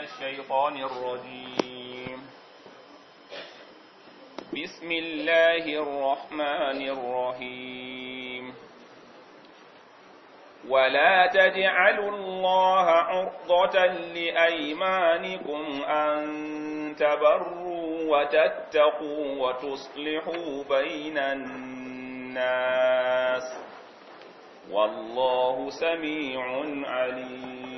الشيطان الرجيم بسم الله الرحمن الرحيم ولا تجعلوا الله عرضة لأيمانكم أن تبروا وتتقوا وتصلحوا بين الناس والله سميع عليم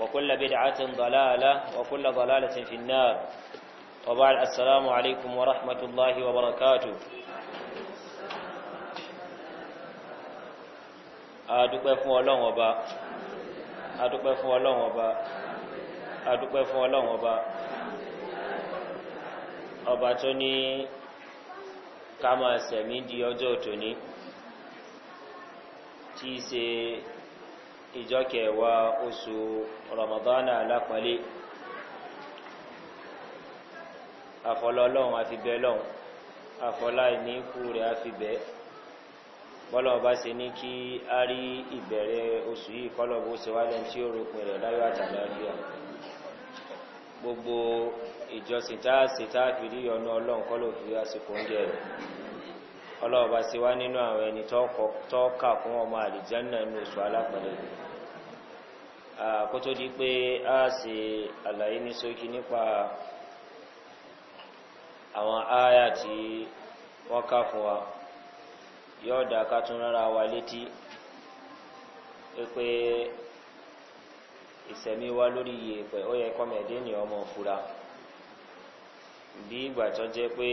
وكل بدعة ضلالة وكل ضلالة في النار وبعد السلام عليكم ورحمة الله وبركاته adúpẹ́ fún ọlọ́run ọba adúpẹ́ fún ọlọ́run ọba adúpẹ́ fún ọlọ́run ọba ọba tó ní ká máa sẹ̀mí di ọjọ́ òtòní tí í ìjọ kẹwàá oṣù ramadana alápọ̀lẹ́ afọlọ́lọ́hun afibẹ́ lọ́hun afọlá ìní ikú rẹ̀ bá ní kí a rí ìbẹ̀rẹ̀ oṣù yìí kọ́lọ̀ bó ṣe wálẹ̀ tí ó rògbìn rẹ̀ láyọ̀ àtàlàáfíà gbogbo ìjọsìn tá a ṣe tá a fi rí ọlọ́ọ̀bá sí wá nínú àwọn ẹni tọ́ọ̀kà fún ọmọ àlìjánà ní oṣù alápẹ̀lẹ̀ kó tó di pé a ṣe àlàyé ní sókí nípa àwọn ááyà tí wọ́n ká fún wa yóò dá tún rárá wa létí pé ìsẹ̀mí wa lórí iye pẹ̀ ó yẹ kọ́mẹ̀dé ní ọmọ fura. bí ìgbà tó jẹ pé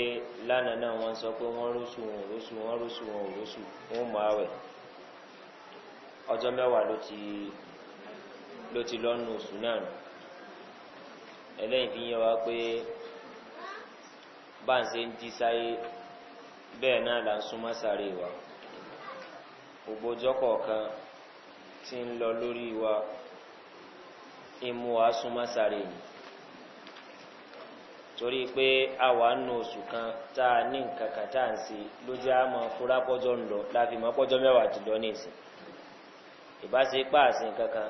lánàá náà wọn sọ pé wọ́n rúṣù wọn rúṣù wọn rúṣù wọn rúṣù wọn mọ àwẹ̀ ló ti ló ti oṣù náà nù fi yẹ wá pé bá ń ń di sáyé bẹ́ẹ̀ náà là ń sáré wa ti ń lọ lórí torí pé àwa nù oṣù kan tá a ní nǹkan kan tá à ń se lójú àmọ́ fúra pọ́jọ́ ń lọ láfi mọ́ pọ́jọ́ mẹ́wàá ti lọ nísìn ìbáṣe pààsìn kankan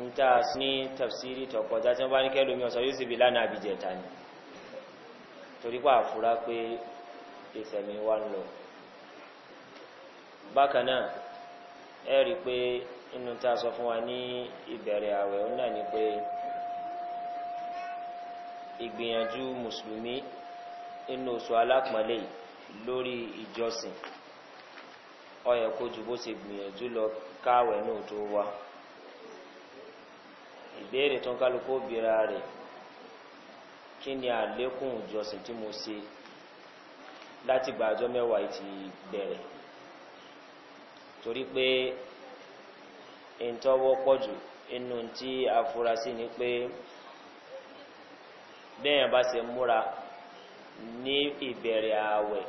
ń tá ní tafsiri tọkọjá tí wọ́n bá ní kẹ́lómi ọ̀sán yóò sì bí lánàá àbíjẹ̀ta ni torí pé àfúrá pé ìsẹ̀mí wa ń lọ bákan náà ẹ rí i pé inú tá a sọ fún wa ní ìbẹ̀rẹ̀ ààwẹ̀ òun ni pé ìgbìyànjú mùsùlùmí nínú oṣù alápọ̀nlé lórí ìjọsìn ọyẹ kojú bó ṣe gbìyànjú lọ káwẹ̀ náà tó wá ìbéèrè tó ń kálukú bíra rẹ̀ kí ni àlékún ìjọsìn tí mo ṣe láti gba àjọ mẹ́wàá yìí bẹ̀rẹ̀ torí pé ìtọ́wọ́pọ̀ jù inú tí afurasí ni pé bẹ́yàn bá se múra ní ìbẹ̀rẹ̀ ààwẹ̀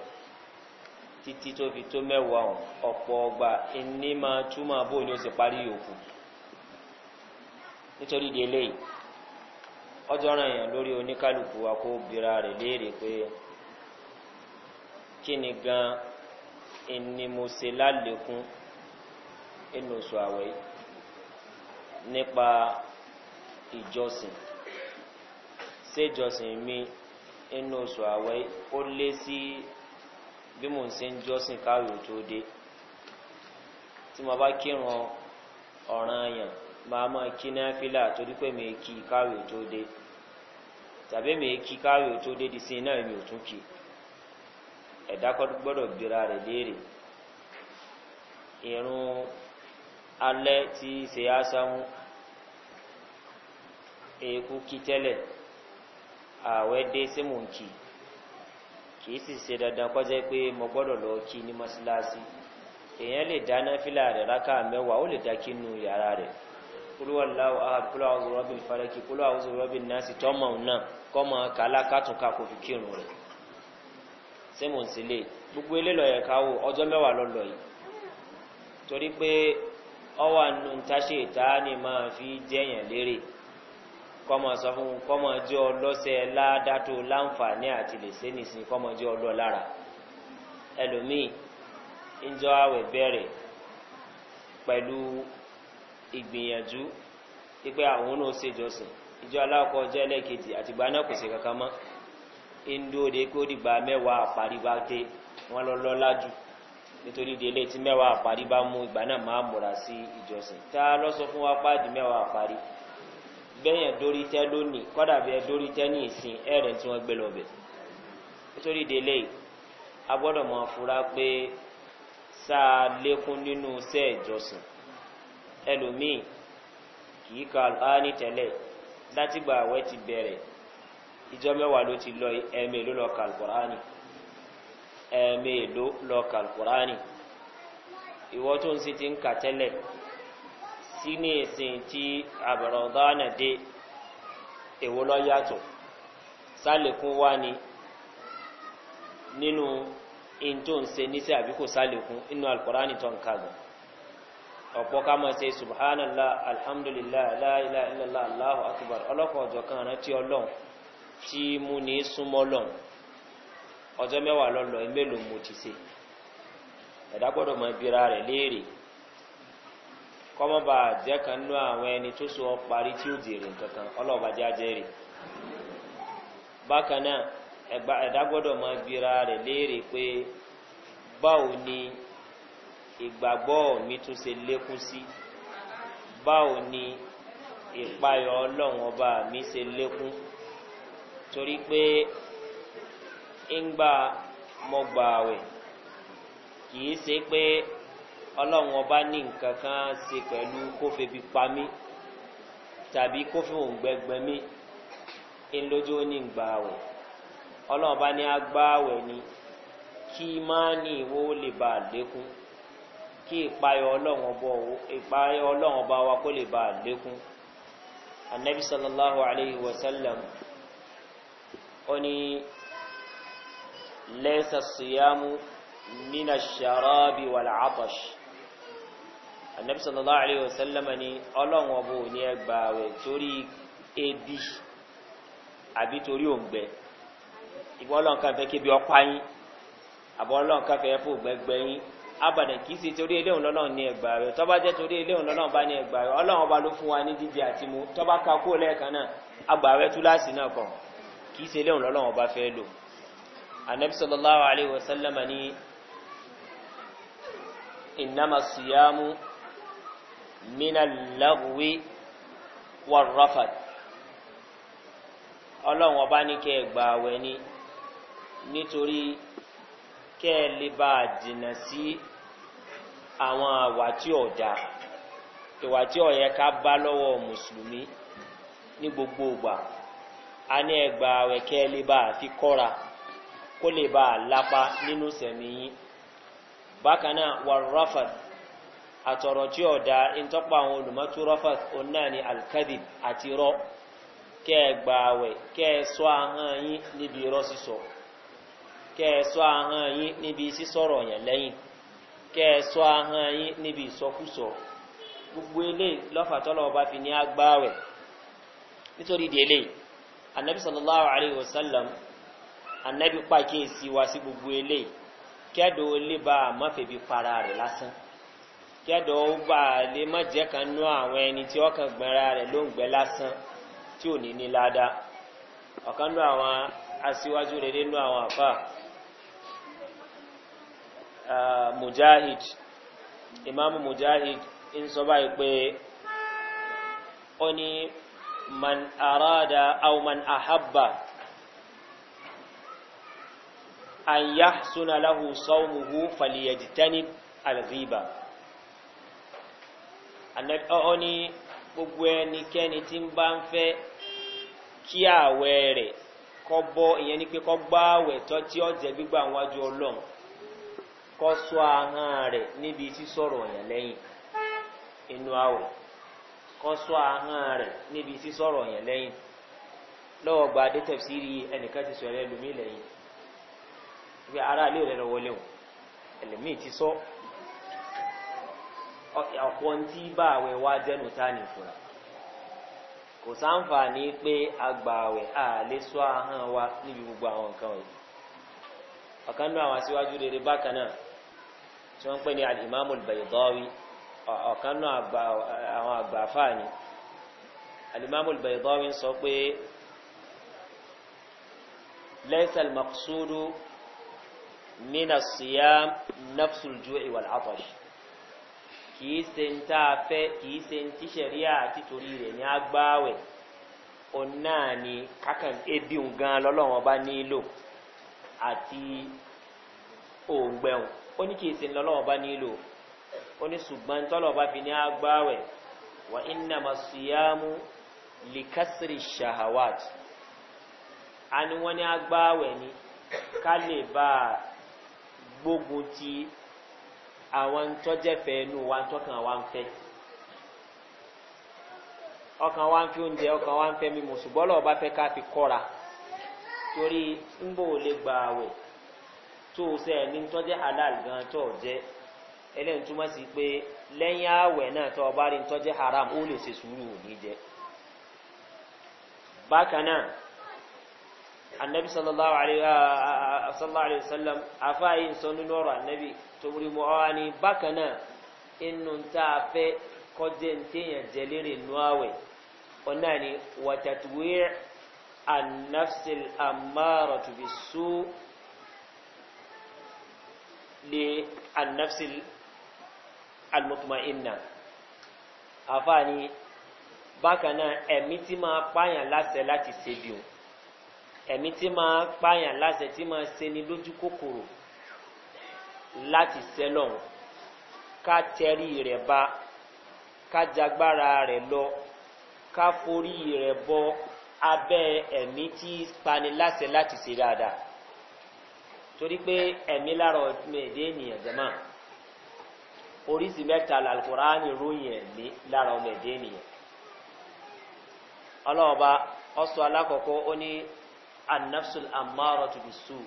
títí tó fi tó mẹ́wàá ọ̀hún ọ̀pọ̀ ọgbà ẹni máa túmọ̀ bó ni ó sì parí yòókù nítorí di eléyìí ọjọ́ ràn yàn lórí oníkálukú wa kó bira rẹ̀ léèrè pé kí ni gan ẹni mo se lálẹ́kún inú oṣù àwẹ̀ nípa ìjọsìn ṣèjọsìn mi inú oṣù àwẹ̀ ó lé sí bí mò ń ṣe ń jọ́sìn káàrò tó dé tí mo bá kírun ọ̀ràn àyàn máa máa kí náfìlà torí pé mi kí káàrò tó dé tàbí mi kí káàrò tó dé di sí iná mi ò tún kí ẹ̀dá gbọ́dọ̀ gbéra rẹ̀ léèrè irun alẹ́ tí ṣe á sáwọn èèkú kí tẹ́lẹ̀ ààwẹ̀ dé sí mò ń kì kìí sì ṣe dandan kọjá pé mo gbọ́dọ̀ lọ kí ní mọ́síláṣí èèyàn lè dáná fílà rẹ̀ rákà mẹ́wàá ó lè dá kí nu yàrá rẹ̀ kúlúwàláwò ahad kúlúwà ọ̀zọ̀ rọ́bìn fàlẹ́kì kúlúwà ọ̀zọ̀ rọ́bìn náàsì tọ́mọ̀ náà kọ́mọ̀ kàálà kátùnká kò fi kírun rẹ̀ sẹ́mọ̀ sí lè gbogbo ilé lọ́yẹ̀ káwò ọjọ́ mẹ́wàá lọ́lọ́ yìí torí pé ọwà nù táṣe ìtaánì máa fi jẹ́yàn lérè kọ́mọ sọ fún kọ́mọ jẹ́ ọlọ́sẹ̀ ládàtò láǹfààní àti lè ṣe nìsín kọ́mọ jẹ́ ọlọ́ lára ẹlòmíì ńjọ àwẹ̀ bẹ̀rẹ̀ pẹ̀lú ìgbìyànjú pípẹ́ àwọn náà ṣèjọsìn ìjọ aláwọ̀kọ́ ọjọ́ ẹlẹ́ẹ̀kejì àtìgbà náà kò sí kankan mọ́ ndóde kó dìgbà mẹ́wàá àparí bá dé wọ́n lọ lọ́lá jù nítorí délé tí mẹ́wàá àparí mú ìgbà náà máa múra sí ìjọsìn tá a lọ sọ fún wa páàdì mẹ́wàá àparí bẹ́yẹn dórí tẹ́ lónìí kọ́dà bẹ́ẹ̀ dórí tẹ́ ní ìsìn ẹ̀rẹ̀ tí wọ́n gbé lọ bẹ̀. nítorí délé a gbọ́dọ̀ mọ afura pé sáà lékún nínú iṣẹ́ ìjọsìn ẹlòmíì kì í ka alùpàánì tẹ́lẹ̀ látìgbà àwẹ̀ ti bẹ̀rẹ̀ ìjọ mẹ́wàá ló ti lọ ẹ̀mẹ́ ló lọ ka ẹ̀mẹ́ ló lọ ka ìwọ́ tó ń sì ti ń kà tẹ́lẹ̀ tí ní ìsìn tí àbẹ̀rọ̀dánà dé èwo lọ yàtọ̀ sálẹ̀kún wá ni nínú in tó ń níṣẹ́ àbí kò sálẹ̀kún inú alkùránì tó ń kàgbọ̀ ọ̀pọ̀ ká mọ̀ sí subhanallah alhamdulillah aláìlá ilẹ̀lá aláhu akubar ọlọ́kọ̀ ọ̀jọ̀ kan rántí ọlọ́run tí mú ní súnmọ́ lọ́run ọjọ́ mẹ́wàá lọ́lọ́ mélòó mo ti se ẹ̀dá gbọ́dọ̀ mọ ibira rẹ̀ léèrè kọ́mọ́bà jẹ́ kan nú àwọn ẹni tó so parí tí ó dèrè kankan ọlọ́ọ̀bá jẹ́ ajẹ́rì bákan náà ẹ̀dá gbọ́dọ̀ máa gbéra rẹ̀ léèrè pé báwo ni ìgbàgbọ́ mi tún ṣe lékún sí báwo ni ìpayọ̀ ọlọ́run ọba mi ṣe lékún torí pé ńgbà mọ̀gbà àwẹ̀ kì í ṣe pé ọlọ́run ọba ní nǹkan kan ṣe pẹ̀lú kófì fi pa mí tàbí kófì òǹgbẹ́gbẹ́ mí ńlójú ó ní gbà wẹ̀ ọlọ́run ọba ní agbáwẹ̀ ni kí máa ní ìwó lè bá a lékún kí ìpayọ̀ ọlọ́run ọba wa kó lè bá a lékún anabi sallallahu alayhi wa sallam ó ní lẹ́sà síyámú nínà ṣàrábì wàlá àtọ̀ṣì anabi sallallahu alayhi wa sallam ni ọlọ́run ọba ò ní ẹgbà rẹ̀ torí ebi àbí torí òǹgbẹ ìbọn ọlọ́run kan fẹ́ kébi ọ̀pá yín àbọ̀ ọlọ́run kan fẹ́ fò gbẹgbẹ yín abàdàn kì í ṣe torí eléhùn lọ́lọ́run ní ẹgbà rẹ̀ tọ́ba jẹ́ torí eléhùn lọ́lọ́run bá ní ẹgbà rẹ̀ ọlọ́run ọba ló fún wa ní jíjẹ àti mu tọ́ba ka kó lẹ́ẹ̀kan náà agbà rẹ̀ túláàsì náà kàn kì í ṣe eléhùn lọ́lọ́run ọba fẹ́ lò anabi sallallahu alayhi wa sallam ni inama من اللغو والرفض. ọlọ́run ọba ní kẹ́ ẹ gbà àwẹ̀ ni nítorí kẹ́ ẹ lè bá a jìnnà sí àwọn àwà tí ọ̀dà ìwà tí ọ̀yẹ ká bá lọ́wọ́ mùsùlùmí ní gbogbo ìgbà a ní ẹgbà rẹ̀ kẹ́ lè bá a fi kọ́ra kó lè bá a lápá nínú sẹ̀mí bákan náà wà ráfàdì àtọ̀rọ̀ tí ọ̀dá ìtọ́pọ̀ àwọn olùmọ́tú rọ́fàt ọ̀nà ni alkadib àti rọ́ kẹgbàwẹ̀ kẹsọ ahọ́n yín níbi rọ́ sísọ kẹsọ ahọ́n yín níbi sísọ̀rọ̀ yẹn lẹ́yìn kẹsọ ahọ́n yín níbi ìsọkúsọ gbogbo ilé lọ́fàtọ́lọ́ ọba fi ní agbáwẹ̀ nítorí délé anabi sallallahu alayhi wa sallam anabi pàkíyèsí wa sí gbogbo ilé kẹ́dọ̀ ó bá a má fèbi para rẹ̀ lásán kẹ́dọ̀ ó bà lè má jẹ́ kan nú àwọn ẹni tí ọkàn gbẹ̀ra rẹ̀ ló ń gbẹ lásán tí ò ní ní ládàá ọ̀kan nú àwọn aṣíwájú rere nú àwọn àfà ah, mujahid imaamu mujahid ń sọ báyìí pé ó ní man arada aw man ahabba an yahsuna lahu sawmuhu falyajtanib al ọ ní gbogbo ẹnikẹ́ni tí ń bá ń fẹ́ kí ààwẹ̀ rẹ̀ kọ́ bọ́ ìyẹn ni pé kọ́ gbá ààwẹ̀ tọ́ tí ó jẹ́ gbígbà wájú ọlọ́run kọ́ sọ ahọ́n rẹ̀ níbi sísọ̀rọ̀ ọ̀yàn lẹ́yìn inú ààwẹ̀ kọ́ sọ ahọ́n rẹ̀ níbi lẹ́yìn lọ́wọ́ gba ọ̀pọ̀ tí bá àwẹ̀ wá jẹ́nu tá ní fura kò sáǹfààní pé àgbà àwẹ̀ à lè sọ ahọ́n wa níbi gbogbo àwọn nǹkan wọ̀nyí ọ̀kan náà àwọn aṣíwájú rere bákan náà tí wọ́n ń pè ní alimami albaydawi ọ̀kan náà àwọn àgbà afáàní alimami albaydawi sọ pé lẹ́sàl maqsudu mina siyam nafsul ju'i wal kìí se ń tá a fẹ́ kìí se ń tíṣẹ̀ríà àti torí rẹ̀ ní agbáwẹ̀ òun náà ni kákan ebi òun gan lọ́lọ́wọ́n bá nílò àti òǹgbẹ̀hùn ó ní kìí se ń lọ́lọ́wọ́n bá nílò ó ní ṣùgbọ́n tọ́lọ̀ bá fi ní agbáwẹ̀ wà iná ma ṣùyàmú likasiri shahawat a ní wọ́n ní agbáwẹ̀ ni ká lè bá gbógun ti àwọn tọ́jẹ́fẹ́ inú wa tọ́kàn wa ń fẹ́ ọkàn wa ń fi oúnjẹ ọkàn wa ń fẹ́ mi mùsùgbọ́n lọ́wọ́ bá fẹ́ ká fi kọ́ra torí ń bò lè gba àwẹ̀ tó o sẹ́ ní tọ́jẹ́ halal gan tó o jẹ́ túmọ̀ sí pé lẹ́yìn àwẹ̀ náà o bá rí tọ́jẹ́ haram ó lè annabi sallallahu alaihi uh, uh, wasallam afáyí sọ nínú ọ̀rọ̀ annabi tó múrí mọ́ ọ́wá ní bákan náà inú tá a fẹ́ kọjẹ́ téèyàn jẹ lérè nú àwẹ̀ ọ̀nà ni wàtàtúwé annafsil amara tó fi sú lé annafsil almutma'inna afáyí bákan náà ẹ̀mí tí máa pààyàn láṣẹ láti ṣe bí ẹ̀mí tí máa pààyàn láṣẹ tí máa ṣeni lójú kòkòrò láti sẹ́lọ̀n ká tẹ̀rí rẹ̀ bá ká jagbára rẹ̀ lọ ká forí rẹ̀ bọ abẹ́ ẹ̀mí tí pani láṣẹ láti ṣe dáadáa torí pé ẹ̀mí lára ọmọdé ènìyàn jẹ́ máa oríṣi mẹ́ta làlùkùránì ròyìn ẹ̀mí lára ọmọdé ènìyàn ọlọ́ọ̀ba ọ̀sọ̀ alákọ̀ọ́kọ́ ó ní annafsul ammaratu bisu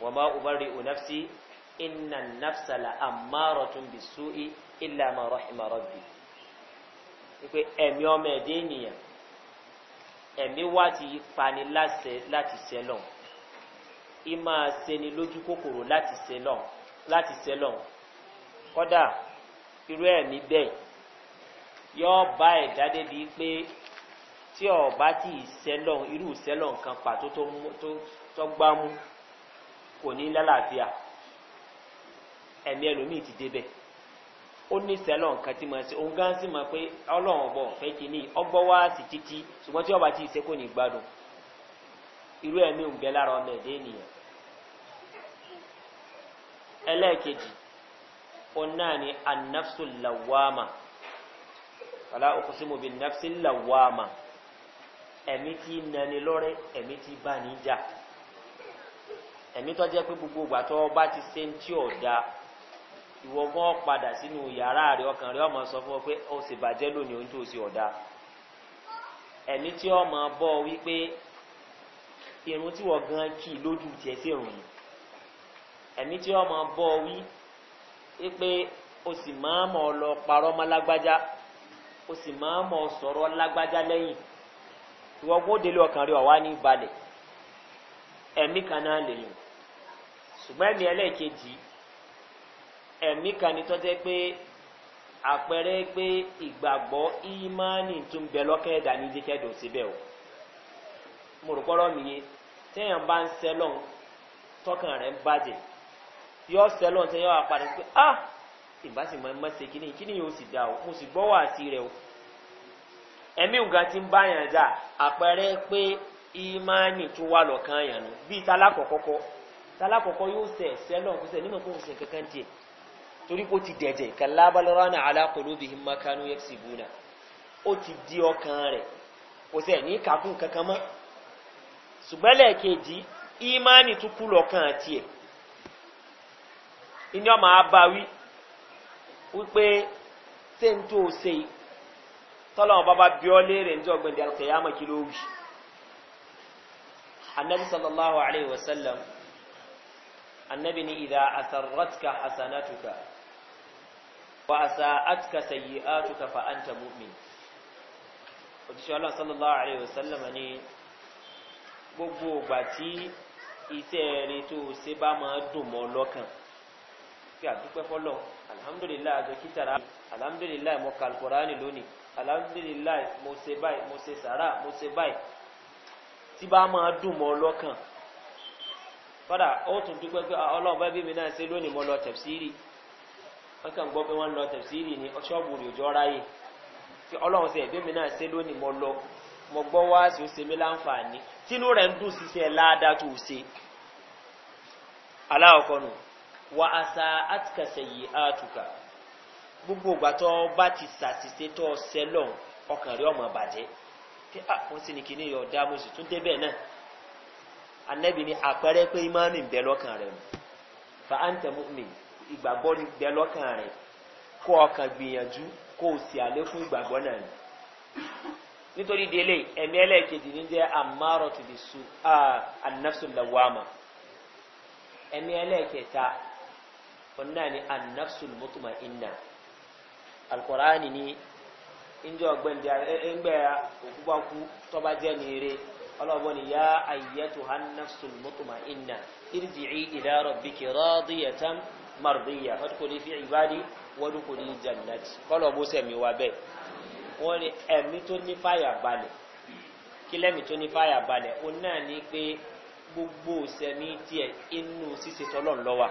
wa ma ubari'u nafsi inna nafsa la ammaratun bisu'i illa ma rahima rabbi wípé ẹ̀mí ọmọ ẹ̀dẹ́ ènìyàn ẹ̀mí wá ti pani láti sẹ́lọ̀n ìmọ̀ sẹni lójú kòkòrò láti sẹ́lọ̀n láti sẹ́lọ̀n kọ́dà irú ẹ̀mí bẹ́ẹ̀ yọ bá ẹ̀dá débi pé tí ọba tí ìsẹlọ irú ìsẹlọ nǹkan pàtó tó gbá mú kò ní lálàáfíà ẹ̀mí ẹlòmíì ti débẹ̀ ó ní sẹlọ nǹkan tí mo ṣe òun gan sì mọ pé ọlọ́run ọba ọ̀fẹ́ ti ní ọgbọ́ wá sí títí ṣùgbọ́n tí ọba tí ìṣe kò ní gbádùn irú ẹ̀mí òun bẹ lára ọmọ ẹ̀dẹ́ ènìyàn ẹlẹ́ẹ̀kejì òun náà ni anafsul lawama fàlà òkùnsimu bin nafsin lawama ẹ̀mí tí nani lọ́rẹ́ ẹ̀mí tí bá ní jà ẹ̀mí tó jẹ́ pé gbogbo ìgbà tó bá ti ṣe ń tí ò da ìwọ gan padà sínú yàrá rẹ ọkàn rẹ ọmọ sọ fún ọ pé ó sì bàjẹ́ lónìí ohun tó ṣe ọ̀dà ẹ̀mí tí ọmọ bọ́ wípé irun tí wọ́n gan kì í lójú tiẹ̀ sí irun yìí ẹ̀mí tí ọmọ bọ́ wí wípé o sì máa mọ̀ ọ lọ parọ́ mọ́ lágbájá o sì máa mọ̀ ọ sọ̀rọ̀ lágbájá lẹ́yìn ìwọ gbọ́ délé ọkàn rẹ ọ̀wá ní balẹ̀ ẹ̀mí kan náà lèyìn ṣùgbọ́n ẹ̀mí ẹlẹ́ẹ̀kejì ẹ̀mí kan ní tọ́jẹ́ pé àpẹẹrẹ pé ìgbàgbọ́ ìmánì tó ń bẹ lọ́kẹ́ ẹ̀dá ní jẹ́kẹ́dọ̀ síbẹ̀ o mo rò pọ́rọ́ mi yé téèyàn bá ń sẹ́lọ̀n tọkàn rẹ̀ ń bàjẹ́ yọ sẹ́lọ̀n tẹ́yọ̀ àpàdé pé ah ìbá sì mọ̀ ẹ́ mọ́ ṣe kíní kíní yóò sì dá o mo sì gbọ́ wàásì rẹ̀ o. ẹ̀mí nǹkan ti ń bá yàn jà àpẹẹrẹ pé ìmánì tún wà lọ́kàn yàn nù bíi tálákọ̀ọ́kọ́ tálákọ̀ọ́kọ́ yóò sẹ̀ sẹ́ lọ́n kó nímọ̀ kó sẹ̀ kankan tiẹ̀ torí kó ti dẹ̀jẹ̀ kàlábàlọ́rọ́nà alákòlóbi himakanu yẹ́sìbúnà ó ti di ọkàn rẹ̀ kò sẹ̀ ní kakún kankan mọ́ ṣùgbọ́n lẹ́ẹ̀kejì ìmánì tún kú lọ́kàn tiẹ̀ ìní ọmọ abawí wípé sẹ́ńtò ṣe tọ́lọ́wọ́ bá bá bí ọ léèrè ní ọgbẹ̀ndì alkiyama kí ló wí annabi sallallahu alaihi wasallam annabi ni ìdá asarratka hasanatuka wa asa'atka sayyi'atuka fa anta mu'min òjíṣẹ́ ọlọ́run sallallahu alaihi wasallam ni gbogbo ìgbà tí iṣẹ́ rẹ tó ṣe bá máa dùn mọ́ lọ́kàn kí àdúpẹ́ fọlọ́ alhamdulilayi àjọ kítàrà alhamdulilayi mọ́kàlùkùránì lónìí alhamdulilayi mo ṣe báyìí mo ṣe sàrà mo ṣe báyìí tí bá máa dùn mọ́ ọlọ́kàn fọ́dà ó tún dúpẹ́ pé ah, ọlọ́run bá bí mi náà ṣe lónìí mo lọ tẹ̀síìrì wọ́n kàn gbọ́ pé wọ́n lọ tẹ̀síìrì ní ṣọ́ọ̀bù rè ọjọ́ ráyè tí ọlọ́run ṣe ẹ̀bí mi náà ṣe lónìí mo lọ mo gbọ́ wá sí ó ṣe mí láǹfààní tínú rẹ̀ ń dùn ṣiṣẹ́ ládàá tó ṣe aláwọ̀kọ́nù wa àṣà àtìkàṣẹ̀yì àtùkà gbogbo ìgbà tó bá ti sàṣìṣe tó ṣe lọ ọkàn rí ọmọ bàjẹ́ pé à ah, wọ́n sì ní kí ní ọ̀dà mo sì tún débẹ̀ náà anẹ́bí ni àpẹẹrẹ pé imáni ń bẹ lọ́kàn rẹ̀ mu fa antemumin ìgbàgbọ́ ń bẹ lọ́kàn rẹ̀ kó ọkàn gbìyànjú kó o sì àlé fún ìgbàgbọ́ náà ni nítorí délé ẹ̀mí ẹlẹ́ẹ̀kejì ní jẹ́ àmárọ̀ tó di su anafsulawama ẹ̀mí ẹlẹ́ẹ̀kẹta ọ̀nà ni anafsulmutuma inna alukọ̀ránì ni njẹ́ ọ̀gbẹ́ndì ẹgbẹ́ òkúbákú tọ́ba jẹ́ ní eré ọlọ́wọ́ ni yá ayyẹ́tò hannafsul mutuma inna irji'i ila rabbiki radiyatan mardiya fadkhuli fi ibadi wadkhuli jannati kọlọ bó sẹmi wa bẹẹ wọn ni ẹmí tó ní fàyà balẹ kí lẹmí tó ní fàyà balẹ ó náà ní pé gbogbo sẹmi tiẹ inú ṣíṣe tọlọ wa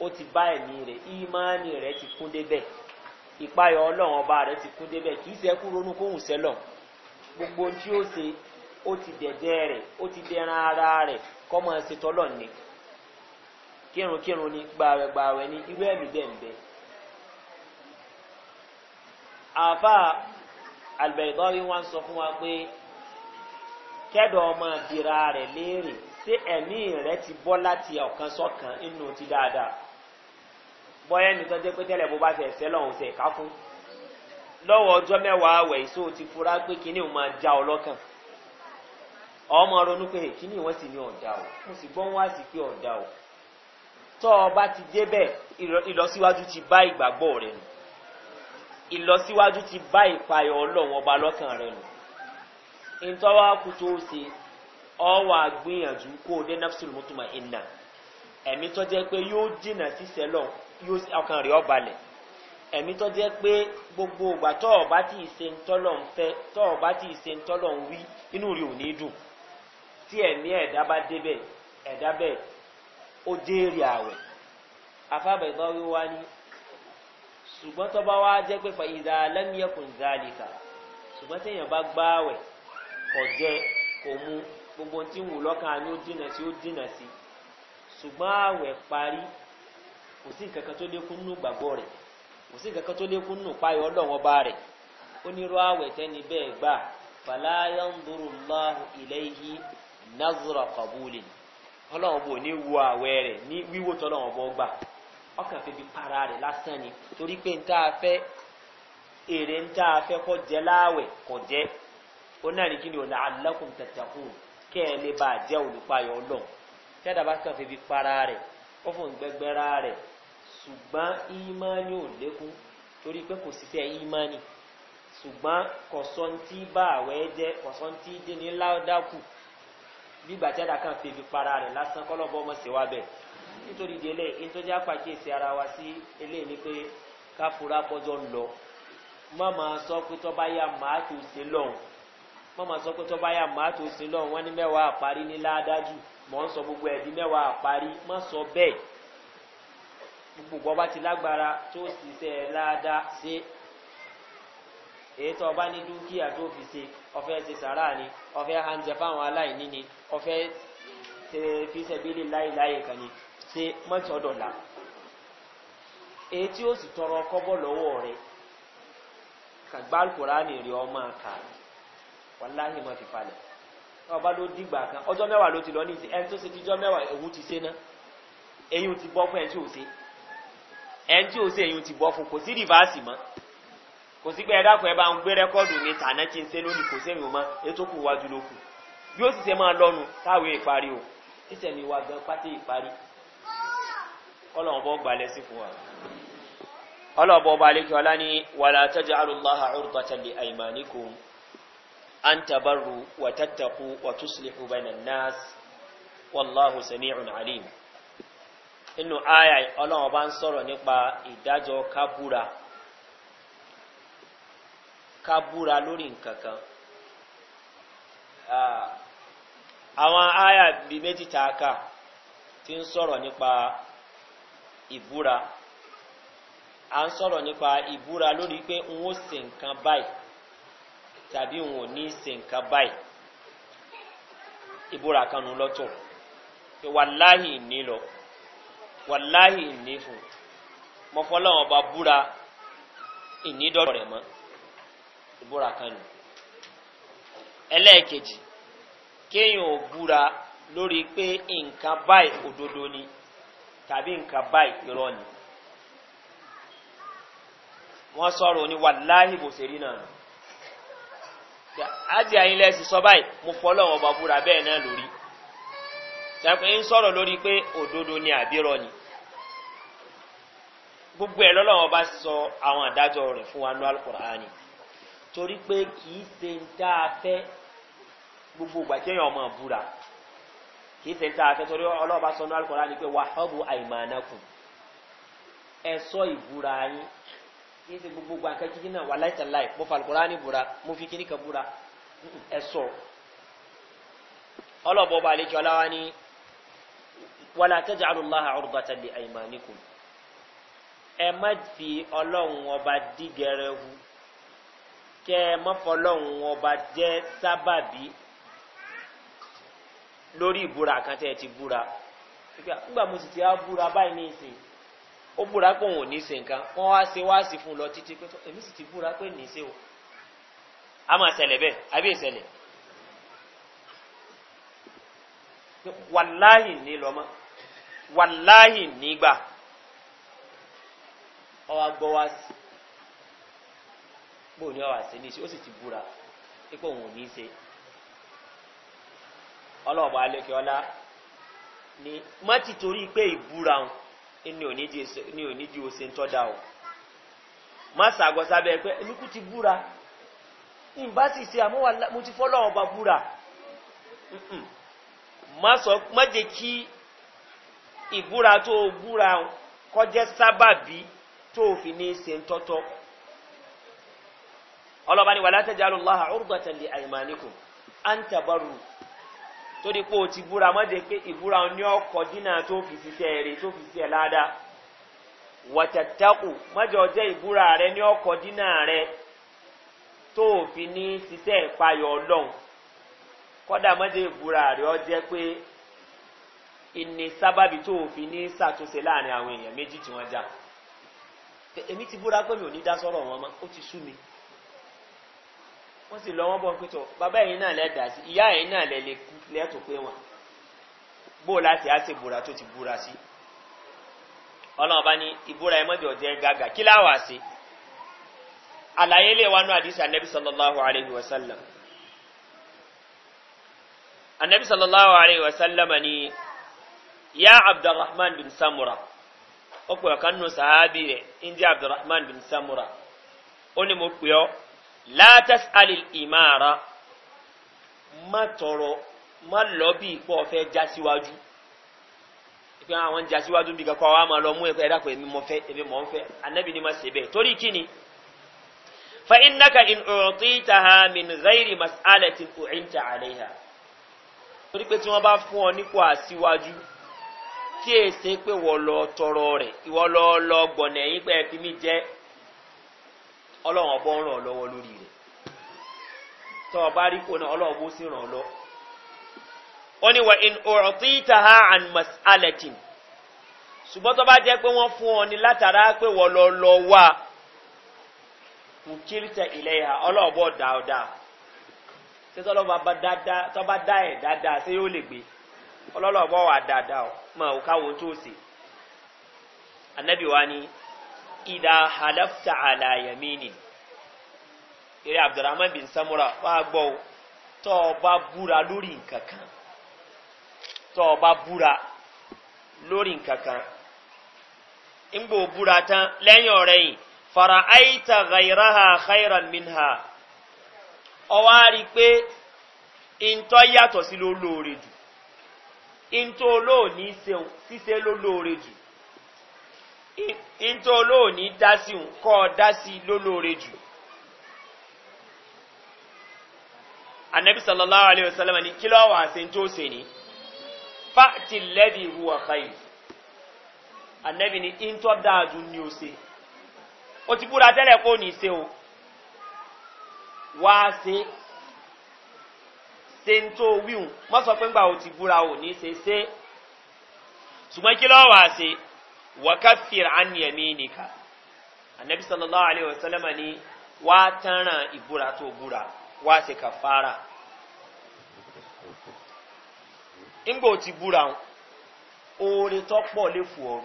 ó ti bá ẹmí rẹ ìmánì rẹ ti kún débẹ ìpayọ̀ ọlọ́run ọba rẹ̀ ti kú débẹ̀ kì í sẹ́kù ronú kóhùn sẹ́lọ̀ gbogbo tí ó ṣe ó ti dẹ̀dẹ́ rẹ̀ ó ti dẹran ara rẹ̀ kọ́mọ ṣe tọ́lọ̀ ni kírunkírun ni gbàwẹ̀gbàwẹ̀ ni irú ẹ̀mí bẹ́ẹ̀ ń bẹ. àfa àlùbẹ̀rẹ̀dọ́rí wá ń sọ fún wa pé kẹ́dọ̀ ọmọ ìdíra rẹ̀ léèrè ṣé ẹ̀mí rẹ̀ ti bọ́ láti ọ̀kan sọ́kan inú ti dáadáa bọ́yá nìkan jẹ́ pé tẹ́lẹ̀ bó bá fẹ̀ ṣẹ́ lọ́hùn ṣe ká fún lọ́wọ́ ọjọ́ mẹ́wàá àwẹ̀ ìṣó ti fura pé kíní ò máa já ọ lọ́kàn ọmọ ronú pé kíní wọ́n sì ní ọ̀dà o mo sì gbọ́n wá sí pé ọ̀dà o tọ́ ọ bá ti débẹ̀ ìlọsíwájú ti bá ìgbàgbọ́ rẹ nù ìlọsíwájú ti bá ìpayọ̀ ọlọ́run ọba lọ́kàn rẹ nù ìtọ́wá kú tó ṣe ọwọ́ àgbìyànjú kó o dé nafsul ìnà ẹ̀mí tó pé yóò jìnnà sísẹ́ lọ́hùn yóò ọkàn rẹ̀ ọ̀balẹ̀ ẹ̀mí tó jẹ́ pé gbogbo ìgbà tó ọba tí ì se ń tọ́lọ̀ ń fẹ́ tó ọba tí ì se ń tọ́lọ̀ ń wí inú rẹ̀ ò ní dùn tí ẹ̀mí ẹ̀dá bá débẹ̀ ẹ̀dá bẹ̀ ó déèrè àwẹ̀ afábẹ̀dọ́ wíwá ní ṣùgbọ́n tó bá wá jẹ́ pé fa ìdá alẹ́mìẹ́kùn zálìkà ṣùgbọ́n tí èèyàn bá gbáwẹ̀ kọ̀ jẹ́ kò mú gbogbo tí wù lọ́kàn á ó dínà sí ó dínà sí ṣùgbọ́n àwẹ̀ parí kò sí nǹkan kan tó lékún nù gbàgbọ́ rẹ̀ kò sí nǹkan kan tó lékún nù páyọ̀ ọlọ́wọ́ bá rẹ̀ onírú àwẹ̀ tẹ́ni bẹ́ẹ̀ gbà fàlàyé ń dúró ilẹ̀ yìí nazara kabuli ọlọ́wọ́ bò ní àwẹ̀ rẹ̀ bi para rẹ̀ lásán ni torí pé nta fẹ́ èrè nta fẹ́ kọ́ jẹ́ láwẹ̀ kọ́ jẹ́ kí ni tẹ̀tẹ̀kùn jẹ́ olùpayọ̀ bi para rẹ̀ ó fún gbẹgbẹ́ra ṣùgbọ́n ìmánì ò lékún torí pé kò sí fẹ́ ìmánì ṣùgbọ́n kọ̀sọ́ntì bá àwẹ̀ jẹ́ kọ̀sọ́ntì dínní ládàkù bígbà tí àdá kan febi para rẹ̀ lásán kọ́lọ́bọ̀ ọmọ sí wa bẹ̀ nítorí délé ìtọ́jú àpàkíyèsí ara wa sí eléyìí ni pé ká fura pọ́jọ́ ń lọ má máa sọ pé tó bá yá màá tó ṣe lọ́hùn má máa sọ pé tó bá yá màá tó ṣe lọ́hùn wọ́n ní mẹ́wàá àparí ní ládájú mọ̀ ń sọ gbogbo ẹ̀dí mẹ́wàá àparí má sọ bẹ́ẹ̀ gbogbo ọba ti lágbára tó ṣiṣẹ́ ládàá ṣe èyí tó ọba ní dúkìá tó fi ṣe ọfẹ́ ṣe sàrà ni ọfẹ́ hanjẹ fáwọn aláìní ni ọfẹ́ ṣe fi ṣẹ̀bílì láìláì kan ni ṣe mọ́tọ́dọ̀là èyí tí ó sì tọrọ kọ́bọ̀ lọ́wọ́ rẹ̀ kàgbá alukurani rí ọmọ àká wàláhì mọ́ fi falẹ̀ ọba ló dìgbà kan ọjọ́ mẹ́wàá ló ti lọ ní ìsìn ẹni tó ṣe tíjọ́ mẹ́wàá òun ti ṣe ná eyín ti bọ́ fún ẹ tí ò ṣe ẹni tí o ṣe èyí ti bọ́ fún kò sí rìvásì mọ́ kò sí pé ẹ̀dá kan ẹ bá ń gbé rẹ́kọ́ọ̀dù mi tàná kí n ṣe lónìí kò sẹ́yìn o mọ́ ètò kù wájú ló kù bí ó sì ṣe máa lọ́nu táwé ìparí o sísẹ̀mí wa gan pátí ìparí ọlọ́ọ̀bọ gbalẹ̀ sí fún wa ọlọ́ọ̀bọ ọba alẹ́kẹ́ ọlá ní wàlá tẹ́jà alùláhà ọ̀rùbátàlẹ̀ àìmáníkùn an tabaru wa tattaku wa tuslihu bainan nas wallahu sami'un inú aya ọlọ́run bá ń sọ̀rọ̀ nípa ìdájọ́ kábúra kábúra lórí nǹkan kan ah, àwọn aya bíi méjì aka ti ń sọ̀rọ̀ nípa ìbúra à ń sọ̀rọ̀ nípa ìbúra lórí pé n ó se nǹkan báyìí tàbí n ò ní se nǹkan báyìí ìbúra kan lọ́tọ̀ ìwà láàyè ní lọ. wàláhì ìní fún mọ fọlọ́wọ́n ọba búra ìní rẹ̀ mọ́ ìbúra kan nù ẹlẹ́ẹ̀kejì kéèyàn ò búra lórí pé nǹkan báyìí òdodo ni tàbí nǹkan báyìí ni wọ́n sọ̀rọ̀ ní wàláhì bò náà àyínlẹ́sì sọ báyìí mo fọlọ́wọ́n búra sẹ́pẹ́ ń sọ̀rọ̀ lórí pé òdodo ni àbírọ̀ ni gbogbo ẹ̀ lọ́lọ́wọ́ bá sọ àwọn àdájọ́ rẹ̀ fún wa ní alukur'ani torí pé kìí ṣe ń tá a fẹ́ gbogbo ìgbà ọmọ búra ṣe ń tá a fẹ́ torí ọlọ́wọ́ bá sọ ní alukur'ani pé wà họ́bù àìmọ̀ọ́nàkùn ẹ sọ ìbúra yín ṣe gbogbo kíkí náà wà láì mo fa alukur'ani búra mo fi wala wàlá àtẹ́jàlúláhà ọ̀rùbátà lè àìmáníkù ẹ má fi ọlọ́run ọba dígẹrẹ hu kẹ ẹ má fọlọ́run ọba je sábàbí lórí ìbúra kan tẹ́ ẹ ti búra nígbà mo sì ti á búra báyìí ní ìsìn ó búra pé òun ò ní lọ títí pé ti búra pé ní o a máa ṣẹlẹ̀ bẹ́ẹ̀ àbí wàláhì nígbà ọwà gbọ́ wá sí bóò ní ọwà sí ó sì ti búra pípọ̀ òun ò ní ṣe ọlọ́ọ̀bọ̀ alẹ́kẹ́ ti torí pé ìbúra òun ni ose ntọda o má sàgọ́ sábẹ́ pé ẹnukú ti búra ìbá sì ṣe àmúwà mo ti fọ́lọ́ọ̀bà búra má jẹ́ kí ìbúra tó búra kọjẹ́ sábàbí tó fi ní ṣe ń tọ́tọ́ ọlọ́ba ni wà látẹ̀jẹ́ alùláhà ọ̀rùgbọ̀tẹ̀lẹ̀ àìmáníkù tó di pé o ti búra mọ́jẹ́ pé ìbúra ní ọkọ̀ dínà tó fi ṣiṣẹ́ tó fi ṣiṣẹ́ ládàá wọ̀tẹ̀tẹ̀kù ọjẹ́ ìbúra ní ọkọ̀ dínà tó fi ní ṣiṣẹ́ ìpayọ̀ ọlọ́run kọ́dà ìbúra ọjẹ́ pé ìní sábàbí tó òfin ní sàtúnṣe láàrin àwọn èèyàn méjì tí wọ́n já èmi ti búra pé mi ò ní dá sọ́rọ̀ wọn mọ́ ó ti sú mi wọ́n sì lọ wọ́n bọ́ pé tọ̀ bàbá ẹ̀yin náà lẹ́ dà sí ìyá ẹ̀yin náà lẹ́ lè kú lẹ́tọ̀ pé wọn bó láti á sì búra tó ti búra sí ọlọ́run bá ní ìbúra ẹ mọ́jọ jẹ́ gàgà kí láwàá sí àlàyé lè wá nú àdìsí anabi sallallahu alayhi wa sallam anabi sallallahu alayhi wa sallam ni ya abdulrahman bin samura ó pè ọ̀kan nù sàábì rẹ̀ indi abdulrahman bin samura ó ní mo pè ọ́ látàs alil ìmára má tọrọ má lọ bí ipò ọ̀fẹ́ já síwájú ìpín àwọn já síwájú bí kankan wa máa lọ mú ẹ̀kọ́ ẹ̀dá pẹ̀lú mo fẹ́ èmi mọ̀ ń fẹ́ anábì ni má ṣe bẹ́ẹ̀ torí kí ni fa innaka in u'titaha min ghairi mas'alatin u'inta 'alayha torí pé tí wọ́n bá fún ọ nípò àsíwájú tí è ṣe pé wọ́n lọ tọrọ rẹ̀ ìwọ́n lọ lọ gbọ̀nà ẹ̀yìn pé ẹ̀fí mi jẹ́ ọlọ́run ọ̀bọ ń ràn ọ́ lọ́wọ́ lórí rẹ̀ tọ́ ọ bá rí kó náà ọlọ́run bó sì ràn ọ́ lọ. ó ní wà in ọ̀rọ̀tí ìtàhà and masalatin ṣùgbọ́n tó bá jẹ́ pé wọ́n fún ọ ní látara pé wọ́n lọ lọ wá kù kíríta ilẹ̀ ọlọ́run bọ̀ dáadáa ṣé bá dá ẹ̀ dáadáa ṣé yóò lè gbé. ọlọ́lọ́bọ̀ wà dáadáa ma ò káwo tó ṣe anabi wa ni ìdá halafta alayamini eré abdulrahman bin samura wàá gbọ́ o tọ́ ọ bá búra lórí nǹkan kan tọ́ ọ bá búra lórí nǹkan kan ńgbò búra tán lẹ́yìn ọ̀rẹ́ yìí fara aita ghairaha khairan minha ọwọ́ á rí i pé ìntọ́ yàtọ̀ sí ló lóore jù ntọ́ olóòní ṣíṣe ló lóore jù ntọ́ olóòní dá sí òun kọ́ ọ dá sí ló jù. anabi sallallahu alayhi wa sallam ni kí ló wà sí tó ṣe ni fáàtì lẹ́bi ìhùwà káyì anabi ni ntọ́ dáa ni ó ṣe o ti búra tẹ́lẹ̀ kó ní ṣe o wá ṣe. se ń tó wíhùn wọ́n sọ pé ńgbà ò ti búra ò ní ṣe ṣe ṣùgbọ́n kí lọ́wọ́ àṣe wọ́kàfìr àníyàmí nìkan anabi sallallahu alayhi wa sallam ni wá tánràn ìbúra tó búra wá ṣe kàfàrà ńgbà ò ti búra oore tó pọ̀ lè fò o.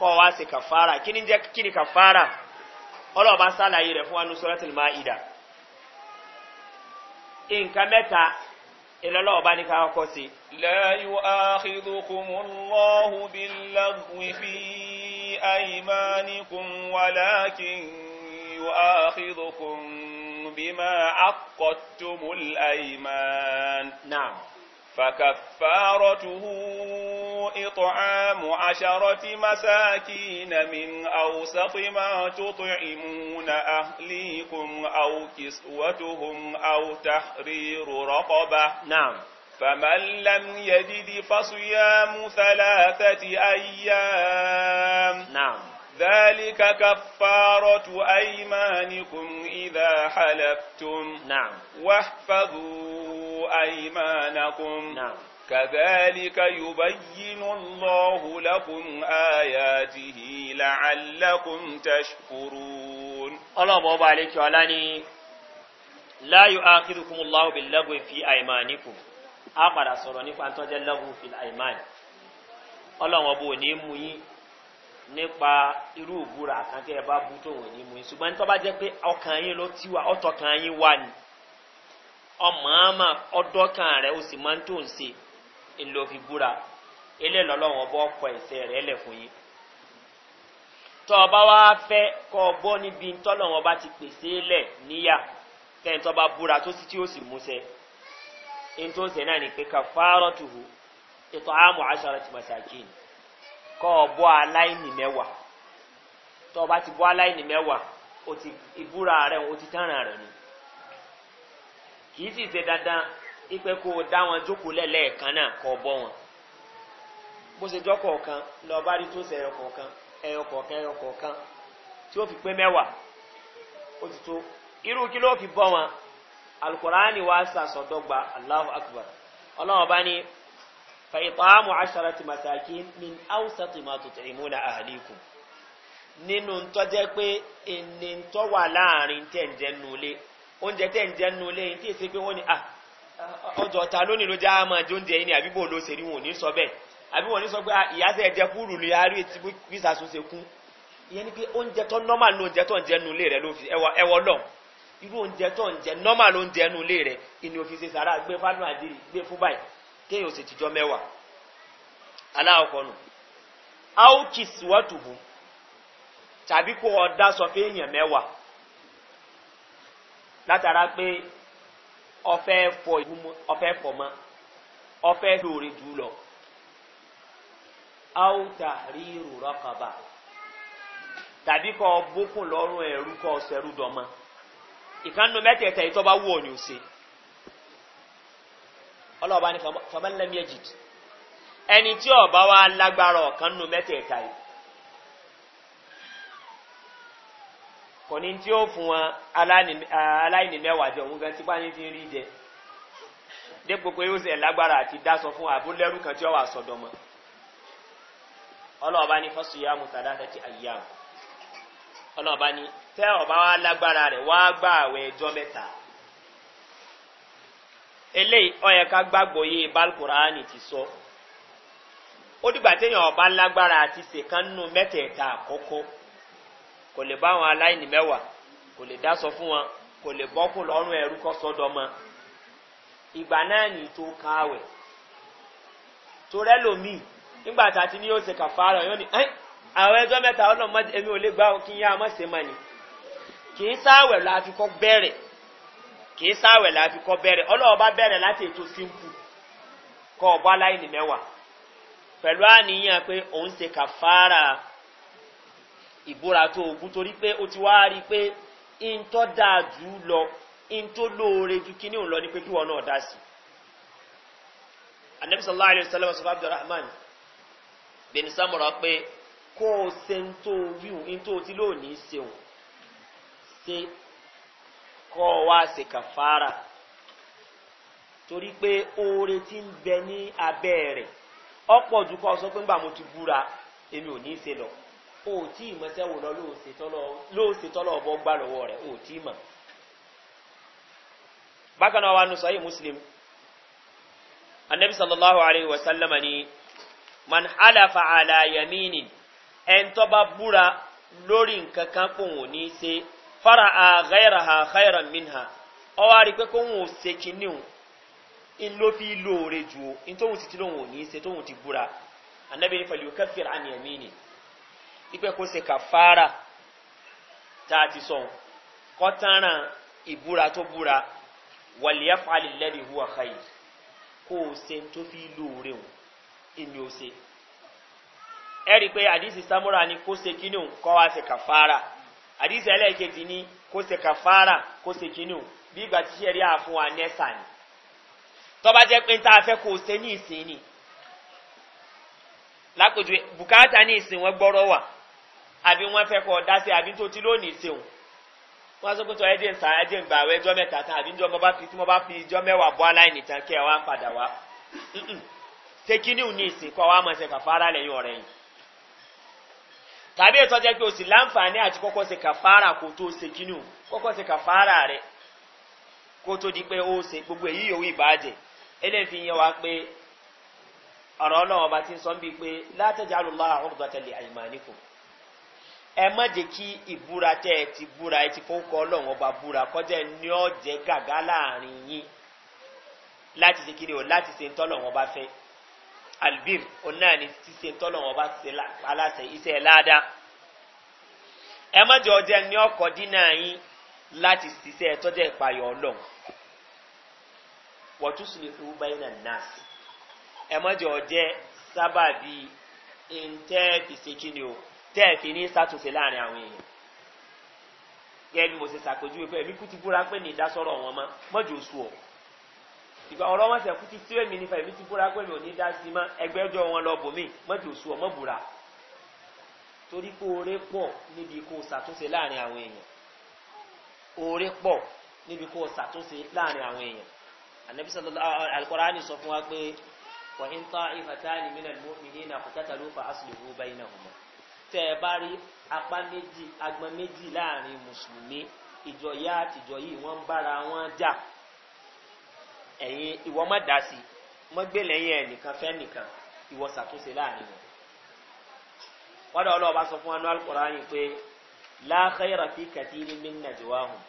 kọ́ wá sí kàfàrà kí ni jẹ́ kí ni kàfàrà ọlọ́ọ̀bá sálàyé rẹ̀ fún wa ní sọ́rọ́tìlì máa ìdá nǹkan mẹ́ta ìlọ́lọ́wọ́ bá ní ká sí. láyú àkìdùkùnmù lọ́hù bí lágùn fi àìmánikùn wà láàkín فكفارته إطعام عشرة مساكين من أوسط ما تطعمون أهليكم أو كسوتهم أو تحرير رقبة نعم فمن لم يجد فصيام ثلاثة أيام نعم ذلك كفارة أيمانكم إذا حلفتم نعم واحفظوا أيمانكم نعم كذلك يبين الله لكم آياته لعلكم تشكرون الله بابا عليك وعلاني لا يؤاخذكم الله باللغو في أيمانكم أقرأ صروني فأنتج اللغو في الأيمان الله وابو نيمي nípa irú òbúra àkàntẹ́ ẹ bá bú tó wọ̀nyí mú yín ṣùgbọ́n tó bá jẹ́ pé ọkàn yín ló tiwa ọ̀tọ̀kàn yín wà ní ọmọ ama ọdọ kan rẹ o sì máa ń tó ń se ńlọ fi búra ilé lọ́lọ́wọ́n bọ́ kọ ẹ̀sẹ̀ rẹ lẹ̀ fún yín tọ́ ọ bá wá fẹ́ kọ́ níbi tọ́lọ́wọ́n bá ti pèsè lẹ̀ níyà kẹ́yìn tọ́ búra tó sì tí ó sì múṣẹ ní tó ń sẹ́ náà ni pé ká fárọ́ tuhu ètò àmọ́ aṣọ́ra ti mọ̀sáàkì ni kọ́ ọ bọ́ aláìní mẹ́wàá tọ́ ọ bá ti bọ́ aláìní mẹ́wàá ìbúra rẹ̀ o ti tán ara rẹ̀ ni. kìí sì ṣe dandan ipe kó o dá wọn jókòó lẹ́ẹ̀kan náà kọ́ bọ wọn bó ṣe bá rí tó ṣe ẹyọ ẹyọ ẹyọ tí ó fi pé mẹ́wàá ó ti tó irú kí ló fi bọ́ wọn alukóraani wa sàṣọdọ́gba aláhu akbar ọlọ́wọ́n bá ní ti màtàkì oúnjẹ tẹ́ ń nke nínú ilé yìí tí èsì pé wọ́n ní ah, ọjọ́ ta lónìí ló já mọ́ di oúnjẹ yìí ni àbí bò ló ṣe rí wọn ò ní a rí etí bí sàṣun ṣe kún ìyẹn ni pé oúnjẹ tó normal ló ń jẹ tó ń rẹ ló fi ẹwọ lọ irú oúnjẹ tó ń jẹ rẹ ìní òfin ṣe sàrà gbé fánú àdìrí gbé fún báyìí kéèyàn sì tìjọ mẹ́wàá sọ látara pé ọfẹ́ fọ ìgbúmọ́ ọfẹ́ fọ mọ́ ọfẹ́ lóore jù lọ. áùtà rí ìrora kaba tàbí kọ bókun lọ́rùn ẹ̀rú kọ sẹ́rú dọ́mọ́ ìkànnì mẹ́tẹ̀ẹ̀tẹ̀ yìí tó wù ọ́ ṣe ọlọ́ọ̀bá ni ẹ̀jìd ẹni tí ọba wa lágbára yìí. kọni ní tí ó fún alaini aláìní òun gan ti rí jẹ dépò lagbara ó sì lágbára fún àbúlẹ́rù kan tí ó wà mùsàdá àyíyá ọlọ́ọ̀bá tẹ́ ọ̀bá wa lágbára rẹ̀ wá gbà àwẹ̀ ẹjọ́ mẹ́ta eléyìí ọyẹ ká gbàgbọ́ yé ti sọ ó dìgbà téèyàn ọba lágbára àti sèkánnú mẹ́tẹ̀ẹ̀ta àkọ́kọ́ kò lè bá àwọn aláìní mẹ́wàá kò lè dáṣọ fún wọn kò lè bọ́kù lọ́rùn ẹ̀rú kọ́ sọ́dọ̀ mọ́ ìgbà náà ní tó kan àwẹ̀ torí ẹlòmíì nígbà tá a ti ní yóò ṣe kàfàrà yóò ní àwọn ẹjọ́ mẹ́ta ọlọ́mọ èmi ò lè gbá kí n yá ọmọ ṣe mọ́ ni kì í sáwẹ̀ láti kọ́ bẹ̀rẹ̀ kì í sáwẹ̀ láti kọ́ bẹ̀rẹ̀ ọlọ́ọ̀bá bẹ̀rẹ̀ láti ètò sínkù kọ́ ọ̀bọ aláìní mẹ́wàá pẹ̀lú àníyàn pé òun ṣe kàfàrà ìbúra tó ogun torí pé ó ti wá rí pé in tó dáa jù lọ in tó lóore ju kíní òun lọ ní pé kí wọn náà dá sí i anabi sallallahu alayhi wa sallam sọ fún abdulrahman bin samura pé kó o ṣe ń tó wíwù ń tó ti lónìí ṣeun ṣe kọ́ ọ wá ṣe kàfàrà torí pé oore ti ń bẹ ní abẹ́ rẹ̀ ọ̀pọ̀ jù kọ́ ọ sọ pé ńgbà mo ti búra èmi ò ní í ṣe lọ o tí ì mọ́sẹ́ wò lọ lóòsè tọ́lọ̀ ọ̀bọ gbà lọ́wọ́ rẹ̀ o tí ì mọ̀. bákan náà wà nù sọ́yìn muslim anabi sallallahu alayhi wa sallam ni man halafa ala yaminin ẹn tó bá búra lórí nǹkan kan pò wò ní ṣe fara a ghayra ha khayra min ha ọ wá rí pé kó wọn ṣe kinní o in ló fi lóore ju o in tóun sì ti lóun ò ní ṣe tóun ti búra anabi ni fàlùkẹ́fìrì àmì yaminin ipe kó se kàfàrà tá a ti sọ kọ́tàràn ìbúra tó búra wàlíyà fàálì lẹ́rìí huwa káyì kó o se tó fi lóore o èmi ò se ẹ̀rí pé àdísì samura ni kó se kínú kọ́ wá se kàfàrà àdísì ẹlẹ́ẹ̀kejì ni kó se kàfàrà kó se kínú bí ìgbà tí sẹ́rí àfún wa nẹ́sà ni tọ́ba jẹ́ pé tá a fẹ́ kó se ní ìsìn ni lákòjú bùkátà ní ìsìn wọn gbọ́rọ̀ wà. àbí wọ́n fẹ́ kọ́ dá sí àbí tó ti lónìí ṣeun wọ́n sọ pé tọ́ ẹ̀jẹ̀ ń sàn ẹ̀jẹ̀ ń gbà wẹ́ ẹjọ́ mẹ́ta tán àbí bá fi tí bá fi mẹ́wàá bọ́ aláìní tán kí ẹ wá ń padà wá ṣé kí ìsìn kọ́ wa mọ̀ ṣe lẹ́yìn ọ̀rẹ́ yìí tàbí ètò pé o sì láǹfààní àti kọ́kọ́ ṣe ni o kọ́kọ́ ṣe kàfárà rẹ̀ kó tó di pé ẹ má jẹ́ kí ìbúra tẹ́ ẹ ti búra ẹ ti fowókọ ọlọ́run ọba búra kọjá ní ọ̀jẹ́ gàgá láàrin yín láti ṣe kíni o láti ṣe ntọ́lọ́run ọba fẹ́ albir onáà ni ṣíṣe ntọ́lọ́run ọba ṣe aláṣẹ iṣẹ́ ẹ̀ láadáa ẹ má jẹ́ ọjẹ́ ní ọkọ̀ dínà yín láti ṣiṣẹ́ tọ́jà ìpayọ̀ ọlọ́run wọ́n tún sì lè fi wúbá yín náà ẹ má jẹ́ ọjẹ́ sábàbí ntẹ́ ìṣèkíni o tẹ́ ẹ̀ fi ní sátúnṣe láàrin àwọn èèyàn gẹ́gẹ́ bí mo ṣe ṣàpèjúwe pé èmi kú ti búra pé ní ìdásọ́rọ̀ wọn mọ́ mọ́jú oṣù ọ̀ ìgbà ọ̀rọ̀ wọn ṣẹ̀kú ti tí èmi nífẹ̀ẹ́ èmi ti búra pé mi ò ní dá sí mọ́ ẹgbẹ́jọ́ wọn lọ bòmí mọ́jú oṣù ọ̀ mọ́ búra torí pé oore pọ̀ níbi kó ṣàtúnṣe láàrin àwọn èèyàn oore pọ̀ níbi kó ṣàtúnṣe láàrin àwọn èèyàn ànábi sọlọ alukọ́ránì sọ fún wa pé wàhíntà ìfàtà ni mí tẹ́ ẹ bá rí apá méjì agbọn méjì láàrin mùsùlùmí ìjọ yá àtijọ́ yìí wọ́n ń bára wọn jà ẹ̀yin ìwọ má dá sí mọ́gbẹ́lẹ́yìn ẹ̀ nìkan fẹ́ nìkan ìwọ ṣàtúnṣe láàrin wọn. wọ́n dọ̀ ọlọ́ọ̀bá sọ fún wa ní alukóra yìí pé láàkàyèrè fi kàtírí mi nàìjíríà hùn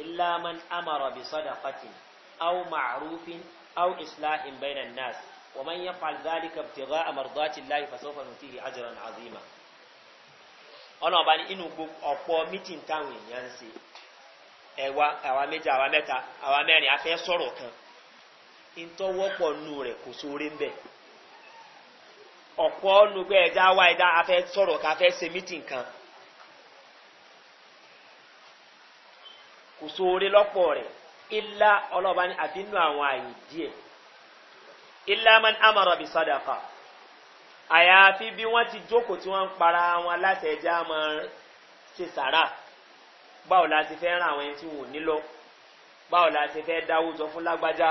ilá man amọ̀rọ̀ bí sọ́dà fatin aw màrúfin aw islahin bẹ́ẹ̀ nà nàás wọ́n máa ń yẹ fàlzálì kàbtìrá àmàrúdọ́tì láì fasọ́fà nùtìrì àjọrọ̀ ọlọ́ọ̀bá ní inú ọ̀pọ̀ mítìn táwọn èèyàn ń se awa àwa méjì àwa mẹ́ta àwa mẹ́rin afẹ́ sọrọ kan ìtọ́wọ́pọ̀ nù rẹ kò sóore ń bẹ̀ ọ̀pọ̀ nù pé ẹja wá se mítìn kan kò sóore lọ́pọ̀ rẹ̀ ilá ọlọ́ọ̀bá àfi nù àwọn àyè ilá àyàfi bí wọ́n ti jókòó tí wọ́n ń para wọn láti ẹja máa ṣe sàrà báwo la ti fẹ́ ràn àwọn ẹni tí wò nílọ báwo la ti fẹ́ dáwó jọ fún lágbájá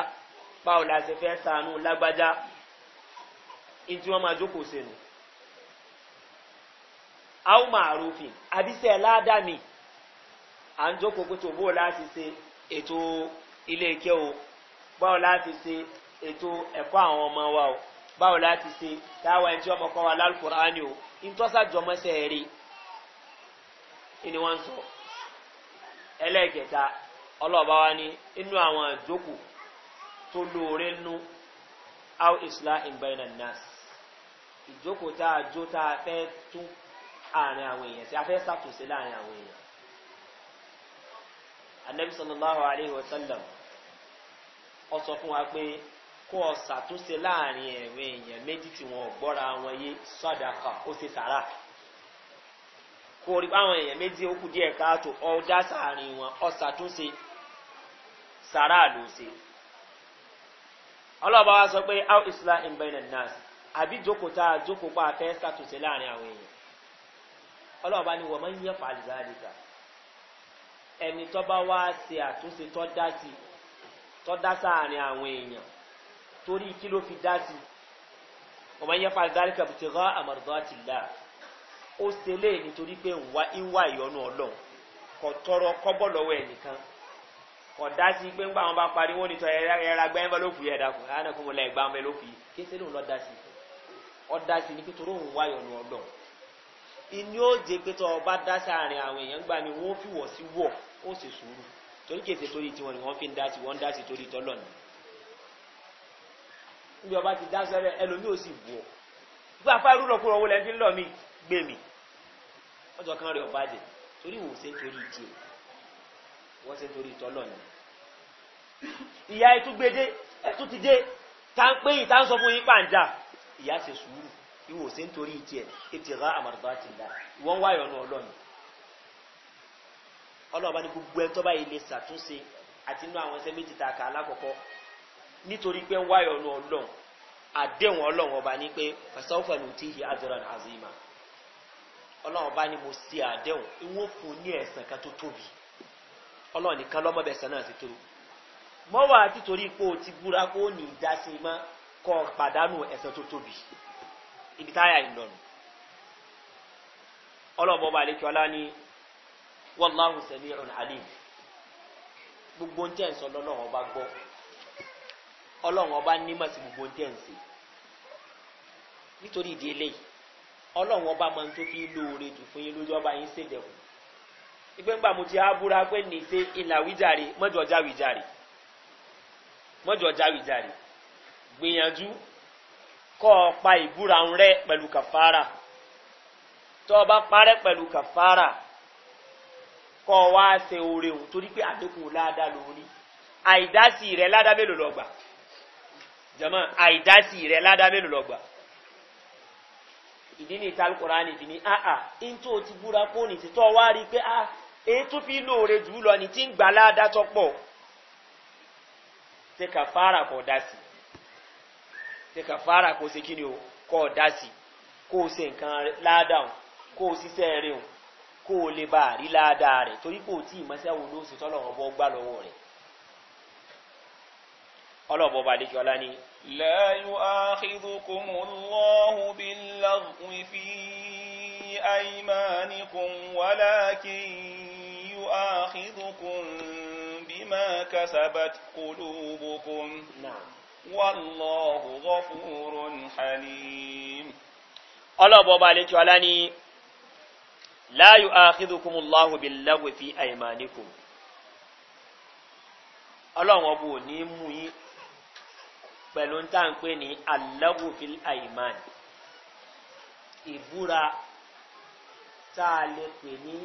báwo la ti fẹ́ sànú lágbájá ní tí wọ́n máa jókòó sínú. àwọn màrúfin àbísẹ̀ ládàá à ń jókòó pé tòbó láti ṣe ètò ilé ìkẹ́ o báwo láti ṣe ètò ẹ̀kọ́ àwọn ọmọ wa o báwo láti ṣe táwọn ẹni tí ọmọ kọ́ wa lálùkùránì o ìtọ́sà jọmọ́sẹ̀ rí ni wọ́n ń sọ ẹlẹ́ẹ̀kẹta ọlọ́ọ̀bá wa ní inú àwọn àjókù tó lóore nú how islam in bainan nas ìjókò tá a jó tá a fẹ́ tún àárín àwọn èèyàn tí a fẹ́ ṣàtúnṣe láàrin àwọn èèyàn anabi sallallahu alayhi wa sallam ọ sọ fún wa pé kó ọ̀sà tó ṣe láàrin ẹ̀rọ èèyàn méjì tí wọ́n gbọ́ra wọn yé sọ́dàkà ó ṣe sàrà kó rí báwọn èèyàn méjì ó kù díẹ̀ káàtó ọ̀dá sàárín wọn ọ̀sà tó ṣe sàrà ló ṣe ọlọ́ọ̀bá wa sọ pé how islam in benin nas àbí jókòtà jókòpá fẹ́ ṣàtúnṣe láàrin àwọn èèyàn ọlọ́ọ̀bá ni wọ́n máa ń yẹ fàlìzáàdìkà ẹni tó bá wá ṣe àtúnṣe tó dá sí tó dá sáàrin àwọn èèyàn torí kí ló fi dá sí ọmọ yẹn fa dáríkà bìtì rán àmọ̀dọ́ àti là ó ṣẹlẹ̀ nítorí pé wà ìwà ìyọnu ọlọ́run kò tọrọ kọ́bọ̀ lọ́wọ́ ẹ̀ nìkan kò dá sí pé ńgbà wọn bá parí wọn nìtọ́ ẹ̀rọ agbẹ́ ńbẹ́ ló fi ẹ̀dá kù ẹ̀rọ kò mọ̀lẹ́ ẹ̀gbá ńbẹ́ ló fi kéṣe ló ń lọ dá sí ọ dá sí ní pítorò òun wà ìyọnu ọlọ́run inú ó jẹ pé tó ọba dá sáàrin àwọn èèyàn gbà ni wọn ó fi wọ̀ sí wọ̀ ó sì sùúrù torí kéṣe torí tiwọn ni wọn fi ń dá sí wọn ń dá sí torí tọ́lọ̀ ni níbi ọba ti dá sẹ́rẹ̀ ẹlòmí ò sì bù ọ́ gbogbo afá irú lọ́kùnrin owó lẹ́ni fi ń lọ mí gbé mi ọjọ́ kan rẹ̀ ọba jẹ torí wò ṣe ń torí tiẹ̀ wọ́n ṣe ń torí tọ́lọ̀ ni. ìyá ẹtúgbédé ẹtútidé tá ń pé yìí tá ń sọ fún yín pàǹdà ìyá ṣe sùúrù ìwò ṣe ń torí tiẹ̀ ètò ìhá àmàlùbá ti dá ìwọ́n wáyọ̀ náà ọlọ́ni ọlọ́ọ̀bá ní gbogbo ẹ̀ tọ́ báyìí lè ṣàtúnṣe àti inú àwọn ẹsẹ̀ méjì tá a kà á lákọ̀ọ́kọ́ nítorí pé ń wáyọ̀ ọ̀nà ọlọ́run àdéhùn ọlọ́run ọba ní pé fàṣọ́fà ní ti yí adọ́rọ̀ ní azima ọlọ́run ọba ní mo ṣe àdéhùn ìwọ́n fún ní ẹ̀sán kan tó tóbi ọlọ́run nìkan náà ti o ti búra kó ní ìdásí mọ́ kọ́ pàdánù ẹ̀sán ibi táyà ọlọ́run ọba àlekí ọlá ní wọ́n láhùn gbogbo ń tẹ̀ ń ọba gbọ́ ọlọ́run ọba nímọ̀ sí gbogbo ohun tẹ̀ ń se nítorí ìdí eléyìí ọlọ́run ọba máa ń tó fi lóore jù fún yín lójú ọba yín ṣèjẹ̀kù ìpè ńgbà mo ti á búra pé ní ṣe ìlà wíjàre mọ́jọ já wíjàre mọ́jọ já wíjàre gbìyànjú kọ́ ọ pa ìbúra ń rẹ́ pẹ̀lú kàfàrà tọ́ ọ bá parẹ́ pẹ̀lú kàfàrà kọ́ ọ wá ṣe oore òun torí pé àdínkù ládàá lórí àìdásí rẹ̀ ládàá mélòó jama àìdásí rẹ̀ ládàá mélòó lọ́gbà ìdí ní ìta alukoraani fi ni àà ntó ti búra fóònù ti wá rí i pé a èyí tó fi lóore jù lọ ni tí ń gbà ládàá tó pọ̀ ṣe kà fara kò dá sí ṣe kà fara kò ṣe kí ni o kò dá sí kó o ṣe nǹkan ládàá kó o ṣiṣẹ́ rẹ̀ kó o lè bá a rí ládàá rẹ̀ torí kò tí ì mọ́ṣẹ́ wo ló ṣe tọ́lọ̀ ọ̀bọ gbà lọ́wọ́ rẹ̀ ọlọ́ọ̀bọ̀ balẹ̀ kí ọlá ni. لا يؤاخذكم الله باللغو في أيمانكم ولكن يؤاخذكم بما كسبت قلوبكم نعم. والله غفور حليم الله بابا عليك ولاني لا يؤاخذكم الله باللغو في أيمانكم ألا بابا نيمو pẹ̀lú tá à ń pè ní aláwòfin aiman ìbúra tá a lè pè ní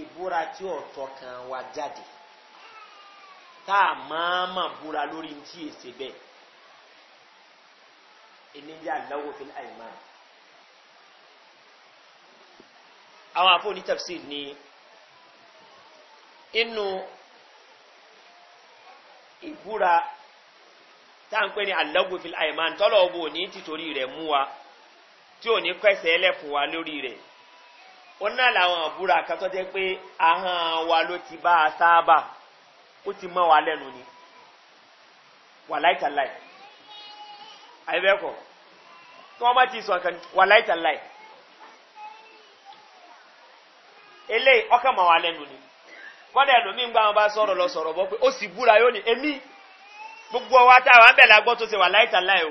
ìbúra tí ọ̀tọ̀ kan wá jáde tá a máa máa búra lórí tí èsè bẹ́ẹ̀ ìníjà aláwòfin aiman. àwọn àfọ̀ní tafsir ni inú ìbúra. tá à ń pè ní aiman tọ́lọ̀ ọ̀bù ní tìtorí rẹ̀ mú wa tí ò ní pẹ́sẹ̀ ẹlẹ́fun wa lórí rẹ̀ ó náà làwọn àbúrò pé ahọ́n wa ló ti bá a sáábà ó ti mọ́ wa ni wà láìtàláì àìbẹ́kọ̀ tí wọ́n bá ti wà láìtàláì eléyìí ọkàn mọ́ wa lẹ́nu ni wọ́n wọn bá sọ̀rọ̀ lọ sọ̀rọ̀ bọ́ pé ó sì búra yóò gbogbo ọwọ́ àtàwọn abẹ́lẹ̀ agbọ́ tó ṣe wà láìtàláì o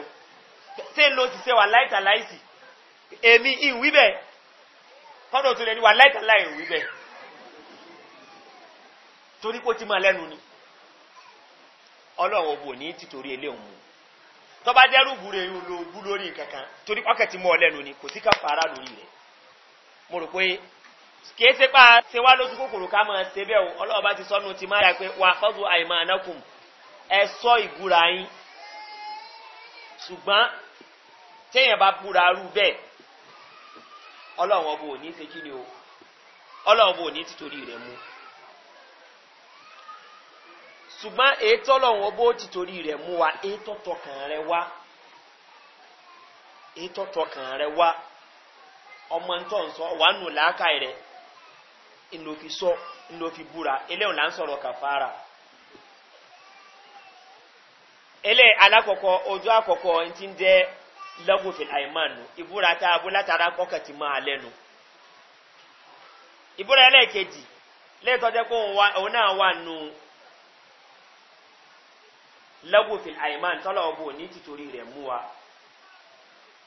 tí ló ti wà láìtàláì sí èmi ìwíbẹ̀ kọ́dọ̀ tó lè wà torí kó ti máa ni ọlọ́run ọbò ní títorí ilé òun mu tọ́ba dẹ́rù búre ni kò sí káfà ara lórí rẹ̀ mo rò pé kìí ṣe pa ṣe wá lójú kòkòrò ká máa ṣe bẹ́ẹ̀ o ọlọ́ọ̀bá ti ẹ sọ ìbúra yín ṣùgbọ́n téèyàn bá búra rú bẹ́ẹ̀ ọlọ́run ọba ò ní ṣe kí ni o ọlọ́run ọba ò ní títorí rẹ̀ mu ṣùgbọ́n ètò ọlọ́run ọba ó títorí rẹ̀ mu wa ètò tọkàn rẹ̀ wá ètò tọkàn rẹ̀ wá ọmọ ntọ́ nsọ wà nù làákàyè rẹ̀ ńlọ sọ búra eléyìí là ń ele alakoko ojo akoko nti nde lagu fil aiman ibura ta abula tara koko ti ma lenu ibura ele keji le to je ko wa o na wa nu lagu fil aiman tolo obo ni ti tori re muwa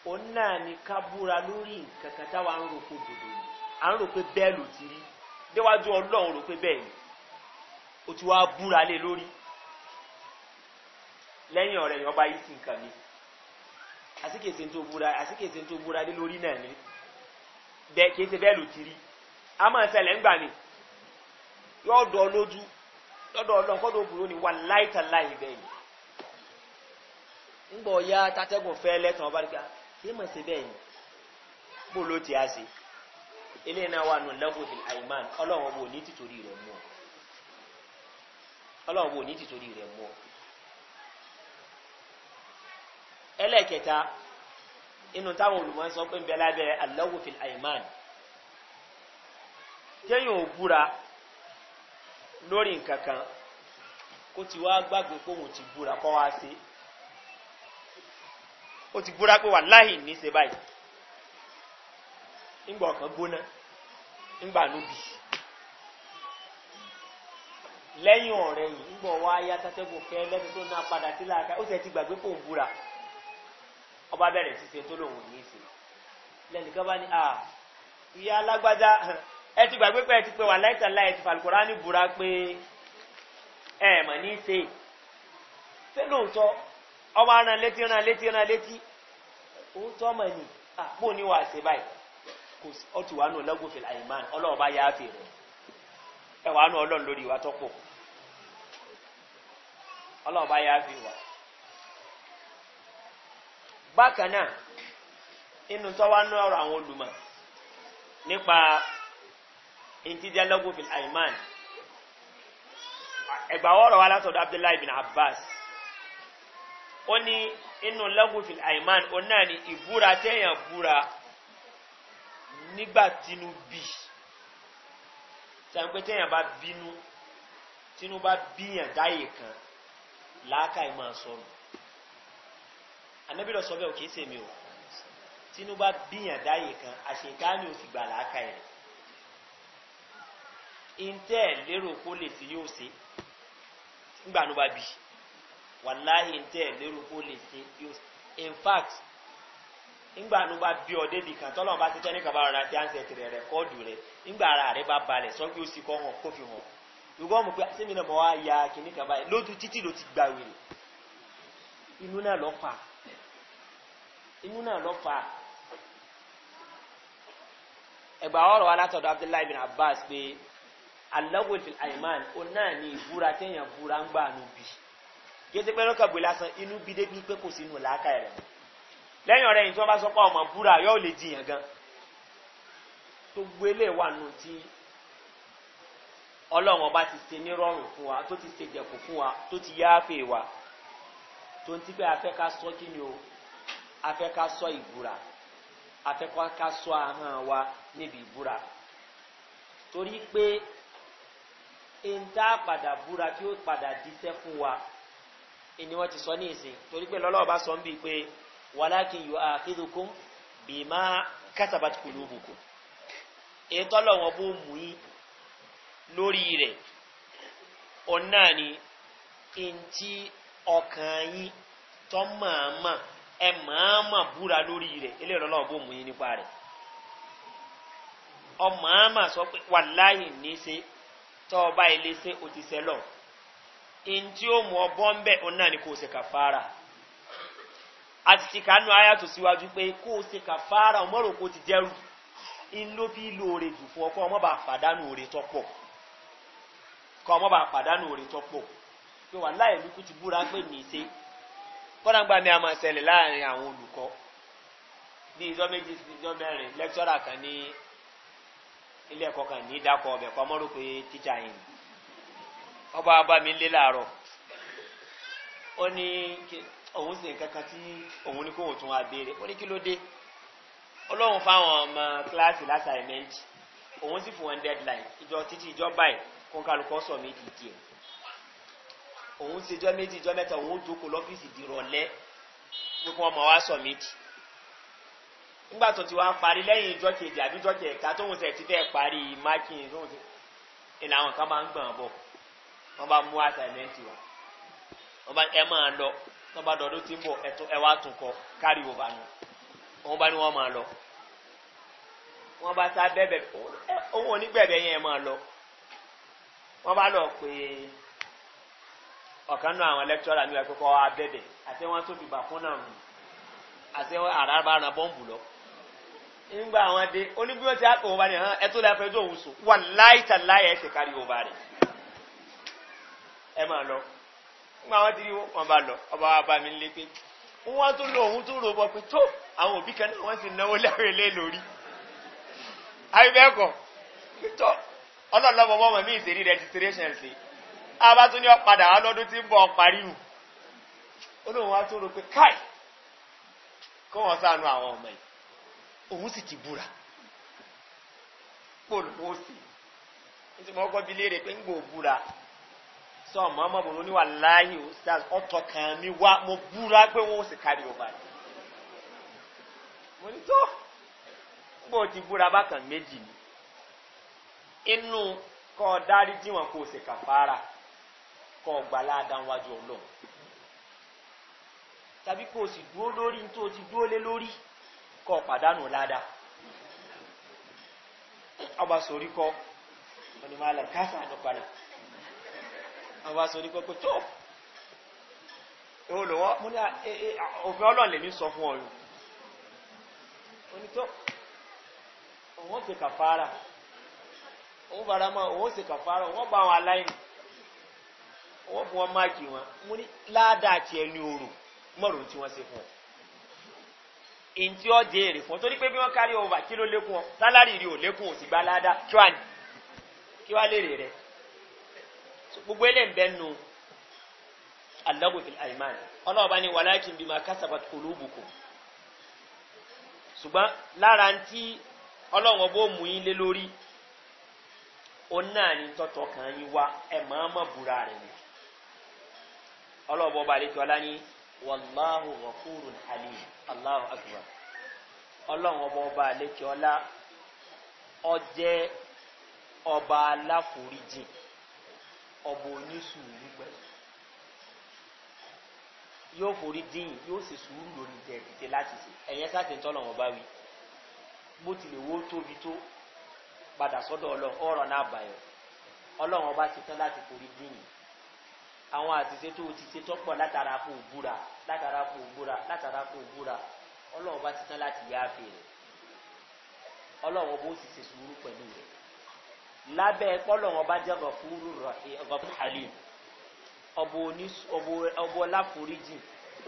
onna ni kabura lori nkakata kan ta wa nro ko dodo an ro pe be lo ti ri de wa ju ologun ro pe bura le lori lẹ́yìn ọ̀rẹ́ yẹn ọba yìí sì nǹkan mi àsìkèsè àsìkèsè tó búra dé lórí náà ni kìí ṣe bẹ́ẹ̀ ló ti rí a máa ń ṣẹlẹ̀ ńgbà yóò dọ̀ lójú lọ́dọ̀ ọlọ́run kọ́dọ̀ òbúrò ni wà bẹ́ẹ̀ ni ńgbọ̀ ya tatẹ́gùn fẹ́ lẹ́tàn ọba ṣe bẹ́ẹ̀ ni bó ló ti á ṣe eléyìí náà wà nù lẹ́gùn ẹlẹ́ẹ̀kẹta inú táwọn olùmọ̀ sọ pé ń bẹ lábẹ́ aláwòfin àìmán kéèyàn ò búra lórí nǹkan kan kó ti wá gbàgbé kóhun ti búra kọ́ wá sí ó ti búra pé wà láì ní í ṣe báyìí ńgbà ọ̀kan gbóná ńgbà níbi lẹ́yìn ọ̀rẹ́ ńgbà wá yá tátẹ́gùn fẹ́ tó ná padà ti gbàgbé búra. ọba bẹ̀rẹ̀ síse tó lòun ní ìsìn lẹ́nìkan bá ní ìyá alágbájá ẹ ti gbàgbé pé ẹ ti pé wà láìsàn láì ti ní búra pé ẹ mọ̀ ní na ṣé lóòótọ́ ọba ran létí ran létí ran létí òótọ́ mọ̀ ní àpò ní wàá ṣe báyìí kò sí ọtí wàá nù fèrè ẹ wàá nù ọlọ́run lórí ìwà tọ́pọ̀ bákan náà inú tọ́wá ní ọ̀rọ̀ àwọn olùmọ̀ nípa intidialogo fil aiman ẹgbàwọ́ ọ̀rọ̀ wa látọ̀dọ̀ abdullahi bin abbas ó ní inú logo fil aiman ó náà ní ìbúra téèyàn búra nígbà tínú bí sàǹpé téèyàn bá bínú tínú bá bíyàn dáyè kan làákàyè máa sọnù anabi lọ sọ bẹ́ẹ̀ òkè ṣe mi o tínú bá bíyàn dáyè kan àṣetáni ò sì gbà láàka ẹ̀ intẹ́ lérò kó lè sí yóò ṣe ńgbà ló bá bì wàláhì lérò kó lè ṣe yóò ṣe in fact ńgbà ló bá bí ọ débi kan tọ́lọ́ bá ti tẹ́nìkan bá rọra ti ànsẹ̀ tìrẹ̀ rẹ̀ kọ́ọ̀dù rẹ̀ ńgbà ara rẹ̀ bá balẹ̀ sọ́kí ó sì kọ́ hàn kó fi hàn lùgbọ́n mo pé sẹ́mi náà mo wá ya kìnnìkan báyìí lójú titi ló ti gbà wèrè inú náà lọ́ fà inú náà lọ fà á ẹgbà ọrọ̀ alátọ̀dọ̀ abdullahi bin abbas pé alawefil aiman ó náà ní ìbúra téèyàn búra ń gbà nù bí kéde pé lọ́kàn gbé lásán inú bí débi pé kò sínú làákà rẹ̀ lẹ́yìn ọ̀rẹ́yìn tí wọ́n bá sọ pé ọmọ búra yóò lè jiyàn gan tó gbélé wà nù tí ọlọ́run ọba ti se nírọ̀rùn fún wa tó ti se jẹ̀kù fún wa tó ti yááfẹ́ wa tó ń ti pé afẹ́ ká sọ kí ni o afẹ́ ká sọ ìbúra afẹ́ ká sọ ahọ́n wa níbi ìbúra torí pé n tá padà búra tí ó padà díṣẹ́ fún wa ni wọ́n ti sọ ní ìsìn torí pé lọ́lọ́wọ́ bá sọ ń bí pé wàlákin yóò àkídùkún bí má kásábàtì kò lóògùn èyí tọ́lọ̀ wọn bó mú yín lórí rẹ̀ ọ̀nà ni ntí ọkàn yín tọ́ màmá ẹ màámà búra lórí rẹ̀ eléyìí ọlọ́run bó mú yín nípa rẹ̀ ọ màámà sọ pé wàláyé ní í ṣe tọ́ ṣe o ti ṣẹ lọ in tí ó mú ọbọ ń bẹ̀ ọ náà ni kò ṣe kàfàrà àti ṣìkànú ayàtò síwájú pé kò ṣe ti dẹrù in ló fi lóore jù fún ọkọ ọmọ bá tọpọ kọ ọmọ bá pàdánù tọpọ pé ti búra pé ní í kọ́dà ń gbà mí àmọ́ ṣẹlẹ̀ láàrin àwọn olùkọ́ bí ìjọ méjì sí ìjọ mẹ́rin lẹ́kítọ́rà kan ní ilé ẹ̀kọ́ kan ní ìdákọ̀ ọbẹ̀ kọ́ mọ́rò pé tíjà yìí ọba bá mi lé láàárọ̀ ó ní òun sì nǹkan kan tí òun ní kóhùn tún wá béèrè ó ní kí ló dé ọlọ́run fáwọn ọmọ kíláàsì lásàrẹ́mẹ́ntì òun sì fún wọn deadline ìjọ títí ìjọ báyìí kó kálukọ́ sọ méjì tiẹ̀ òun ṣe jọ́ méjì jọ́ mẹ́ta òun jókòó lọ́fíìsì dìrọ̀lẹ́ gbogbo ọmọ wa sọ méjì nígbà tó ti wá parí lẹ́yìn ìjọ kejì àbí ìjọ kẹta tóun ti parí mákìn tóun àwọn kan máa ń wọ́n bá mú wa wọ́n bá ẹ máa lọ wọ́n bá tí ń ẹ wá tún kọ ni wọ́n bá lọ wọ́n bá sá òun ò ní yẹn máa lọ wọ́n bá lọ pé. ọ̀kan náà àwọn lẹ́kítọ́rà ní ẹ̀kọ́kọ́ abẹ́bẹ̀ àti wọ́n tó fi bà fún náà mú àti àràbà ara bọ́ǹbù lọ. nígbà àwọn dé oníbí wọn ti àpò òun bá ní ẹ tó lẹ́fẹ̀ẹ́ tó òun sùn wà láìta láyà ẹsẹ̀ kárí òun bá rẹ̀ ẹ máa lọ. nígbà wọn ti rí wọn bá lọ ọba wa bá mi lé pé wọn tó lọ òun tó rò bọ pé tó àwọn òbí kan náà wọn ti náwó lẹ́rìn lé lórí. àyùbẹ́ kọ̀ ọlọ́ọ̀lọ́ àbá tún ní ọ̀padà wá lọ́dún tí ń bọ̀ paríwù olóhùn wá tó rò pé káì kó wọn sànú àwọn ọmọ yìí òun sì ti búra pòlù ó ní tí mo kọ́ bi léèrè pé ń gbò búra sọ ọmọ ọmọbìnrin oníwà láàyè ó sí ọtọ kan mi wá mo búra pé wọn ó sì kárí ọba yìí mo ní tó gbò ti búra bákan méjì ni inú kọ́ dárí tí wọn kò sì kàfàrà. kọọ ọgbà láàdá wájú ọlọ́run tàbí kò sì dúó lórí tó ti dúó lórí kọ pàdánù láàdá ọba sórí kọ́ ọdún máa lẹ̀ káàsà àjọ padà ọba sórí kọ́ pé tó ó lọ́wọ́ mo ní e, e, sọ fún ọ̀run òun ó kàfàrà òun òun ó kàfàrà òun ó bá aláìní wọ́n fún wọn máàkì wọn mo ní ládàá tiẹ̀ ní oòrùn mọ̀rún tí wọ́n ṣe fún ọ. ìntí ọjà èrè fún ọ torí pé bí wọ́n kárí ọba kí ló lékún ọ sálárì rí ò lékún gba ládàá kí wàá ní kí wàá lè rè rẹ. gbogbo eléyìí bẹ́ẹ̀ nu alágòfin alimani ọlọ́ọ̀bá ni kí n bí ma kásábà ṣùgbọ́n lára ń tí ọlọ́wọ́n lórí náà kan ẹ̀ máa má búra rẹ̀ ọlọ́ọ̀bọ̀ ọba àlejò ọlá ní wàláhù rọ̀fúrù àlè aláhù àgbà ọlọ́run ọba ọba àlejò ọlá ọjẹ́ ọba aláforíjì ọba onísùúrù pẹ̀lú yóò forí dín yóò sì sùúrù lórí tẹ̀tẹ̀ láti sè ẹ̀yẹn sáà ti ń tọ́lọ̀ wọn bá wí bó tilẹ̀ wó tóbi tó padà sọ́dọ̀ ọlọ́run náà bàyọ̀ ọlọ́run ọba ti tán láti forí dín yìí àwọn àṣìṣe tó ti ṣe tọ́pọ̀ látara kò búra látara kò búra látara kò búra ọlọ́run bá ti tán láti yá àfẹ rẹ̀ ọlọ́run bó sì ṣe sùúrù pẹ̀lú rẹ̀ lábẹ́ kọ́lọ́run bá jẹ́ gọ̀fúrú gọ̀fúrú halim ọbọ̀ ọláforíjì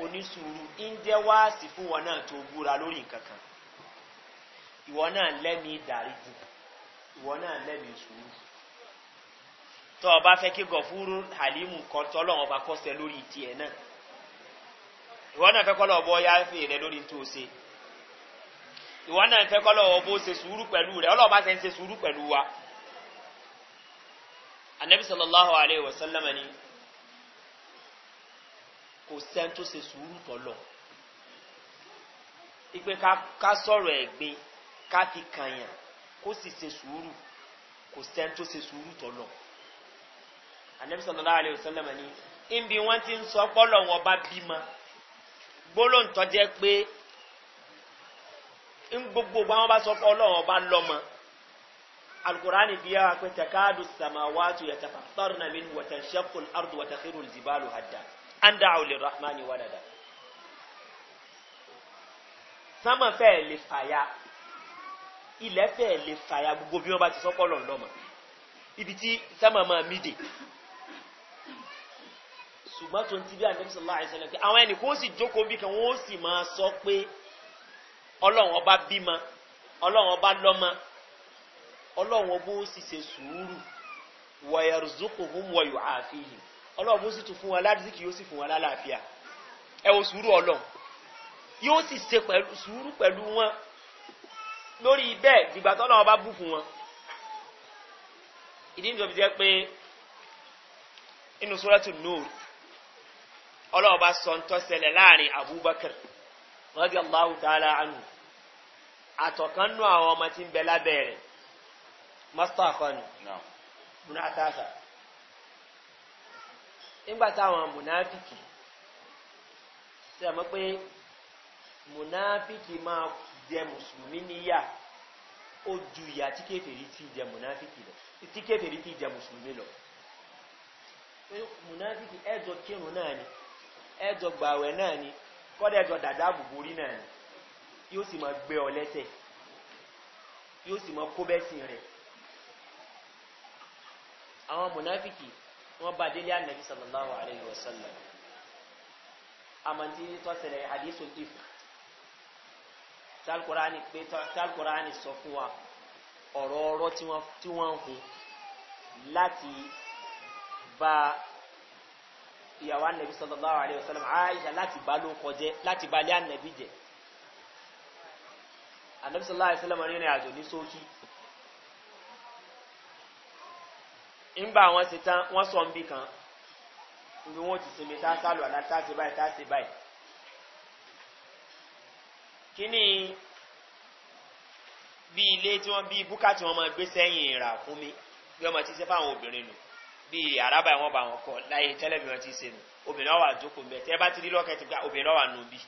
onísùúrù ń jẹ́ wáàsí fún wọn náà tó búra lórí nǹkan kan ìwọ náà lẹ́mìí dáríjì ìwọ náà lẹ́mìí sùúrù tọ́ ọba fẹ́ kí gọ̀fúrú halimu kan tọ́lọ́wọ́n ọba kọ́sẹ̀ lórí tiẹ̀ náà ìwọ náà fẹ́ kọ́lọ́ ọbọ̀ ya fèrè rẹ lórí tó ṣe ìwọ náà fẹ́ kọ́lọ́ ọbọ̀ ṣe sùúrù pẹ̀lú rẹ ọlọ́ọ̀bá ṣe ń ṣe sùúrù pẹ̀lú wa. anabi sallallahu alayhi wa sallam ni kò sẹ́ni tó ṣe sùúrù tọ́lọ̀ ipe ká sọ̀rọ̀ ẹ̀gbin ká fi kàyàn kó sì ṣe sùúrù kò sẹ́ni tó ṣe sùúrù tọ́lọ̀ anabi sallallahu alayhi wa sallam ni nbi wọn ti ń sọ pọlọ wọn bá bímọ gbólóǹtọ jẹ pé ń gbogbo àwọn bá sọ pọlọ wọn bá lọmọ alukurani biya akwai takadu samawatu ya tafattar na min watan shakul ardu wata khirul zibalu hadda an da aulin rahmani wadada sama fẹ́ lè fàya ilẹ̀ fẹ́ lè fàya gbogbo bí wọ́n bá ti sọ́pọ̀ lọ́nà lọ́mọ ibi tí sama máa mídè ṣùgbọ́n tó ń ti bí àdébí sọlá àìsàn pé àwọn ẹnì kó sì jókòó bí kan wọ́n sì máa sọ pé ọlọ́run ọba bímọ ọlọ́run ọba lọ́mọ ọlọ́run ọba ó sì ṣe sùúrù wọ̀yẹ̀rùzùkù hum wọ̀yọ̀ àfihì ọlọ́run ó sì tún fún wọn ládìsíkì yóò sì fún wọn lálàáfíà ẹ wo sùúrù ọlọ́run yóò sì ṣe sùúrù pẹ̀lú wọn lórí bẹ́ẹ̀ dìgbà tọ́lọ́run ọba bù fún wọn ìdí nìjọba jẹ́ pé inú sọ́rẹ́tù nóòrù ọlọ́ọ̀bá sọ ń tọ́sẹlẹ̀ láàrin abubakar rọ́dí allahu ta'ala anu àtọ̀kánnú àwọn ọmọ tí ń bẹ lábẹ́rẹ̀ mustafanu munatasa nígbà táwọn munafiki ṣe àmọ́ pé munafiki máa jẹ mùsùlùmí níyà ó ju ìyà tí kéferì ti jẹ munafiki lọ tí kéferì ti jẹ mùsùlùmí lọ munafiki ẹ̀jọ̀ kírun náà ni ẹjọ gbàwẹ̀ náà ni kọ́dẹ̀ ẹjọ dàda àbùborí náà ni yóò sì máa gbé ọ lẹ́sẹ̀ yóò sì máa kó bẹ́sìn rẹ̀ àwọn mùnáfìkì wọn bá délé ànàbí sallallahu alayhi wa sallam àmàntí tọ́sẹ̀lẹ̀ àdéṣò ìfù tálkùránì pé tálkùránì sọ fún wa ọ̀rọ̀ ọ̀rọ̀ tí wọ́n ń hun láti bá ìyàwó anabi sọlọ́lá àrẹ ọ̀sán àìsà láti bá ló kọjẹ́ láti bá lé anabi jẹ anabi sọlọ́lá àrẹ sallam rìnrìn àjò ní sókí ńgbà wọn ṣe tán wọn sọ ń bì kan ibi wọn ti sinmi tá a sálù àná tá a ṣe báyìí tá a ṣe báyìí kíní bí ilé tí wọn bí búkà tí wọn máa gbé sẹ́yìn rà fún mi bí wọn máa ti ṣe fáwọn obìnrin nù bí àràbà wọn bá wọn kọ láyé tẹ́lẹ̀ bí wọ́n ti ṣe nù obìnrin ọ̀wà jókòó mbẹ tẹ́ bá ti rí lọ́kẹ́ ti gba obìnrin ọ̀wà nù bí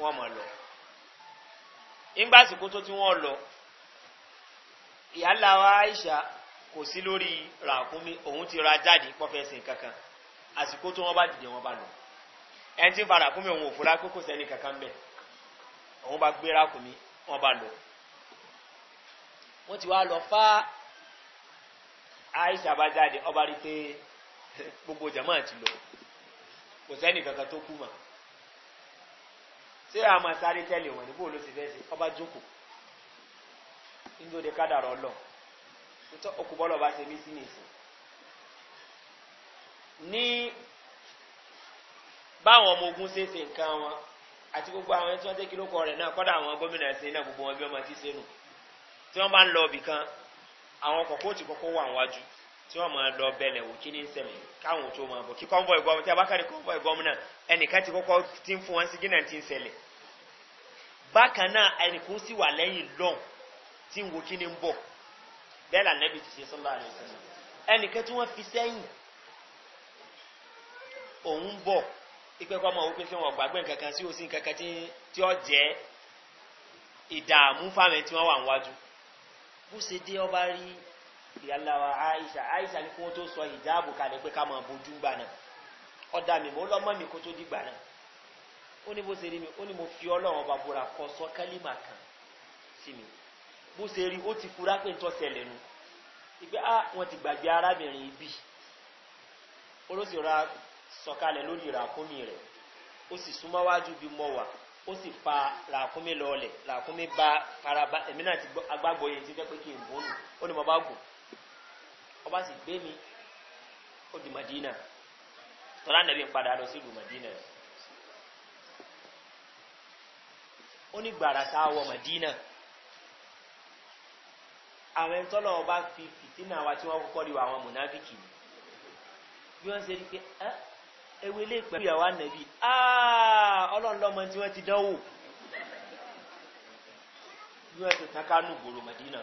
wọ́n mọ̀ lọ. nígbà àsìkò tó tí wọ́n lọ ìyáàlá wa aisha kò sí lórí ràkúnmí òun ti ra jáde pọ́fẹ́sìn kankan àsìkò tó wọ́n bá dìde wọ́n bá lọ. ẹni tí fa ràkúnmí òun ò kókò sẹ́ni kankan mbẹ òun bá gbé ràkúnmí wọ́n bá lọ. wọ́n ti wá lọ fáá aisha bá jáde ọba rí pé gbogbo jama ti lọ kò sẹ́ni kankan tó kú mà ṣé àmọ́ sáré tẹ́lẹ̀ wọn níbo ló ti fẹ́ sí ọba jókòó nítorí kádàrọ̀ ọlọ́ okùn bọ́lọ̀ bá ṣe mí sí nìsín ní báwọn ọmọ ogun ṣe ń ṣe nǹkan wọn àti gbogbo àwọn ẹni tí wọ́n tẹ́ kí ló kọ náà kọ́dà àwọn gómìnà ẹ̀sìn náà gbogbo wọn bí wọ́n ti ṣe nù tí wọ́n bá ń lọ ibì kan àwọn kọ̀kọ́ ti kọ́kọ́ wà wájú tí wọ́n máa lọ bẹ̀lẹ̀ wò kí ní sẹ̀lẹ̀ káwọn tó máa bọ̀ kí kọ́ńvọ̀ ìgbọ́mù tí a bá kárí kọ́ńvọ̀ ìgbọ́mù náà ẹnìkan ti kọ́kọ́ ti ń fún wọn sí gínà ti ń sẹ̀lẹ̀ bákan náà ẹnìkan sì wà lẹ́yìn lọ́n tí ń wo kí ní ń bọ̀ bẹ́ẹ̀ là nẹ́bi ti ṣe sọ́lá rẹ̀ sẹ́yìn ẹnìkan tí wọ́n fi sẹ́yìn òun ń bọ̀ ipe kọ́ mọ̀ wípé fẹ́ràn ọ̀gbàgbé nǹkan kan sí òsín kankan tí ó jẹ́ ìdààmú bó ṣe dé ọba rí ìyàláwa aisha aisha ní kó tó sọ ìjáàbù kalẹ̀ pé ká máa bójú gbà náà ọ̀dà mi mo lọ́mọ mi kó tó dìgbà náà ó ní bó ṣe rí mi ó ní mo fi ọlọ́run ọba búra kọ sọ kálímà kan sí mi bó ṣe rí ó ti fura pé ń tọ́ sẹlẹ̀ nu ìgbé a wọn ti gbàgbé arábìnrin ibi olóṣèlú sọkalẹ̀ lórí ìràkúnmí rẹ̀ ó sì súnmọ́ wájú bí mọ́ wà ó sì fa làkúnmí lọọlẹ̀ làkúnmí bá faraba èmi náà ti agbágbọ́ yẹn ti jẹ́ pé kí n bò nù ó ní mo bá gùn ọba sì gbé mi ó di madina tọ́lá nàbí ń padà lọ sí ìlú madina ó ní gbàrà tá a wọ madina àwọn ẹni tọ́lọ̀ ọba fi fìtínà wa tí wọ́n kọ́kọ́ rí wa àwọn mùnáfíkì bí wọ́n ṣe rí pé ẹ́. ewele lè pẹ̀lú ìyàwó ànàbí ah, ọlọ́ọ̀lọ́mọ tí wọ́n ti dánwò us wọ́n gbòòrò mọ̀dínà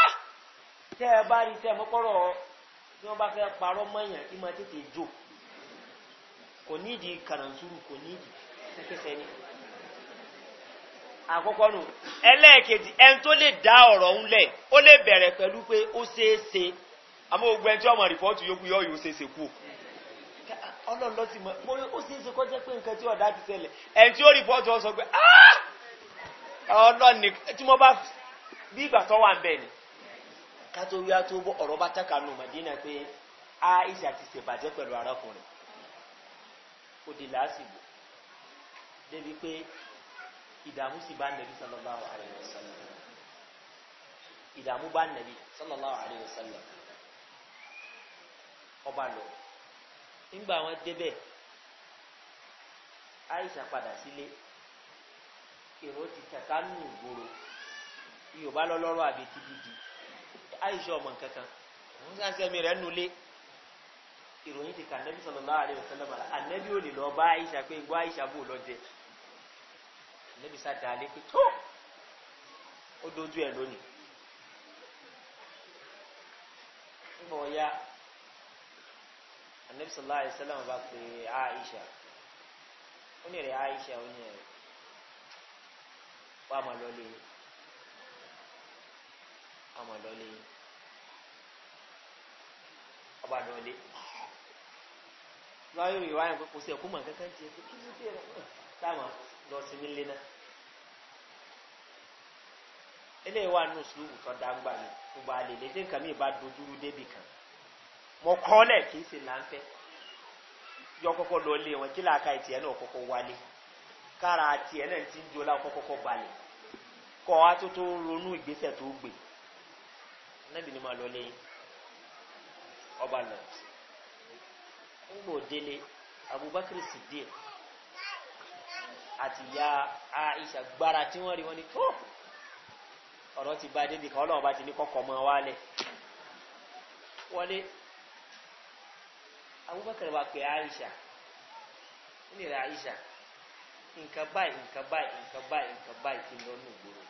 ah! tẹ́ ẹ bá rí mọ́kọ́rọ̀ tí wọ́n bá fẹ́ parọ́ mọ́yàn tètè jò kò nídìí kàràǹtúrù kò nídìí ni àkọ́kọ́ nù ẹlẹ́ẹ̀kejì ẹni tó lè dá ọ̀rọ̀ ńlẹ̀ ó lè bẹ̀rẹ̀ pẹ̀lú pé ó ṣeé ṣe àmọ́ gbogbo ẹni tí ọmọ rìpọ́ọ̀tù yókù ọlọ́run lọ sí mọ́ ó sì ń ṣe kọjá pé nǹkan tí ọ̀dà ti ṣẹlẹ̀ ẹni tí ó rìpọ́ọ̀tù wọn sọ pé ah! ọlọ́run tí mo bá bí ìgbà tó wà ni ká tó bọ́ ọ̀rọ̀ bá tàkà nù màdínà pé aisha ti ṣèbàjẹ́ pẹ̀lú arákùnrin ó di làásìgbò débi pé ìdààmú sì bá nàbí sallallahu alayhi ìdààmú bá ọba lọ. nígbà wọn débẹ̀ aisha padà sílé èrò ti tẹ̀ka nù gbòòrò yorùbá lọ́lọ́rọ́ àbí tìbìtì aisha ọmọ kankan wọn kàn sẹ́mi rẹ̀ nulẹ̀ ìròyìn ti kà nẹ́bí sọ̀rọ̀ náà àlẹ́ òsèlè mọ́ra ànẹ́bí ò lè lọ bá aisha pé gbọ́ aisha bò lọ jẹ ànẹ́bí sá da alẹ́ pé tó ó dojú ẹ̀ lónìí. ń anabi sallallahu alayhi wa sallam bá pe aisha ó aisha ó ní rẹ wà á máa lọlé á máa lọlé ọba lọlé lọ́wọ́ yóò wáyà pé kò sí ẹ̀kú mọ̀ kankan tiẹ̀ pé kí ló dé rẹ̀ táwọn lọ sí nílé náà eléyìí wà nù sùúrù tó dáńgbà ní gbogbo àlè lédè nǹkan mi ìbá dojúrú débì kan mọ kọ́lẹ̀ kì í sì láńfẹ́ yọ kọ́kọ́ lọ lé wọn kí làákà ìtìyẹ náà kọ́kọ́ wálé kára àtìyẹ náà ti ń jó láwọn kọ́kọ́ balẹ̀ kọ́ wa tó tó ronú ìgbésẹ̀ tó gbé nábì ni máa lọ lé ọba lọ ńgbò délé abubakar sidiq àti ya aisha gbára tí wọ́n rí wọn ni tó ọ̀rọ̀ ti bá débi kan ọlọ́run bá ti ní kọ́kọ́ mọ́ wálẹ̀ wọlé abubakar wá pé aisha ó lè ra aisha nǹkan báyìí nǹkan báyìí nǹkan báyìí nǹkan báyìí ti lọ ní ìgboro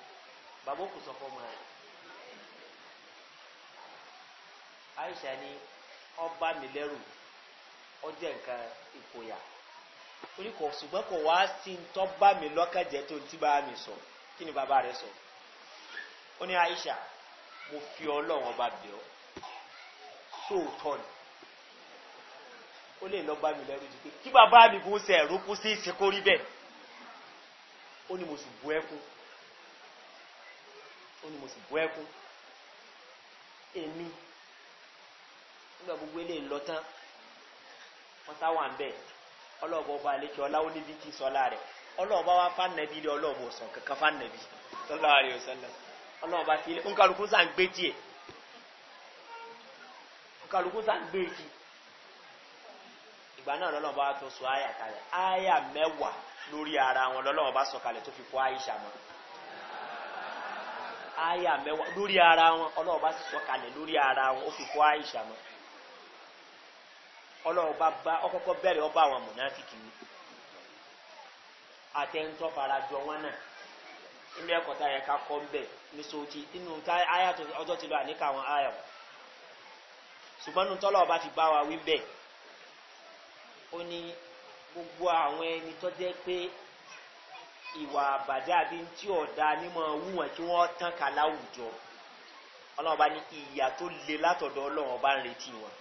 bàbá òkú sọ fọmọ rẹ aisha ni ọba mi lẹ́rù ọjọ́ nǹkan ìkòyà oníkọ̀ ṣùgbọ́n kò wá sí tó bá mi lọ́kàjẹ́ tó ti bá mi sọ kí ni bàbá rẹ sọ ó ní aisha mo fi ọlọ́run ọba bẹ̀ ọ́ sóòótọ́ ni ó lè lọ bá mi lẹ́rù jù pé kí bàbá mi kò ṣe ẹ̀rú kú sí ìsìnkú rí bẹ́ẹ̀ ó ní mo sì bu ẹkún ó ní mo sì bu ẹkún èmi nígbà gbogbo eléyìí lọ tán wọn sá wà ń bẹ ọlọ́ọ̀bọ ọba àlejò ọláwó níbi kí sọlá rẹ ọlọ́ọ̀bá wa fànàbí ilé ọlọ́ọ̀bọ sàn kankan fànàbí sọlá rẹ ọsàn ọlọ́ọ̀bá fi ilé nkàlùkù sàn gbé tiẹ̀ nkàlùkù sàn gbé tiẹ̀. ìgbà náà lọ́lọ́run bá tó sọ àyà kalẹ̀ àyà mẹ́wàá lórí ara wọn bá sọ kalẹ̀ tó fi kó àyíṣà mọ́ àyà mẹ́wàá lórí ara wọn ọlọ́run bá sọ kalẹ̀ lórí ara wọn ó fi kó àyíṣà mọ́ bá bá ọkọ́kọ́ bẹ̀rẹ̀ ọba àwọn mọ̀nàfíkì ni àtẹnutọ́ farajọ wọn náà nínú ẹ̀kọ́ tá yẹ ká kọ́ ń bẹ̀ ní sọ́ọ́tì nínú àyà ọjọ́ ti lọ àníkà àwọn àyà ṣùgbọ́n ọba ti bá wa wí bẹ́ẹ̀ ó ní gbogbo àwọn ẹni tó jẹ́ pé ìwà àbàjẹ́ àbí tí ọ̀dà nímọ̀ wúwọ̀n kí wọ́n tán ká láwùjọ ọlọ́run bá ní ìyà tó le látọ̀dọ̀ ọlọ́run ọba ń retí wọn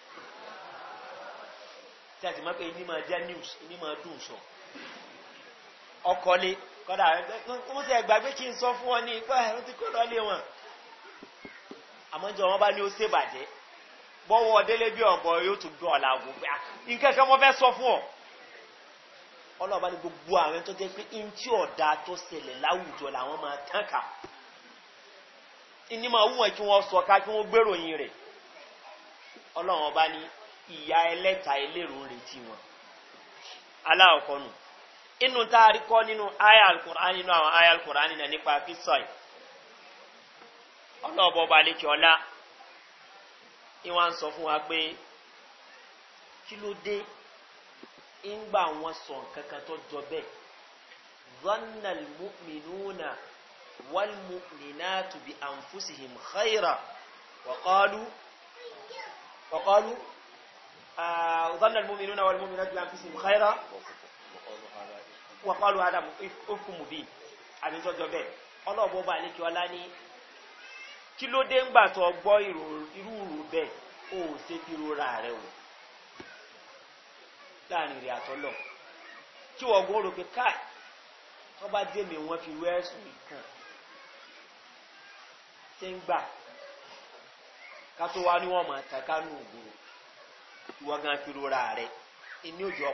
tí a ti mọ̀ pé ní máa news ní máa dùn sọ ọkọlé kọ́dà wọ́n ti ẹgbàgbé kí n sọ fún wọn ní ìpẹ́ ẹ̀rọ ti kọ́ lọ́lé wọn àmọ́jọ wọn bá ní ó ṣèbàjẹ́ bọ́wọ́ délé bí ọ̀gọ̀ yóò tún gbọ́ ọ̀la ogun pé nǹkan kan sọ fún ọ. ọlọ́ọ̀bá ni gbogbo àwọn tó jẹ́ pé tí ọ̀dà tó ṣẹlẹ̀ láwùjọ làwọn máa tán ká ní máa wù kí wọ́n sọ ká kí wọ́n rẹ̀ ìyá ẹlẹ́ta ẹlẹ́rù wọn aláwọ̀kọ́ inú tá a rí kọ́ nínú ni wọ́n á sọ fún wa pé kí ló dé ńgbà wọn sọ nǹkan kan tó jọ bẹ́ẹ̀ zannal mu'minuna wal mu'minatu bi anfusihim khayra wa qalu wa qalu ظن المؤمنون والمؤمنات بأنفسهم خيرا وقالوا هذا إفك مبين àbí tọ́jọ́ bẹ́ẹ̀ ọlọ́ọ̀bọ bá àlékè ọlá ní kí ló dé ńgbà tó gbọ́ irú rò bẹ́ẹ̀ ó ṣe rẹ o láàrin ìrìn àtọ́lọ̀ kí wọ́n gbọ́ rò pé káì tó bá dé mi wọ́n fi wẹ́ ẹ̀sùn ìkàn ṣé ń gbà ká tó wá ní wọ́n mọ̀ tàkà gan rẹ òjò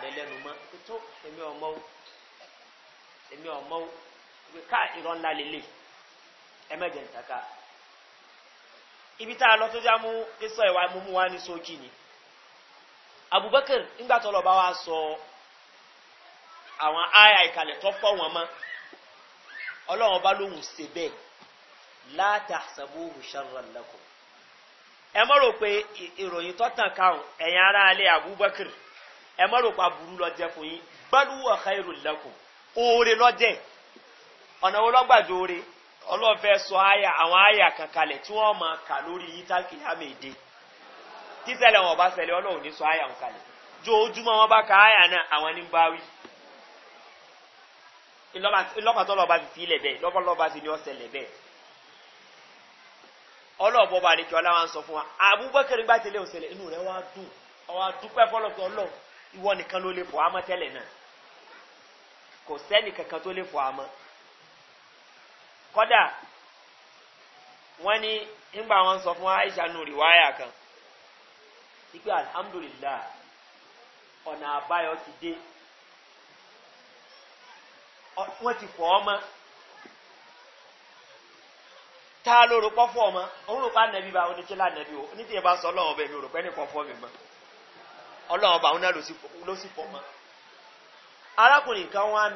rẹ lẹ́nu mọ́ tó èmi ibi tá a lọ tó já mú kíso ẹ̀wà múmú wá ní sókì ni abubakar nígbà tó lọ bá wa sọ àwọn àyà ìkàlẹ̀ tó pọ̀ wọn mọ́ ọlọ́run bá lóhùn ṣe bẹ́ẹ̀ láti àṣàbò òṣàrán lẹ́kọ̀ọ́ ẹ mọ́ rò pé ìròyìn tó tàn káwọn ẹ̀yìn ara alẹ́ abubakar ẹ mọ́ rò pé aburú lọ jẹ fún yín gbádùn ọ̀ka lẹ́kọ̀ọ́ oore lọ́jẹ̀ ọ̀nà wo lọ́gbàdo oore ọlọ́fẹ́ sọ àyà àwọn àyà kankalẹ̀ tí wọ́n máa kà lórí yín tálkì yàmì èdè títẹ̀lẹ̀ wọn bá sẹlẹ̀ ọlọ́run ní sọ àyà wọn kalẹ̀ jó ojúmọ́ wọn bá ka àyà náà àwọn ní bá wí. ìlọ́pàtọ́ lọ́ba ti fi ilẹ̀ bẹ́ẹ̀ lọ́pọ̀lọ́ba ti ní ọ̀sẹ̀lẹ̀ bẹ́ẹ̀. ọlọ́ọ̀bọ bá ní kí ọlá wa ń sọ fún wa abúgbọ́kẹ́rin bá tẹ̀lé òsẹ̀lẹ̀ inú rẹ̀ wá dùn ọwọ́ dúpẹ́ fọlọ́pọ̀ kọ́dà wọ́n ní nígbà wọn sọ fún aisha nù rí wáyà kan alhamdulilah ọ̀nà àbáyọ ti dé wọ́n ti fọ́ ọmọ tá a lóru pọ́ fọ́ ọmọ òun ló pa nàbí bá oníṣẹ́ o sọ pẹ́ nìkan mi mọ́ òun náà ló sì fọ́ ọmọ arákùnrin kan wá ń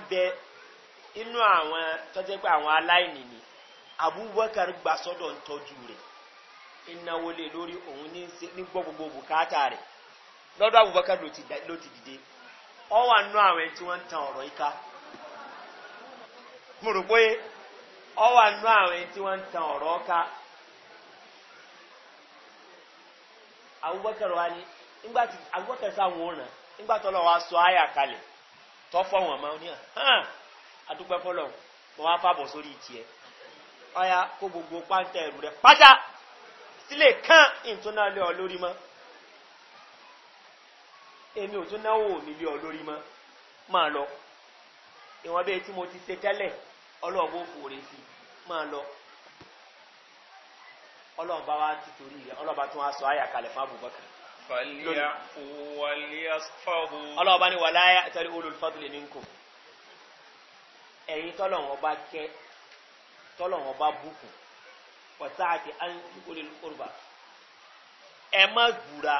inú àwọn tó jẹ́ pé àwọn aláìní ni abubakar gbà sọ́dọ̀ ń tọ́jú rẹ̀ ìnáwó lè lórí òun ní gbọ́ gbogbo bùkátà rẹ̀ lọ́dọ̀ abubakar ló ti dìde ọ wà nú àwọn tí wọ́n ń tan ọ̀rọ̀ ọ wà nú àwọn tí wọ́n ń abubakar wa abubakar sáwọn nígbà tó lọ́wọ́ kalẹ̀ wọn adúpẹ́ fọ́lọ̀ wọ́n á fàbọ̀ sórí ìtì ẹ̀ ọya kó gbogbo pàǹtẹ̀ ẹ̀rù rẹ̀ pátá sílé kán ìtúná lé ọ lórí mọ́ èmi ò tún náwó mi lé ọ lórí mọ́ máa lọ ìwọ̀n bẹ́ẹ̀ tí mo ti ṣe tẹ́lẹ̀ ọlọ́ọ̀bọ̀ fòrè sí máa lọ ọlọ́ọ̀bá wa ti torí rẹ̀ ọlọ́ọ̀bá tún wá sọ àyàkalẹ̀ fún abubakar ọlọ́ọ̀bá ni wàláyà tẹ́lẹ̀ olùfọ́dúnlẹ̀ ní nkùn ẹ̀yin tọ́lọ̀wọ̀n bá kẹ́ tọ́lọ̀wọ̀n bá bùkù pọ̀tá àti áńtí olùkórùbà ẹ má gbùra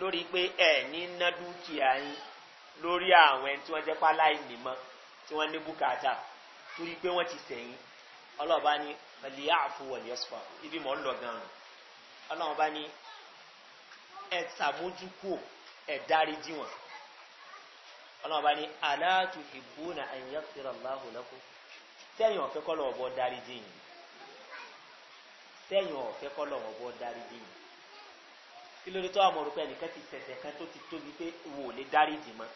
lórí pé ẹ ní ná dúkìá yín lórí àwọn ẹni tí wọ́n jẹ́ páláìní mọ́ tí wọ́n ní bùkátà torí pé wọ́n ti sẹ̀yìn ọlọ́ọ̀bá ní pẹ̀lú àfọwọ̀lì ọ̀sùpà ibi mọ̀ ń lọ gan-an ọlọ́ọ̀bá ní ẹ sàmójúkò ẹ dárí ọlọ́run bá ní aláàtú ìbúnà àyẹ̀fẹ́rẹ́ aláhù lẹ́kọ́ sẹ́yìn ọ̀fẹ́ kọ́ lọ́wọ́ bọ́ dárí jẹ́yìn sẹ́yìn ọ̀fẹ́ kọ́ lọ́wọ́ bọ́ dárí jẹ́yìn kí ló dé tó àmọ́ rúpẹ́ nìkan ti tẹ̀sẹ̀ kan tó ti tóbi pé wò lè dárí jì mọ́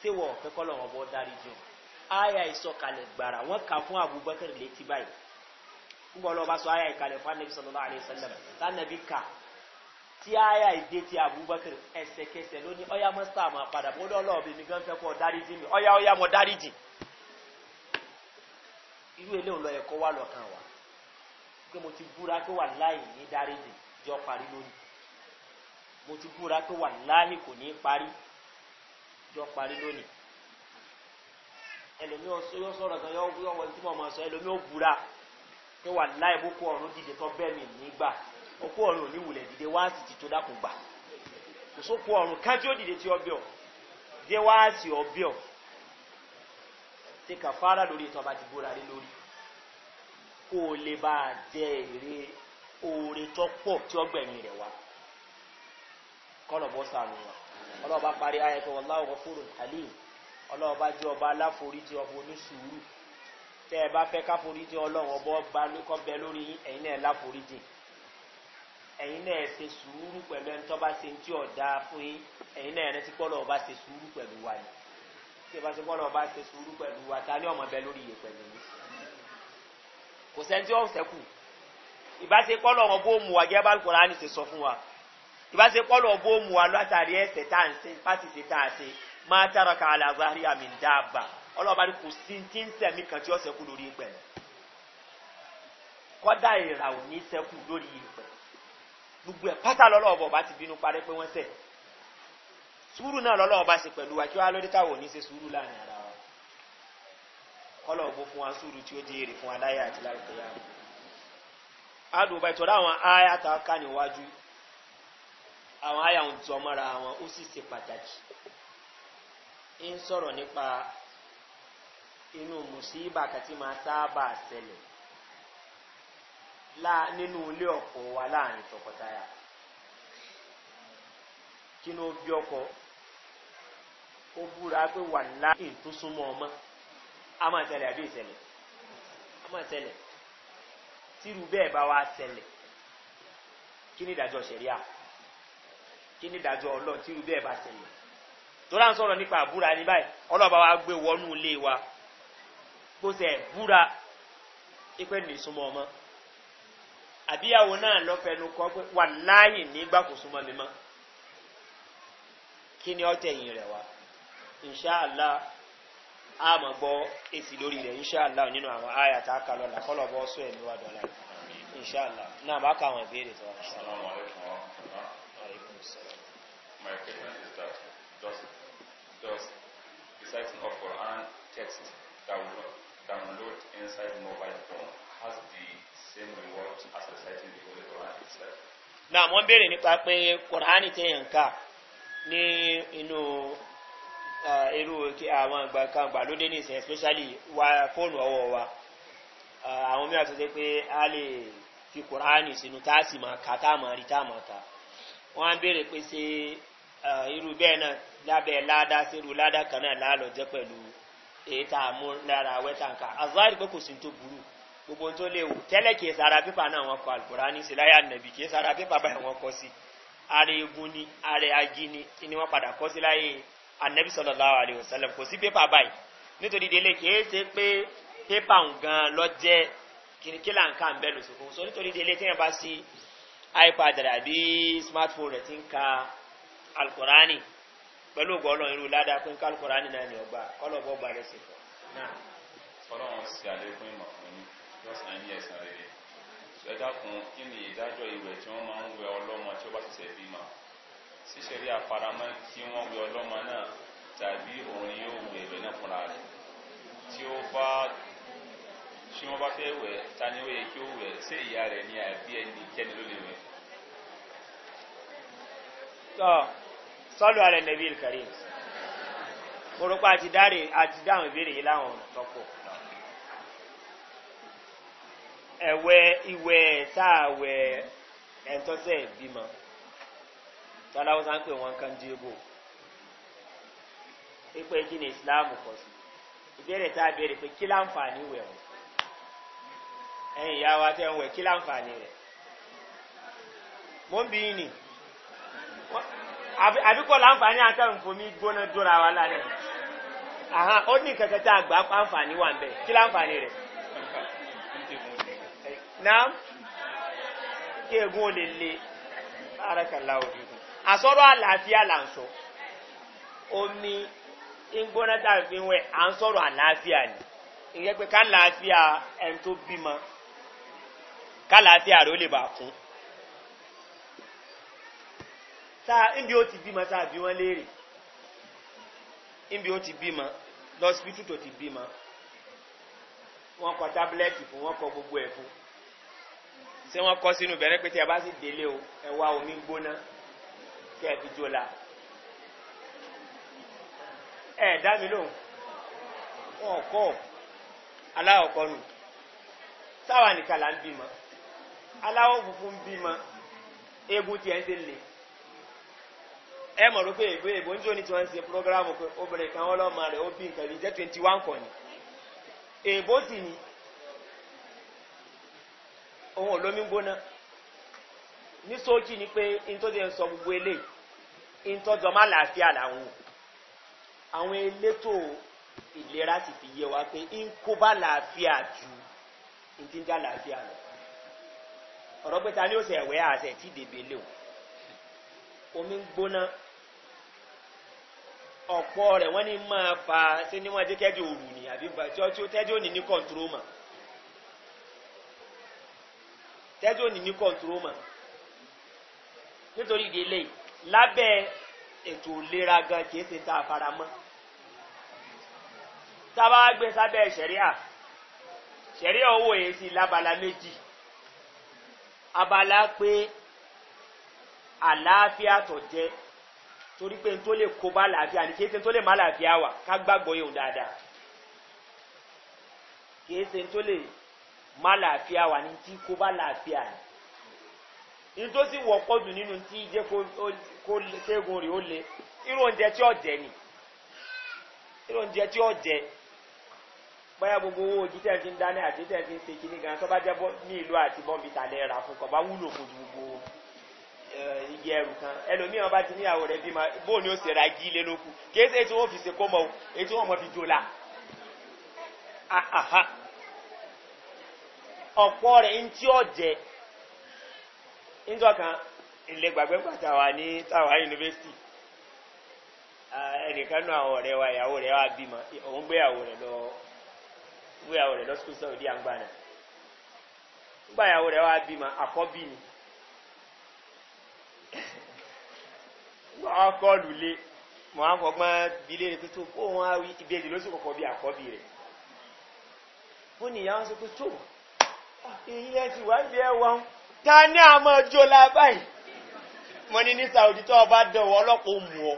tí wọ́n ọ̀fẹ́ kọ́ lọ́wọ́ bọ́ dárí jù àyà ìsọkalẹ̀ gbàrà wọ́n kà fún abubakar létí báyìí ń bọ́ tí àyà ìdé ti abubakar ẹsẹkẹsẹ ló ní ọyá mọ́sítà máa padà bó lọ́lọ́ ọ̀bẹ mi gan fẹ́ kọ́ dáríjì mi ọyá ọyá mo dáríjì irú eléyìí lọ wa pé mo ti búra pé wà láì ní dáríjì jọ parí lónìí mo ti búra pé wà láì kò ní parí jọ parí lónìí ẹlòmí yóò sọ̀rọ̀ gan yọ wọ tí mo máa sọ ẹlòmí òkú ọ̀run ò ní wulẹ̀ dìde wá sí ti tó dákun gbà kò sókú ọ̀run ká tí ó dìde tí ọbẹ̀ ọ̀ dé wá sí ọbẹ̀ ọ̀ ṣe kàfárà lórí ìtọ́ bá ti bóra lé lórí kó o lè bá a jẹ èrè oore tó pọ̀ tí ọgbẹ̀mí rẹ̀ wá kọlọ̀bọ̀ sànù wọn ọlọ́ọ̀bá parí ayẹ̀kọ́ ọláwọ̀ fúru alim ọlọ́ọ̀bá jẹ́ ọba aláforíjì ọba oníṣùúrù tẹ́ ẹ bá fẹ́ káforíjì ọlọ́run ọba gbalúkọ́ lórí ẹ̀yin náà láforíjì ẹ̀yin náà ṣe sùúrù pẹ̀lú ẹni tó bá ṣe ń tí ò dáa fún yín ẹ̀yin náà ẹni tí kọ́lọ̀ ọba ṣe sùúrù pẹ̀lú wa ni tí ìbá ṣe kọ́lọ̀ ọba ṣe sùúrù pẹ̀lú wa ta ni ọmọ bẹ lórí iye pẹ̀lú yín kò sẹ́ni tí sẹ́kù ìbá ṣe kọ́lọ̀ ọba ó mu wa gẹ́gẹ́ bá kọ́lọ̀ á ṣe sọ fún wa ìbá ṣe kọ́lọ̀ ọba ó mu wa látàrí ẹsẹ̀ tá à ń ṣe pátì ṣe tá à ṣe máa tára ka alazari àmì dáàbà ọlọ́ọ̀bá ni kò sí tí ń sẹ̀mí kan tí ó sẹ́kù lórí ìpẹ̀lẹ̀ kọ́dà ìrà ní sẹ́kù lórí ìpẹ̀lẹ̀ gbogbo ẹ̀ pátá lọ́lọ́ọ̀bọ̀ bá ti bínú parẹ́ pé wọ́n sẹ̀ sùúrù náà lọ́lọ́ọ̀ bá ṣe pẹ̀lú wa kí wá lóde táwọn òní ṣe sùúrù láàrin ara wa kọ́lọ̀ ògbó fún wa sùúrù tí ó di èrè fún wa láyé àti láyé tẹ̀yà rẹ̀ adùnbà ìtọ́lá àwọn aya tá a ká níwájú àwọn aya ń jọ mọ́ra wọn ó sì ṣe pàtàkì ń sọ̀rọ̀ nípa inú mùsíbà kàtí máa sábà ṣẹlẹ̀ nínú ilé ọ̀pọ̀ wa láàrin tọkọtaya kí ni ó bí ọkọ ó búra pé wà láì tó súnmọ́ ọmọ a máa tẹ̀lé àbí ìtẹ̀lẹ̀ a máa tẹ̀lé tírú bẹ́ẹ̀ bá wa tẹ̀lé kí ni ìdájọ́ sẹ̀ríà kí ni ìdájọ́ ọlọ́run tírú bẹ́ẹ̀ bá tẹ̀lé tó láǹ sọ̀rọ̀ nípa wa gbé wọnú ilé wa àbíyàwó náà lọ fẹnu kọ pé wà láàyè nígbà kò súnmọ́ mi kí ni ọ̀tẹ̀ yìí rẹ̀ wá inṣàlá a gbọ́ èsì lórí rẹ̀ inṣàlá nínú àwọn àyà tá a kà lọ́la kọ́lọ̀ bọ́ sọ ẹ̀mí wa dọ̀la náà bá download inside mobile phone has the náà wọ́n béèrè nípa pé kòránì téèyàn ká ní inú uh, irú àwọn kan gbà lóde ní ìsìn especially wa fóònù ọwọ́ wa uh, àwọn mìíràn tó ṣe pé a lè fi kòránì sínú táàsì máa ka tá máa rí tá máa ka wọ́n á béèrè pé ṣe uh, irú bẹ́ẹ̀ náà lábẹ́ ládá sí irú ládá kan náà lálọ́ jẹ́ pẹ̀lú èyí tá a mú lára wẹ́tàǹkà azari pé kò sí tó burú gbogbo tó léwu tẹ́lẹ̀ kìí sára pípa náà wọn kọ àlùkòrá ní sí láyà nàbì kìí sára pípa báyìí wọn kọ sí ààrẹ egun ni ààrẹ agi ni ni wọn padà kọ sí láyé anabi sọlọláwà àlè òsàlẹ kò sí pípa báyìí nítorí délé kìí ṣe pé pípa nǹkan lọ́jẹ́ kìrìkìlà nǹkan ń bẹ́ lòsùkùn so nítorí délé tí wọn bá sí ipad àbí smartphone rẹ ti ń ka àlùkòrá ni pẹ̀lú ògbọ́ ọlọ́run irú ládàá pé ń ká àlùkòrá lọ́sàn-án ní ẹ̀sán rere ẹ dákun kí ni ìdájọ́ ìwẹ̀ tí wọ́n máa ń wẹ ọlọ́mọ tí ó bá ṣẹ̀ṣẹ̀ bímọ ṣíṣe rí àfaramọ́ kí wọ́n wẹ ọlọ́mọ náà tàbí òun yóò wẹ ìwẹ̀ náà fúnra rẹ̀ tí ó bá tí wọ́n bá fẹ́ wẹ̀ ta ni ó yẹ kí ó wẹ̀ ṣé ìyá rẹ̀ ni àbí ẹni kẹ́ni ló lè wẹ̀. tọ́ sọ́lù alẹ́ nàbí ìkàrí mo rò a ti dáhùn ìbéèrè yìí láwọn ọ̀nà tó ẹ̀wẹ́ ìwẹ́ táàwẹ́ ẹ̀ntọ́sẹ̀ bímọ tọ́láwọ́sá ń pè wọn kan jíébò ipe kí ni ìsìláàmù kọ sí ìbéèrè tá a béèrè pé kí láǹfààní wẹ̀ wọ́n ẹ̀yìn ìyá wa tẹ́ ń wẹ̀ kí láǹfààní rẹ̀ mo ń bí ni àbíkọ́ láǹfààní àtẹ̀wọ̀n fomi gbóná dúnra wa lálẹ́ ó ní kẹ̀kẹ́ tá a gbà wà ń bẹ̀ kí láǹfààní náà kí egun ò lè le arákàlá òdìdún àsọ́rọ̀ àlàáfíà là ń sọ omi ìgbóná tàbí wẹ̀ à ń sọ̀rọ̀ àlàáfíà ni ìyẹn pé ká làáfíà ẹni tó bímọ ká làáfíà rẹ̀ ó lè bà kún níbi ó ti bímọ tàbí wọ́n léèrè níbi ó ti bímọ lọ́sibítù tó ti bímọ wọ́n kọ tábìlẹ́tì fún wọ́n kọ gbogbo ẹ̀ fún tí wọ́n kọ́ sínú bẹ̀rẹ̀ pé tí a bá sì délé o ẹ wá omi gbóná kí ẹ fi jó la ẹ dá mi lóhùn wọn kọ́ aláwọ̀kọ́ nù táwa nìkan là ń bímọ aláwọ̀ funfun ń bímọ eégún tiẹ̀ ń ṣe lè ẹ mọ̀ ló pé èbó èbó ń jó ní tí wọ́n ń ṣe programu obìnrin kan ọlọ́mọ rẹ̀ ó bí nǹkan ní twenty one kan ní èbó sì ni ohun olómi ń gbóná ní sóòjì ni pé in tó ti ń sọ gbogbo eléyìí in tó jọ má làáfíà làwọn àwọn elétò ìlera sì fi yé wa pé in kó bá làáfíà ju in ti ń já làáfíà lọ ọ̀rọ̀ pé ta ni ó ṣe ẹ̀wẹ́ àṣẹ tí dèbè lè o omi ń gbóná ọ̀pọ̀ rẹ̀ wọ́n ní máa fa ṣé ni wọ́n ti kẹ́jọ òru ni àbí tí ó tẹ́jọ́ ní ní kọ́ńtúrọ́mà tẹ́tí ò ní ní kọ̀ǹtúrò mọ̀ nítorí ìdílé lábẹ́ ètò ìlera gan kìí ṣe tá a fara mọ́ tábà gbé sábẹ́ sẹ̀ríà sẹ̀ríà owó yẹn sí lábala méjì abala pé àlàáfíà tó jẹ́ torí pé n tó lè kó bá làáfíà ní kí n tó lè má làáfíà wà ká gbàgbọ́ yòó dáadáa kì í ṣe n tó lè má làáfíà wà ní tí kó bá làáfíà ni ní tó sì wọ́pọ̀ jù nínú tí jẹ́ kó ṣẹ́gun rè ó le irú oúnjẹ tí ọ̀jẹ̀ ni irú oúnjẹ tí ọ̀jẹ̀ báyà gbogbo owó ojú tẹ̀ fi ń dání àti tẹ̀ fi ń ṣe kíní gan tó bá jẹ́ ní ìlú àti bọ́m̀bìtà lẹ́ẹ̀rà fún kọ̀ bá wúlò fún ju gbogbo eh, igi ẹrù kan ẹlòmíì bá ti níyàwó rẹ bímọ bóun ni ó ṣe ra igi ilé lóku kí ẹ ṣe ètò wọn fi ṣe kó mọ o ètò wọn mọ fi jọlá ọ̀pọ̀ rẹ̀ ń tí ó jẹ́ níjọ́kan ilẹ̀ gbàgbẹ́gbà tàwà ní tàwà yunifásitì ẹnìkan àwọn ọ̀rẹ́ wa ìyàwó rẹ̀ ya bímọ òun gbéyàwó rẹ̀ lọ gbéyàwó rẹ̀ lọ skúl sọ̀rọ̀ rẹ̀ bímọ àkọ́bí ni wọ́n bílé rẹ̀ tuntun ìyẹn ti wá ibi ẹwọ́n ta ní àmọ́ ọjọ́ lábáyìí mo ní ní saudi tó ọba dánwò ọlọ́pọ̀ mú ọ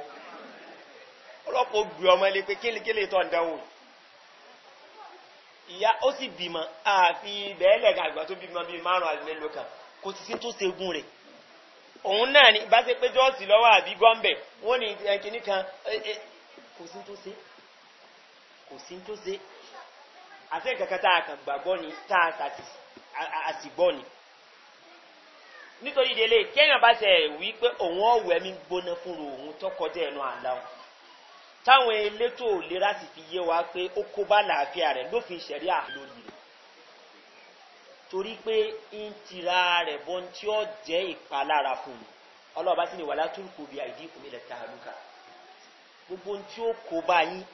ọlọ́pọ̀ gbé ọmọ ilé pé kélékélé tó ń dánwò ìyá ó sì bímọ àfi bẹ́ẹ̀lẹ̀ gàgbà tó bímọ bíi márùn àti mélòó kan kò sì sí tó ṣegun rẹ̀ òun náà ni bá ṣe pé jọ́ọ̀sì lọ́wọ́ àbí gọ́ńbẹ̀ wọ́n ní ẹnkìnní kan kò sí tó ṣe kò sí tó ṣe àti ìkàkàtà àkàngbàgbọ́ ni tá a ṣàtìsí àsìgbọ́ ni nítorí ìdílé kéèyàn bá ṣe wí pé òun ọ̀wẹ́ mi gbóná fún òun tó ẹnu àlá o táwọn elétò ìlera sì fi yé wa pé ó kó bá làáfíà rẹ lófin ìṣẹ̀rí àlórí rẹ torí pé ń tira rẹ̀ bọ́ tí ó jẹ́ ìpalára fún un ọlọ́ọ̀bá sì ní wàhálà tó kò bí àìdí ìkùnmí lẹ̀ ta àlùkà gbogbo tí ó kó bá yín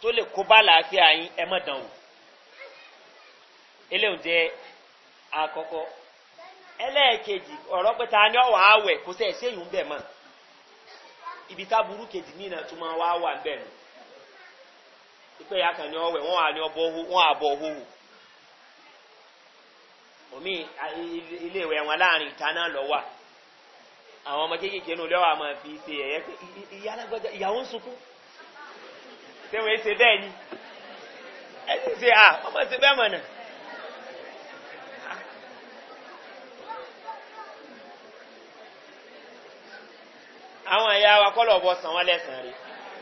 tó lè kó bá làáfíà yín ẹ mọ̀ dán o. ele jẹ́ àkọ́kọ́ ẹlẹ́ẹ̀kejì ọ̀rọ̀ pé ta ni ọ̀wà awẹ̀ kò sẹ́ ṣéyìn ń bẹ̀ mọ́ ibi tá burú kejì ní ìnà tó máa wá wà ń bẹ̀ nù ìpẹ́ ìyá kan ní ní omi ilé ìwẹ̀ wọn láàrin ìta náà lọ wà àwọn ọmọ kéékèèké nù fi ṣe pé ìyá alágbájá ìyàwó ń sunkún ni ẹ ti ṣe à ọmọ àwọn ẹ̀yà wa kọ́lọ̀ ọ̀bọ san wọ́n lẹ́sàn rí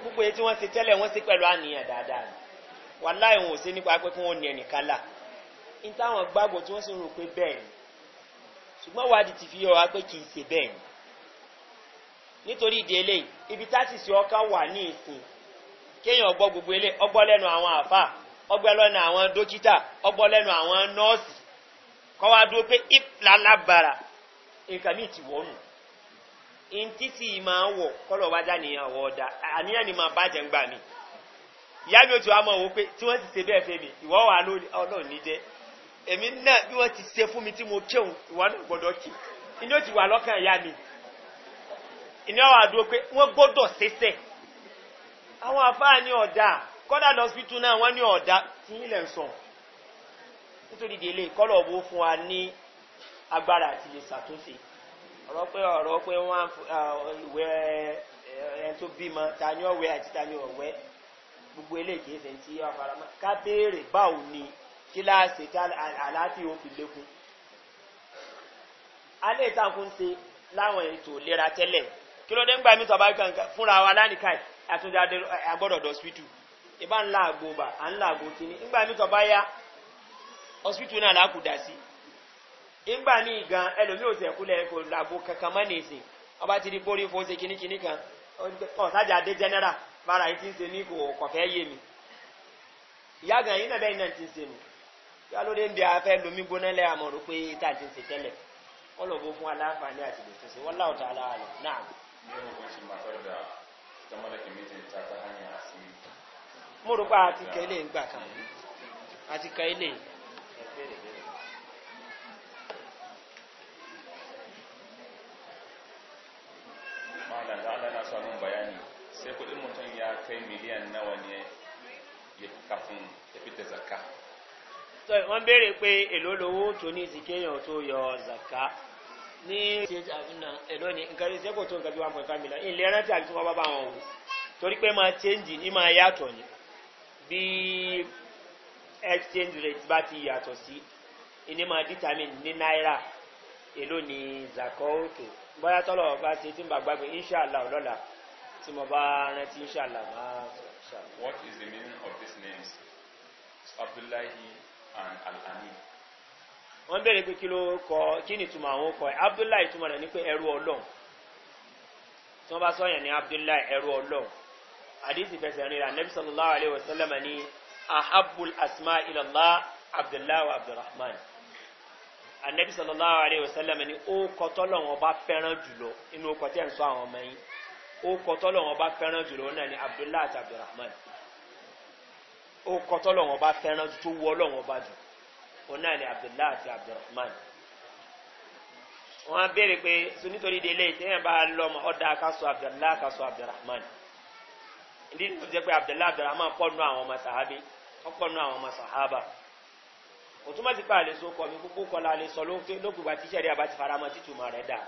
púpọ̀ tí wọ́n ti tẹ́lẹ̀ wọ́n sí pẹ̀lú àníyàn dáadáa wà láì wọn sí nípa pé kí wọ́n ní ẹnìkan là ń táwọn gbàgbọ́ tí wọ́n sì rò pé bẹ́ẹ̀ ni ṣùgbọ́n wádìí ti fi yọ wá pé kì í ṣe bẹ́ẹ̀ ibi wà ní kéèyàn ọgbọ́ gbogbo ilé ọgbọ́ lẹ́nu àwọn ọgbọ́ lẹ́nu àwọn dókítà ọgbọ́ lẹ́nu àwọn nọ́ọ̀sì dúró pé nǹkan ti wọ́nù in títí máa wọ̀ kọ́lọ̀ wájá nìyẹn ọ̀wọ́ ọ̀dà àníyàn ni máa bàjẹ́ ń gbà mí ìyá mi ò tí wàá mọ̀ wò pé tí wọ́n ti ṣe bẹ́ẹ̀ fẹ́ mi ìwọ́ wà ọlọ́run ní jẹ́ èmi náà bí wọ́n ti ṣe fún mi tí mo kéwòn ìwọ náà gbọ́dọ̀ kì ní ó ti wà lọ́kàn ìyá mi ìní ọ̀wà dúró pé wọ́n gbọ́dọ̀ ṣẹṣẹ́ àwọn àfáà ní ọ̀dà kọ́dà lọ́sítù náà wọ́n ní ọ̀dà tí ilẹ̀ ń sàn nítorí délé kọ́lọ̀ wo fún wa ní agbára àti lè ṣàtúnṣe ọ̀rọ̀ pé ọ̀rọ̀ pé wọ́n ìwé ẹ̀ tó bímọ ta ni ọ̀wẹ́ àti ta ni ọ̀wẹ́ gbogbo eléyìí ẹsẹ̀ tí wọ́n fara mọ́ ká béèrè báwo ni kíláàsì ká àlàáfíà òfin lékun. alẹ́ ìtàkùn ṣe láwọn ètò ìlera tẹ́lẹ̀ kí ló dé ń gbà mí tọ́ bá kankan fúnra wa lánìkà àtúndì agbọ́dọ̀dọ̀ síwítù ìbá ńlá àgbò bà ńlá àgbò kínní ńgbà mí tọ́ bá yá ọsibítù náà lákùdà sí ńgbà míì ga elomi ò tẹ̀ kúlẹ̀ kò làbò kankan ọba ti di pórí fún ṣe kínníkínní kan ọ̀sájà adé jẹ́nẹ́rà bára yìí ti ń ṣe kò kọ̀fẹ́ yé mi ìyá gan yìí náà bẹ́ẹ̀ náà ti ń lóde ń lomi gbóná pé tá a ti ń ṣe tẹ́lẹ̀ bó fún aláǹfààní àti láwùjọ náà. kan. miliyan nawa ne ya kafin ya fi da zakka wọ́n béèrè pé èlò lówó tó ní ìsìnkéyàn tó yọ zakka ní èlò ní nǹkan ìṣẹ́ kò tó nǹkan bí 1.5 million ilẹ̀ rántí àti wọ́n bá bá wọn wò torí pé máa change ní máa yàtọ̀ ni bí exchange rate bá ti yàtọ̀ sí ní máa determine ní náírà èlò ní zakka òkè bóyá tọ́lọ̀ bá ṣe tí ń bàgbàgbé inṣàlá ọlọ́la tí mo bá rántí ṣàlà what is the meaning of these names abdullahi and alhami. wọ́n bẹ̀rẹ̀ pé kí ló kọ kí ni ìtumọ̀ àwọn kọ ẹ̀ abdullahi ìtumọ̀ rẹ̀ ni pé ẹrú ọlọ́run tí wọ́n bá sọ yẹn ní abdullahi ẹrú ọlọ́run àdìsí fẹsẹ̀ rìn rà nẹ́bí sallallahu alayhi wa sallam ni ahabul asma ilallah abdullahi wa abdulrahman anabi sallallahu alayhi wa sallam ni ó kọ tọ́lọ̀ wọn bá fẹ́ràn jùlọ inú kọtẹ́ ń àwọn ọmọ yìí. ó kọtọ́lọ̀ wọn bá fẹ́ràn jùlọ náà ni abdullahi àti abdulrahman ó kọtọ́lọ̀ wọn bá fẹ́ràn tó wọ́ lọ́wọ́ bá jù òun náà ni abdullahi àti abdulrahman wọn á béèrè pé bá lọ́mọ ọ̀dà abdullahi abdulrahman ìdí jẹ́ pé abdullahi abdulrahman ti pa àlesọ kọ mi gbogbo kọlá àlesọ ló ń pè lókùgbà tíṣẹ̀rí àbá ti faramọ́ títùmọ̀ rẹ̀ dà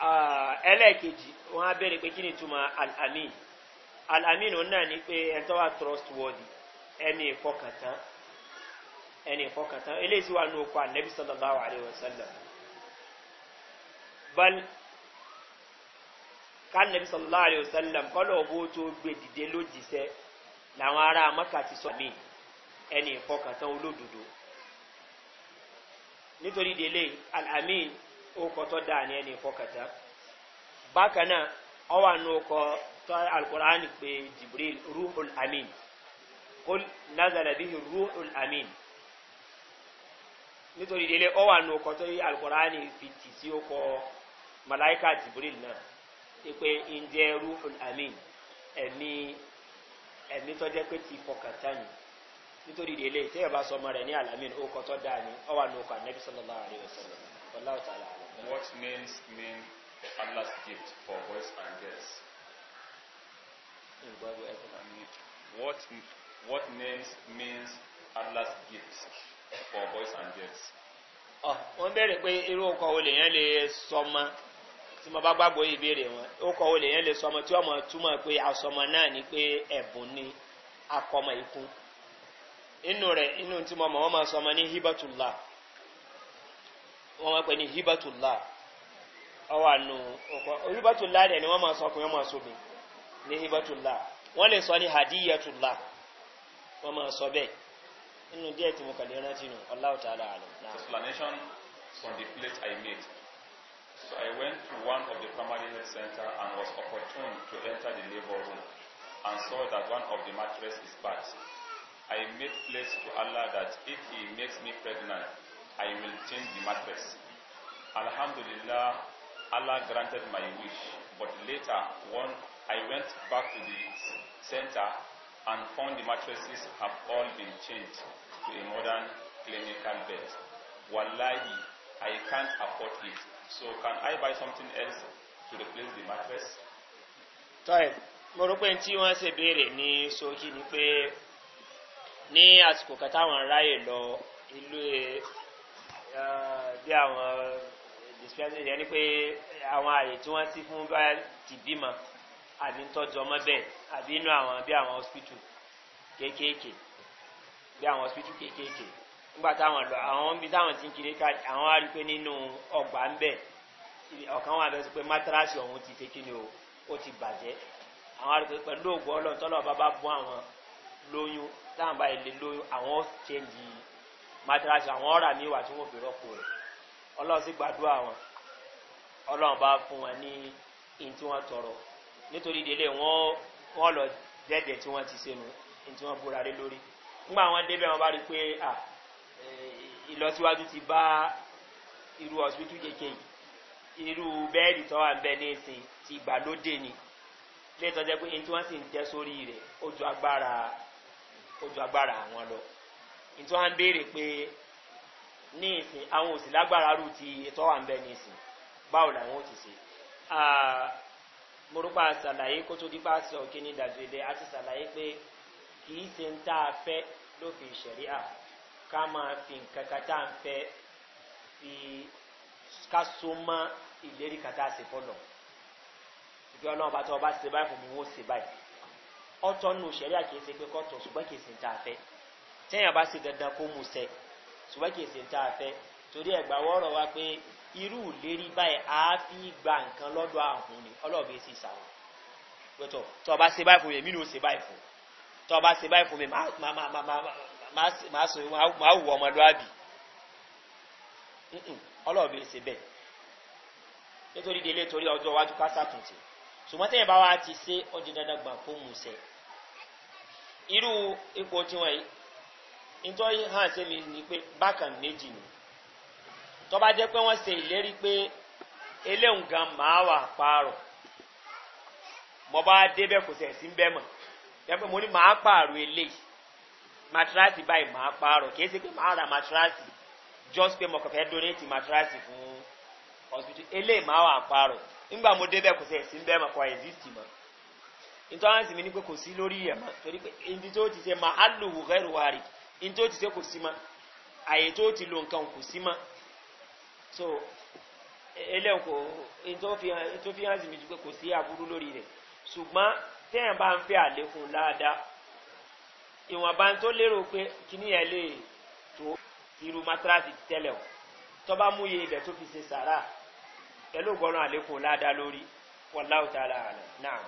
Ah, ẹlẹ́ẹ̀kejì wọ́n á bẹ̀rẹ̀ pé kí ni túmọ̀ alamin alamin òun náà ni pé ẹni tó wà trustworthy ẹni ìfọkàntán ẹni ìfọkàntán eléyìí sì wà ní okò anabi sallallahu alayhi wa sallam bal ká anabi sallallahu alayhi wa sallam kọ́lọ̀ owó tó gbé dìde lójíṣẹ́ làwọn ará amaka ti sọ mí ẹni ìfọkàntán olódodo nítorí délé alamin ókọ tó dáa ní ẹni ìfọkàtà bákan náà ọ wà ní alukur'an pé jibril ruhul amin kó nazara bí ruhul amin nítorí délé ọ wà ní ókọ tó alukur'an fi tì sí ókọ jibril náà pé ǹjẹ́ ruhul amin ẹ̀mí ẹ̀mí tó jẹ́ pé ti fọkàtà yìí nítorí délé tí ẹ bá sọ ọmọ rẹ ní alamin ókọ tó dáa ní ọ anabi sallallahu alayhi wa sallam. والله تعالى what means mean Allah's gift for boys and girls? What what names means Allah's gift for boys and girls? Ah, wọ́n bẹ̀rẹ̀ pé irú ọkọ̀ wo lèyàn lè sọmọ tí mo bá gbàgbọ́ ìbéèrè wọn ọkọ̀ wo lèyàn lè sọmọ tí ọmọ túmọ̀ pé asọmọ náà ni pé ẹ̀bùn ni akọmọ ikú inú rẹ̀ inú tí mo mọ̀ wọ́n máa sọmọ ní hibatullah wọ́n máa pẹ̀ ní hibatula ọwà nù ọ̀pọ̀ hibatula dẹ̀ ni wọ́n máa sọ ọkùnrin máa sóbi ní hibatula wọ́n lè sọ ní hadiyatula wọ́n máa sọ bẹ́ẹ̀ nínú díẹ̀ tí mo kà lè rántí nù ọláwù tá a explanation from the plate i made so i went to one of the primary health center and was opportune to enter the labour room and saw that one of the mattress is bad i made place to allah that if he makes me pregnant I will change the mattress. Alhamdulillah, Allah granted my wish. But later, when I went back to the center and found the mattresses have all been changed to a modern clinical bed. Wallahi, I can't afford it. So can I buy something else to replace the mattress? Tọ́yì, mo rò pé tí wọ́n ṣe béèrè ní sókí ni pé ní àsìkò kan táwọn ráyè lọ ilé bí àwọn eh, dispensary yẹn ni pé àwọn àyè tí wọ́n sí fún bá ti bímọ àbí ń tọ́jú ọmọ bẹ́ẹ̀ àbí inú àwọn bí àwọn hospital kéékèèké bí àwọn hospital kéékèèké nígbà táwọn lọ àwọn bí táwọn ti ń kiri ká àwọn á rí pé nínú ọgbà ń bẹ̀ ọ̀kan wà lọ́sí pé mátáráàsì ọ̀hún ti ṣe kí o ó ti bàjẹ́ àwọn á rí pé pẹ̀lú òògùn ọlọ́run tọ́lọ̀ bá bá bọ́ àwọn lóyún táwọn báyìí lè lóyún àwọn ó ṣèǹdì matirasi àwọn ọ̀rà ní ìwà tí wọ́n fi rọ́pò rẹ̀ ọlọ́run sì gbàdúrà wọn ọlọ́run bá fún wọn ní in tí wọ́n tọrọ nítorí délé wọn wọn lọ dẹ́dẹ̀ tí wọ́n ti sẹ́nu in tí wọ́n búra lé lórí nígbà wọn débẹ̀ wọn bá rí pé à eh, ìlọsíwájú ti bá irú ọ̀sìpítù kéèké yìí irú bẹ́ẹ̀dì tọ́wà ń bẹ ní ìsìn ti ìgbàlódé ni lẹ́tọ́jẹ́ pé in tí wọ́n sì ń tẹ́ sórí rẹ̀ ó ju agbára àwọn lọ nítorí wọn béèrè pé ní ìsìn àwọn òsì lágbára rú ti ètò wà ń bẹ ní ìsìn báwo làwọn ò ti ṣe morúkọ àṣàlàyé kó tó dípá sọ kí ní dàbílẹ àti ṣàlàyé pé kì ṣe ń tá a fẹ lófin ìṣẹ̀rí à ká máa fi nǹkan kan tá a fẹ fi ká so mọ́ ìlérí kan tá a ṣe fọlọ ìgbé ọlọ́run bá tọ́ ọ bá ṣe báyìí fún mi wọ́n ṣe báyìí ọtọ́ nù ìṣẹ̀rí à kì ṣe pé kọ́tọ̀ ṣùgbọ́n kì ṣe ń tá a fẹ́ tẹ́yìn bá ṣe dandan kó mu sẹ ṣùgbọ́n kì í ṣe ń tá a fẹ́ torí ẹ̀gbà wọ́ọ̀rọ̀ wa pé irú ìlérí báyìí á fi gba nǹkan lọ́dọ̀ àhùn ni ọlọ́ọ̀bẹ sì sàwọn gbẹtọ tọ ọba ṣe báyìí fún mi èmi ni ó ṣe báyìí fún tọ ọba ṣe báyìí fún mi máa wù ọmọlúwàbí ọlọ́ọ̀bẹ ṣe bẹ́ẹ̀ nítorí délé torí ọjọ́ iwájú ká sàtúntì ṣùgbọ́n tẹ́yìn bá wa ti ṣe ọjọ́ dandan gbà fún mu sẹ irú ipò tiwọn yìí nítorí hàn sí mi ni pé bákan méjì ni tọ́ba jẹ́ pé wọ́n ṣe ìlérí pé eléhùn gan máa wà pààrọ̀ mo bá débẹ̀ kò sẹ̀ sí bẹ́ẹ̀ mọ̀ mo ní máa pààrọ̀ eléyìí matirasi báyìí máa pààrọ̀ ṣe pé máa ra just pé mo kàn fẹ́ donate fún hospital eléyìí máa wà pààrọ̀ nígbà mo débẹ̀ kò sẹ̀ sí bẹ́ẹ̀ mọ̀ kò exist mọ̀ mi pé kò sí lórí mọ̀ torí pé in tó ti ṣe kò ma aye ti lo nǹkan kò ma so eléyìí kò fi hàn pé kò sí aburú lórí rẹ̀ ṣùgbọ́n téèyàn bá ń fẹ́ àlékún dáadáa ìwọ̀nba tó lérò pé kíní ẹ̀ lè tó irú matrasi tẹ́lẹ̀ o tọ́ba mú iye ibẹ̀ fi ṣe sàrà elu àlékún ládàá lórí wọ́n láwùjá ara rẹ̀ náà.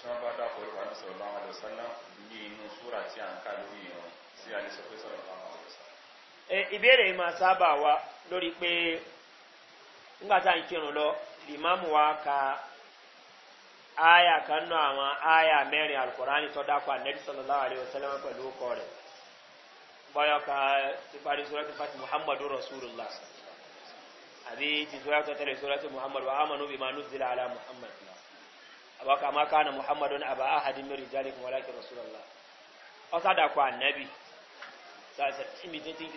tí wọ́n bá dápọ̀ olùwà ní sọ̀rọ̀ láwọn àjọ sálá ní inú súra tí a ń ká lórí ìran sí àdìsọ pé sọ̀rọ̀ láwọn àjọ sálá. ìbéèrè yìí máa sábà wá lórí pé nígbà tá à ń kírun lọ ìmáàmù wa ka aya kan nù àwọn aya mẹ́rin alukurani tó dápọ̀ anẹ́bí sọ̀rọ̀ láwọn àjọ sálá pẹ̀lú ọkọ rẹ̀ bọ́yọ̀ ka ti parí fati muhammadu rasulillah àbí ti sọ́rọ́ tó tẹ̀lé sọ́rọ́ muhammadu wa amanu bí ma nù ala muhammadu àbá kàmá kánà muhammadu àbá ahadi mẹ́rin jáde fún wàlákì rasulallah ọ́sádà kọ ànábì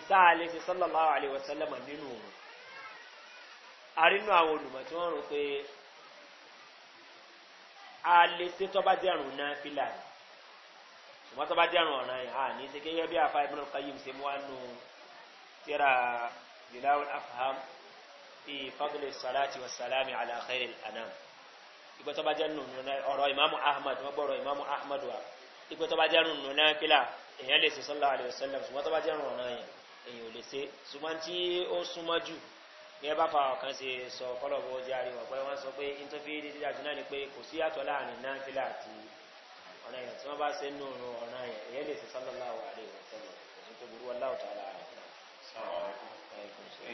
sáàlẹ̀ sí sallallahu alaihi wasallama nínú òun arínú àwọn olùmọ̀ tí wọ́n rò pé a lè ṣe tọ́ba dẹ̀rùn náà fìlà ṣùgbọ́n tọ́ba dẹ̀rùn ọ̀ràn yìí hàn ní ṣe gẹ́gẹ́ bí afa ibùdó kayim ṣe mú wánú tíra bilawul afaham fi fagilé salati wa ala khairil anam ìgbẹ́ tó bá jẹ́ ọ̀rọ̀ ìmáàmù ahmad wọ́n gbọ́rọ̀ ìmáàmù ahmad wa ìgbẹ́ tó bá jẹ́ nùnú náà fílà èèyàn lè ṣe sọ́lá àlè ọ̀sẹ́lẹ̀ ṣùgbọ́n tó bá jẹ́ ọ̀rọ̀ náà yẹn èèyàn ò lè ṣe ṣùgbọ́n tí ó súnmọ́ jù ní ẹ bá fa ọ̀kan ṣe sọ kọ́lọ̀bọ̀ jẹ́ àríwọ̀ pé wọ́n sọ pé n tó fi dídí àjù náà ni pé kò sí àtọ̀ láàrin náà fílà àti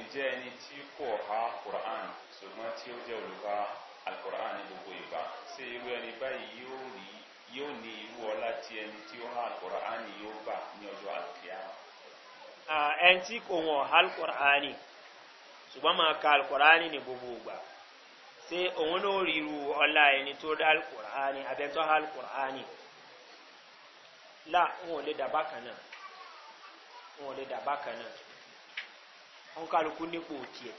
ǹjẹ́ ẹni tí kò há quran ṣùgbọ́n tí ó jẹ́ olùkọ́ alukoran ní gbogbo ìgbà ṣé irú ẹni báyìí yóò rí yóò ní irú ọlá tí ẹni tí ó há alukoran yóò bà ní ọjọ́ àlùkìyà. ẹni tí kò wọ̀n alukoran ṣùgbọ́n máa ka alukoran ní gbogbo ìgbà ṣé òun náà rí irú ọlá ẹni tó dá alukoran abẹ́tọ́ alukoran la wọn ò lè dà náà wọn ò lè dà náà wọn nípò tiẹ̀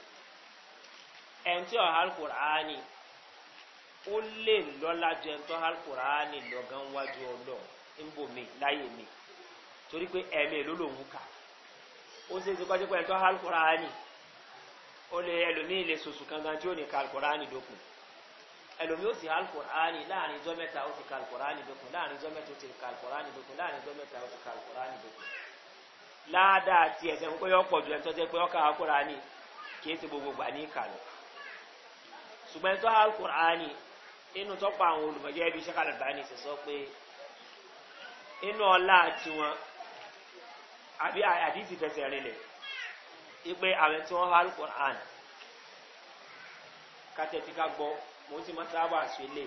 ẹ̀ ń tí ọ̀hálùkù rà á ni. ó lè lọ́la jẹ tó alukur'ani lọ́gán wájú ọlọ́ nbomi láyé mi torí pé ẹ̀mí ló lòun kà ó ṣe é ṣe kọ́jú kankan tí ó ní ka alukur'ani dókun ẹlòmíì ó sì alukur'ani láàrin ijọ́ mẹ́ta ó ti ka alukur'ani dókun láàrin ijọ́ mẹ́ta ó ti ka alukur'ani dókun láàrin ijọ́ mẹ́ta ó ti ka alukur'ani dókun láàdáa ń ṣùgbọ́n inú tọ́pọ̀ àwọn olùmọ̀jẹ́ bíi sẹ́kàlẹ̀ báyìí ṣe sọ pé inú ọlá tiwọn àbí àdìsí fẹsẹ̀ rinlẹ̀ ipe àwọn tí wọ́n há alukur'an kátẹ́tí ká gbọ́ mo ti máa sábà sọ ilé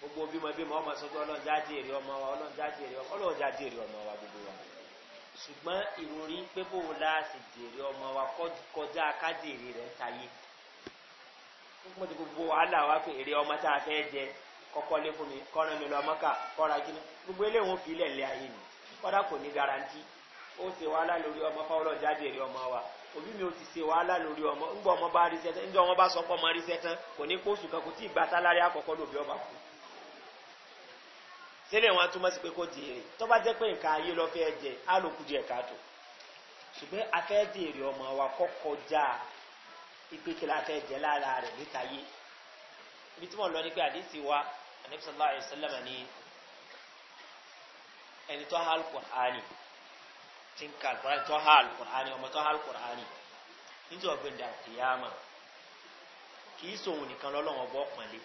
gbogbo bímọ bímọ ọmọ sọ pé ọlọ́run jáde èrè ọmọ wa ọlọ́run jáde èrè ọmọ ọlọ́run jáde èrè ọmọ wa gbogbo wa ṣùgbọ́n ìròrí pé bóun láà sì dèrè ọmọ wa kọjá kájèrè rẹ̀ ń tayé mo ti gbogbo wàhálà wá pé èrè ọmọ tá a fẹ́ jẹ kọ́kọ́ lé fún mi kọ́ran mi lọ mọ́kà kọ́ra kíní gbogbo eléwọ̀n fi ilẹ̀ lé ayé mi kọ́dà kò ní garanti ó ṣe wàhálà lórí ọmọ fáwọlọ́ jáde èrè ọmọ wa òbí mi ò ti ṣe wàhálà lórí ọmọ ńgbọ́ ọmọ bá rí sẹ́tán ńgbọ́ ọmọ bá sọ pé ọmọ rí sẹ́tán kò ní kóṣù kan kò tí ì gba sálárì àkọ́kọ́ lóbi ọba kù sílẹ̀ wọn túmọ̀ sí pé kó di èrè tó jẹ́ pé nǹkan ayé lọ jẹ á lò kú díẹ̀ ṣùgbọ́n afẹ́ di èrè ọmọ wa kọ́kọ́ já ipe kí la fẹ́ jẹ lára rẹ̀ níta yé ibi tí mo lọ ni pé àdéhìí wa anabisalla alayhisalaam ni ẹni tó ha alukur'ani ti ń ka alukur'ani tó ha alukur'ani ọmọ tó ha alukur'ani nítorí ọgbìn dà kìyàmà kì í sòwò nìkan lọ́lọ́wọ́ bọ́ pọ̀nlé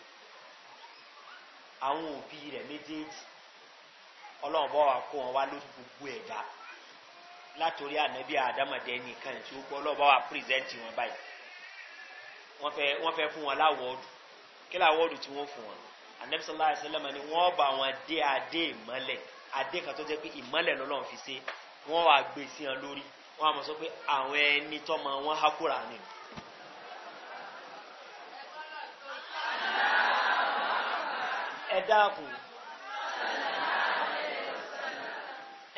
àwọn òbí rẹ̀ méjèèjì ọlọ́wọ́ bọ́ wa kó wọn wá lórí gbogbo ẹ̀dá látòrí ànábì àdámọ̀dé nìkan tí ó gbọ́ ọlọ́wọ́ bá wa pírẹ́sẹ̀ntì wọn báyìí wọ́n fẹ́ wọ́n fẹ́ fún wọn láwọ́ọ̀dù kí láwọ́ọ̀dù tí wọ́n fún wọn anabi sallallahu alayhi wa sallam ni wọ́n bá wọn dé adé ìmọ́lẹ̀ adé kan tó jẹ́ pé ìmọ́lẹ̀ lọ́lọ́run fi ṣe wọ́n wà gbé sí wọn lórí wọ́n á sọ pé àwọn ẹni tọ́mọ wọn há kúrà nínú. ẹ dákun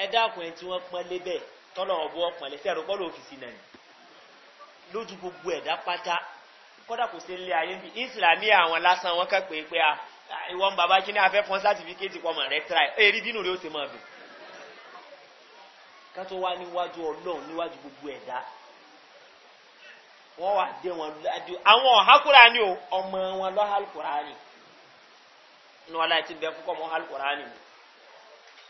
ẹ dákun ẹ tí wọ́n pọ́n lébẹ̀ tọ́lọ̀ ọ̀bọ̀ ọ̀pọ̀lẹ́sẹ̀ rọ́pọ́lọ́ òfìsì náà lójú gbogbo ẹ̀dá pátá kọ́dà kò sí ilé ayé bí ìsìlámì àwọn lásán wọn kàn pé pé ìwọ́n bàbá kí ní afẹ́ fún sátifíkẹ́tì pọ̀mọ̀ rẹ̀ tíráì èrí bínú rẹ̀ ó sì máa bì. ká tó wá níwájú ọlọ́run níwájú gbogbo ẹ̀dá wọ́n wà dé wọn lọ́dú àwọn ọ̀hákùrá ni o ọmọ wọn lọ́hálùkùrá ni inú wa láì ti bẹ fúkọ́ mọ́ hálùkùrá ni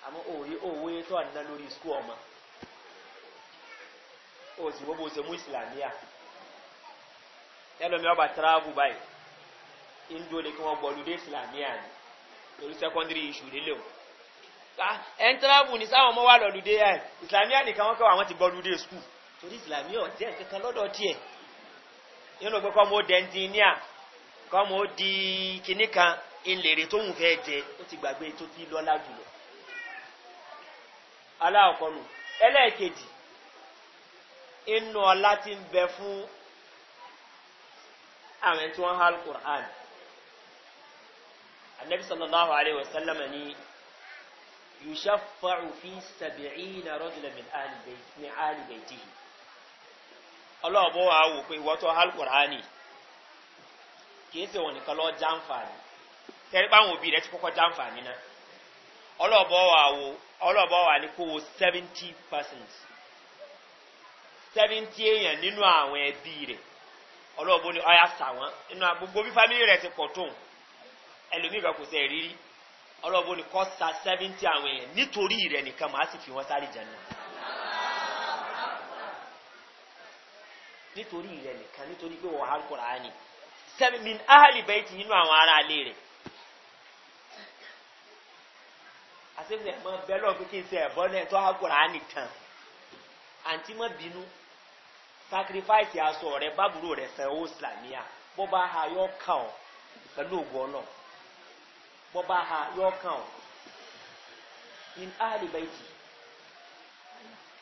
àmọ́ òwe òwe tó àná lórí skul ọmọ òsì gbogbo òsèmú ẹlòmí ọba tíráàbù báyìí indo lè kí wọn bọ̀ lùdé islamiyà ni torí sẹkọndìrì iṣu lélẹ̀ o ah, ẹ ń tíráàbù ní sáwọn ọmọ wa lọ lùdé ẹ islamiyà nìkan wọn kọ àwọn ti bọ lùdé skul torí islamiyà ọ̀tí ẹ̀ kankan lọ́dọ̀ tiẹ̀ yín ló gbé kọ́ mo dẹ́ntíníà kọ́ mo di kinní kan ìlèrè tó ń fẹ́ jẹ ó ti gbàgbé tó fi lọ́lá jùlọ aláàkọ́nù ẹlẹ́ẹ̀kejì inú ọlá ti ń bẹ fún àwọn ẹni tí wọ́n há alukur'an anabi sallallahu alayhi wa sallam ni yushaffa'u fi sab'ina rajulan min ali bayt min ali baytihi ọlọ́wọ́ bó wàá wò pé ìwọ́tọ̀ há alukur'an ni kìí ṣe wọn nìkan lọ́ọ́ jàǹfààní tẹ́rí báwọn òbí rẹ̀ ti kọ́kọ́ jàǹfààní náà ọlọ́ọ̀bọ̀ wà wò ọlọ́ọ̀bọ̀ wà ní kó wo seventy persons seventy èèyàn nínú àwọn ẹbí rẹ̀ ọlọ́ọ̀bọ ni ọ̀yà sà wọ́n inú gbogbo bí fámìlì rẹ̀ ti pọ̀ tóun ẹlòmíì kan kò sẹ́ rírí ọlọ́ọ̀bọ ni kọ́ sa sẹ́fíntì àwọn èèyàn nítorí rẹ̀ nìkan màá sì fi wọ́n sáré jẹ náà. nítorí rẹ̀ nìkan nítorí pé wọ́n á kọ̀ rà ni sẹ́mi áhàlì bẹ́ẹ̀ ti nínú àwọn ará alẹ́ rẹ̀ àti ẹ̀mọ́ bẹ́ẹ̀ lọ́ọ̀ pé kí n sẹ́ ẹ̀bọ́n náà tó á kọ̀ rà á nìkan àǹtí mọ́ bínú sacrifice aṣọ rẹ bábúrò rẹ fẹ ó sàníyà bó bá ha yọ kàn ọ pẹlú ògùn ọlọ bó bá ha yọ kàn ọ in alibaiti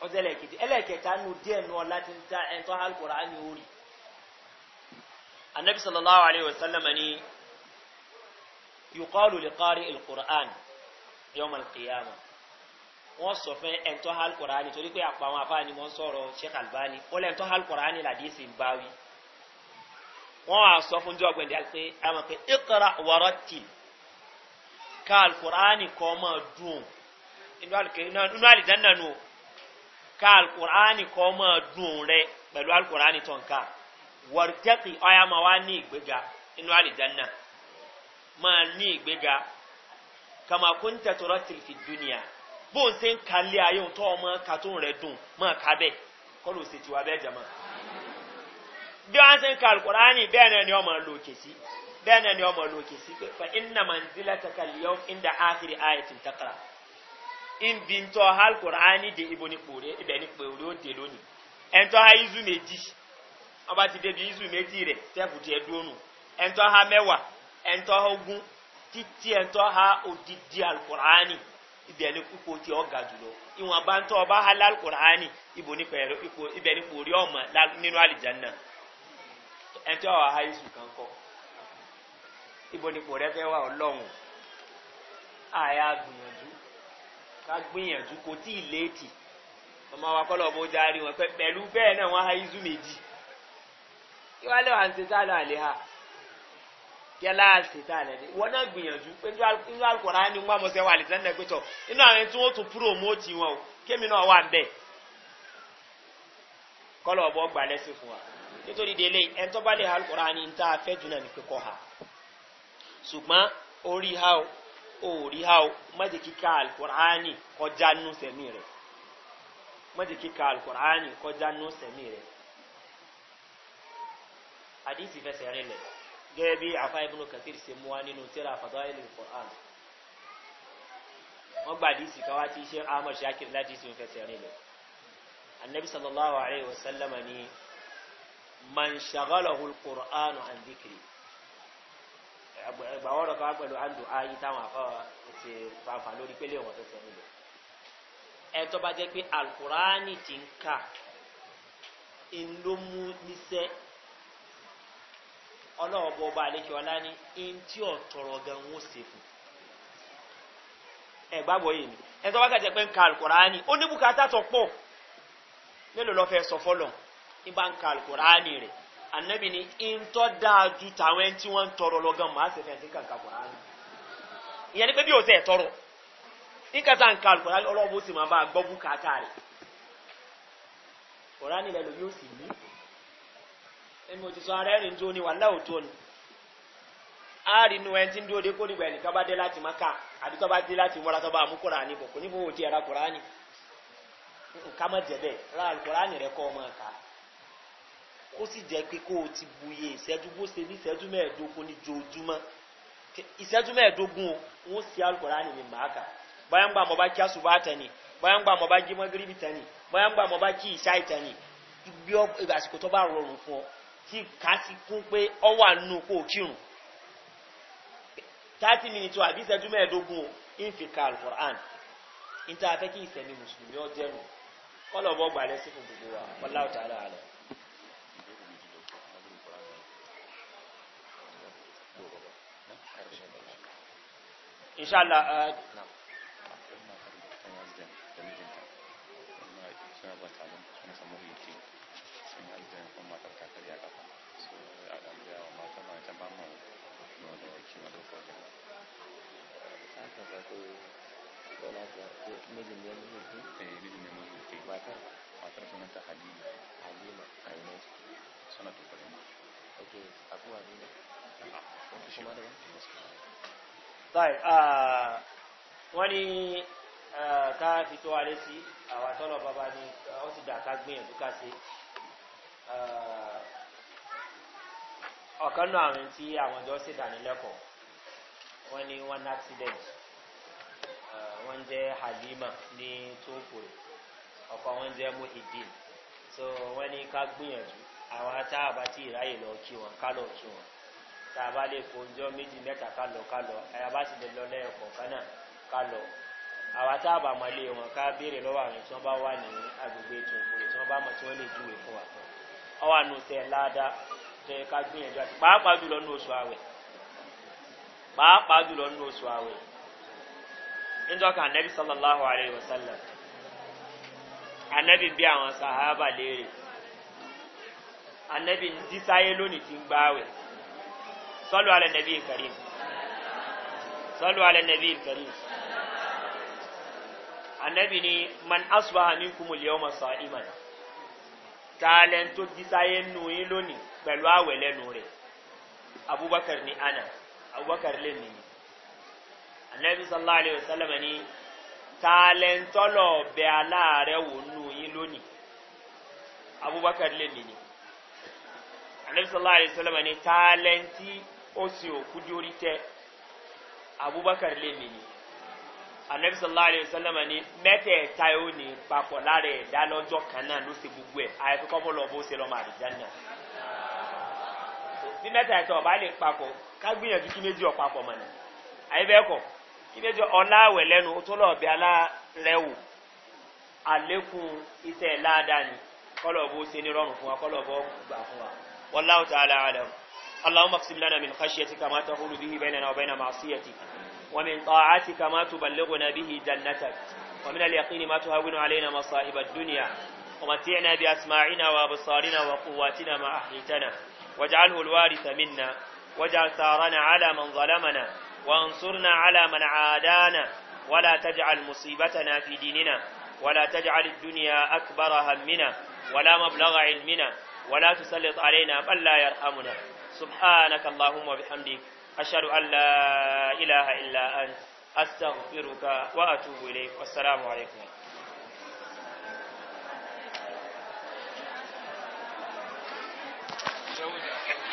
ọjọ ẹlẹkẹtẹ ẹlẹkẹta nu díẹ nu ọ láti ta ẹntọ alukora á ní orí anabi sallallahu alayhi wa sallam ni yukọlu likari alquran yom alqiyama wọ́n sọ fún ẹ̀ńtọ́ alukoraani torí pé àpò àwọn afáàní wọ́n sọ̀rọ̀ sheikh albani ó lẹ́ ẹ̀ńtọ́ alukoraani làdíìsì ń bá wí. wọ́n wàá sọ fún jọ́ gbẹ̀ndẹ̀ pé àwọn pé ìkara wọ́rọ́ tì ká alukoraani kọ́ máa dùn inú àlìjáná nù ká alukoraani kọ́ máa dùn rẹ pẹ̀lú alukoraani tó ń ká wọ́rọ̀tẹ́kì ọ̀yà máa wá ní ìgbéga inú àlìjáná máa ní ìgbéga kàmákùntà tó rọ́tìlì fi dúnìyà bó ń ṣe ń kalẹ̀ ayé ń tọ́ ọmọ ka tó ń rẹ̀ dùn mọ́ ká bẹ́ẹ̀ kọ́ ló ṣe tiwa bẹ́ẹ̀ jẹ̀mọ́. bí wọ́n ṣe ń ka alukur'ani bẹ́ẹ̀ náà ni ọmọ lò kè sí bẹ́ẹ̀ náà ni ọmọ lò kè sí pé fa iná manzila takaliyọ́ inda ahiri ayatin takara ibi ń tọ́ alukur'ani de ibo ni kpòrè ibẹ̀ ni kpòrè ó de lónìí ẹ̀ ń tọ́ ha izu méjì ọba ti débi izu méjì rẹ̀ tẹ́kù tiẹ̀ dúnú ẹ̀ ń tọ́ ha mẹ́wàá ẹ̀ ha ogún títí ẹ̀ ń tọ́ ha odidi ibẹ̀ ni ipò tí ọ ga jùlọ ìwọ̀n bá ń tọ́ ọba halal kùránì ibò ní pẹ̀lú ipò ibẹ̀ ni kò rí ọmọ nínú àlìjánná ẹni tí ọ̀hà àìsùn kan kọ́ ibò ni kò rẹ́fẹ́ wà ọlọ́run àyà gbìyànjú ká gbìyànjú kò tí ì léètì ọmọ wa kọ́ lọ́ọ́ bó darí wọn pẹ̀lú bẹ́ẹ̀ náà wọ́n àìsùn méjì kí wàá ń ṣe sáà náà lè ha yálà àṣetà rẹ̀ ni wọ́n náà gbìyànjú pé inú àlùkòrá ni wọ́n mọ̀ sẹ́ wà lè sẹ́ńdẹ̀ pé tọ̀ àwọn tí wọ́n tún púròmóòtì wọn o kémi náà wà ń bẹ̀ kọ́lọ̀ ọ̀bọ gbà lẹ́sìn fún wa nítorí délé ẹni tó bá lè ha àlùkòrá ni tá a fẹ́ jù náà ni pé kọ́ ha ṣùgbọ́n orí ha o orí ha o mọ̀jẹ̀ kíkà àlùkòrá ni kọjá nù sẹ́mi rẹ̀ mọ̀jẹ̀ kíkà àlùkòrá ni kọjá nù sẹ́mi rẹ̀ àdìsí fẹsẹ̀ rẹ̀ lẹ̀ gẹ́gẹ́ bí afa ibùnú kathir ṣe mú wa nínú tíra fàtàwá ilé quran wọ́n gbà díìsì kan wá tí ṣe ahmed shakir láti ṣe ń fẹsẹ̀ rìn lọ annabi sallallahu alayhi wa sallama ni man shagalahu alquran an dhikri ẹgbà wọ́rọ̀ kan pẹ̀lú andu ayi táwọn afa ti fanfa lórí pélé wọn fẹsẹ̀ rìn ẹ tó bá jẹ́ pé alquran ti ń kà ń ló mú níṣẹ́ ọlọ́ọ̀bọ ọba àlékè ọlá ní in tí ò tọrọ gan wọn ṣe fún ẹ gbàgbọ́ yìí ni ẹ tọ́ bá kàjẹ́ pé ń ka alukoraani ó ní bùkátà tó pọ̀ mélòó lọ́ fẹ́ sọ fọlọ̀ nígbà ń ka alukoraani rẹ̀ anabi ni in tọ́ dáa ju tàwọn ẹni tí wọ́n ń tọrọ lọ́gán màá ṣe fẹ́ẹ́ sí kàǹkà koraani ìyẹn ni pé bí o tẹ̀ tọrọ nígbà tá ń ka alukoraani ọlọ́ọ̀bù sì máa bá a gbọ́ bùkátà rẹ̀ koraani rẹ̀ lómi sì ní. Emoji òtítù ààrẹ rìn tó ní wà láòótọ́ ni ààrì inú ẹni tí ń dúró dé kó nígbà ẹnìkan bá dé láti maka àbí tó bá dé láti mọ́ra tó bá mú kóra ní bọ̀ kò ní fowó ti ẹ̀ra kóra ní nǹkan mọ̀ jẹ́ bẹ́ẹ̀ rárá kóra ní rẹ kọ́ ọmọ ẹ̀ka kó sì jẹ́ pé kó o ti buye ìṣẹ́jú bó ṣe ní ìṣẹ́jú mẹ́ẹ̀ẹ́dógún ní jojúmọ́ ìṣẹ́jú mẹ́ẹ̀ẹ́dógún o wọ́n alukóra ní mi màá kà báyọ̀ ń gbà mọ́ bá kí àṣùbọ́ àtẹ̀ni báyọ̀ ń gbà mọ́ bá jí mọ́gírí báyọ̀ ń gbà mọ́ bá kí ìṣá ìtẹ̀ni ibi àsìkò tó bá rọrùn fún ọ ti kà sí kún pé ọ wà nínú kó kírun thirty minutes àbí ìṣẹ́jú mẹ́ẹ̀ẹ́dógún ìfìkà alukur'an níta afẹ́ kí ìsẹ̀mí mùsùlùmí ọjẹ́nu kọ́lọ̀bọ̀ gbalẹ̀ sí fún gbogbo wa ọlá ọ̀tá inshallah. Uh, mata kakaria hapa so akaambia wamata na chambamo naona hekima tofauti sasa kwa ku dola za milioni moja eh milioni moja mata mata tunata halima halima aina sana tofauti okay akuwa nini طيب آه وني آه كافي تواليسي او اتولو بابا ني او تي دا كاغبين دوكاسي ọ̀kan náà àwọn tí àwọn ìjọ sì dánilẹ́kọ̀ọ́ wọ́n ní one accident uh, wọ́n jẹ́ halima ní tófòrò ọkọ̀ wọ́n jẹ́ mohideen so wọ́n ní ká gbìyànjú àwọn tá a bá ti ìráyè lọ kí wọn ká lọ kí wọn tá a bá lè fo ọjọ́ méjì mẹ́ta ká lọ ká lọ àyà bá sì lè lọ lẹ́ẹ̀kọ̀ kan náà ká lọ àwọn tá a wọn ká béèrè lọ́wọ́ àwọn tí wọ́n bá wà ní agbègbè tófòrò tí wọ́n bá mọ̀ tí wọ́n lè júwe fún wa fún wa ọwọ́ àánú tẹ̀ láadáa tẹ̀ ká gbìyànjú àti pàápàá jùlọ nínú oṣù àwẹ̀ pàápàá jùlọ nínú oṣù àwẹ̀ nítorí ànábì sallallahu alayhi wa sallam ànábì bí àwọn sàhábà léèrè ànábì ń dísáyé lónìí ti ń gbáwẹ̀ sọ́lù alẹ́ nàbí karim sọ́lù alẹ́ nàbí karim ànábì ni man asuwa minkumul yawma sa'iman. So tààlẹ̀ tó jí sáyé nù yín lónìí pẹ̀lú àwẹ̀ lẹ́nu abubakar ni ana abubakar lè nìyí anabi sallallahu alayhi wa sallam ni tààlẹ̀ tọ́lọ̀ bẹ aláàrẹ̀ wò nù yín lónìí abubakar lè nìyí anabi sallallahu alayhi wa sallam ni tààlẹ̀ tí ó sì òkú dórí abubakar lè nìyí anabi sallallahu alayhi wa sallam ni mẹ́tẹ̀ẹ̀ta yóò ní papọ̀ lára ẹ̀dá lọ́jọ́ kan náà ló ṣe gbogbo ẹ̀ àyàfi kọ́ bọ́ọ̀lù ọ̀bọ̀ ṣe lọ́mọ àdìjánná bí mẹ́tẹ̀ẹ̀ta ọ̀bá lè papọ̀ ká gbìyànjú kí méjì ọ̀papọ̀ mọ̀ ní àyẹ̀bẹ́ẹ̀kọ̀ kí méjì ọ̀làwẹ̀ lẹ́nu tó lọ́ọ̀ bí alárẹ̀wò àlékún iṣẹ́ láàdá kọ́lọ̀ bó ṣe ní rọrùn ومن طاعتك ما تبلغنا به جنتك ومن اليقين ما تهون علينا مصائب الدنيا ومتعنا بأسماعنا وأبصارنا وقواتنا ما أحيتنا واجعله الوارث منا واجعل ثارنا على من ظلمنا وانصرنا على من عادانا ولا تجعل مصيبتنا في ديننا ولا تجعل الدنيا أكبر همنا ولا مبلغ علمنا ولا تسلط علينا من لا يرحمنا سبحانك اللهم وبحمدك أشهد أن لا إله إلا أنت أستغفرك وأتوب إليك والسلام عليكم Thank you.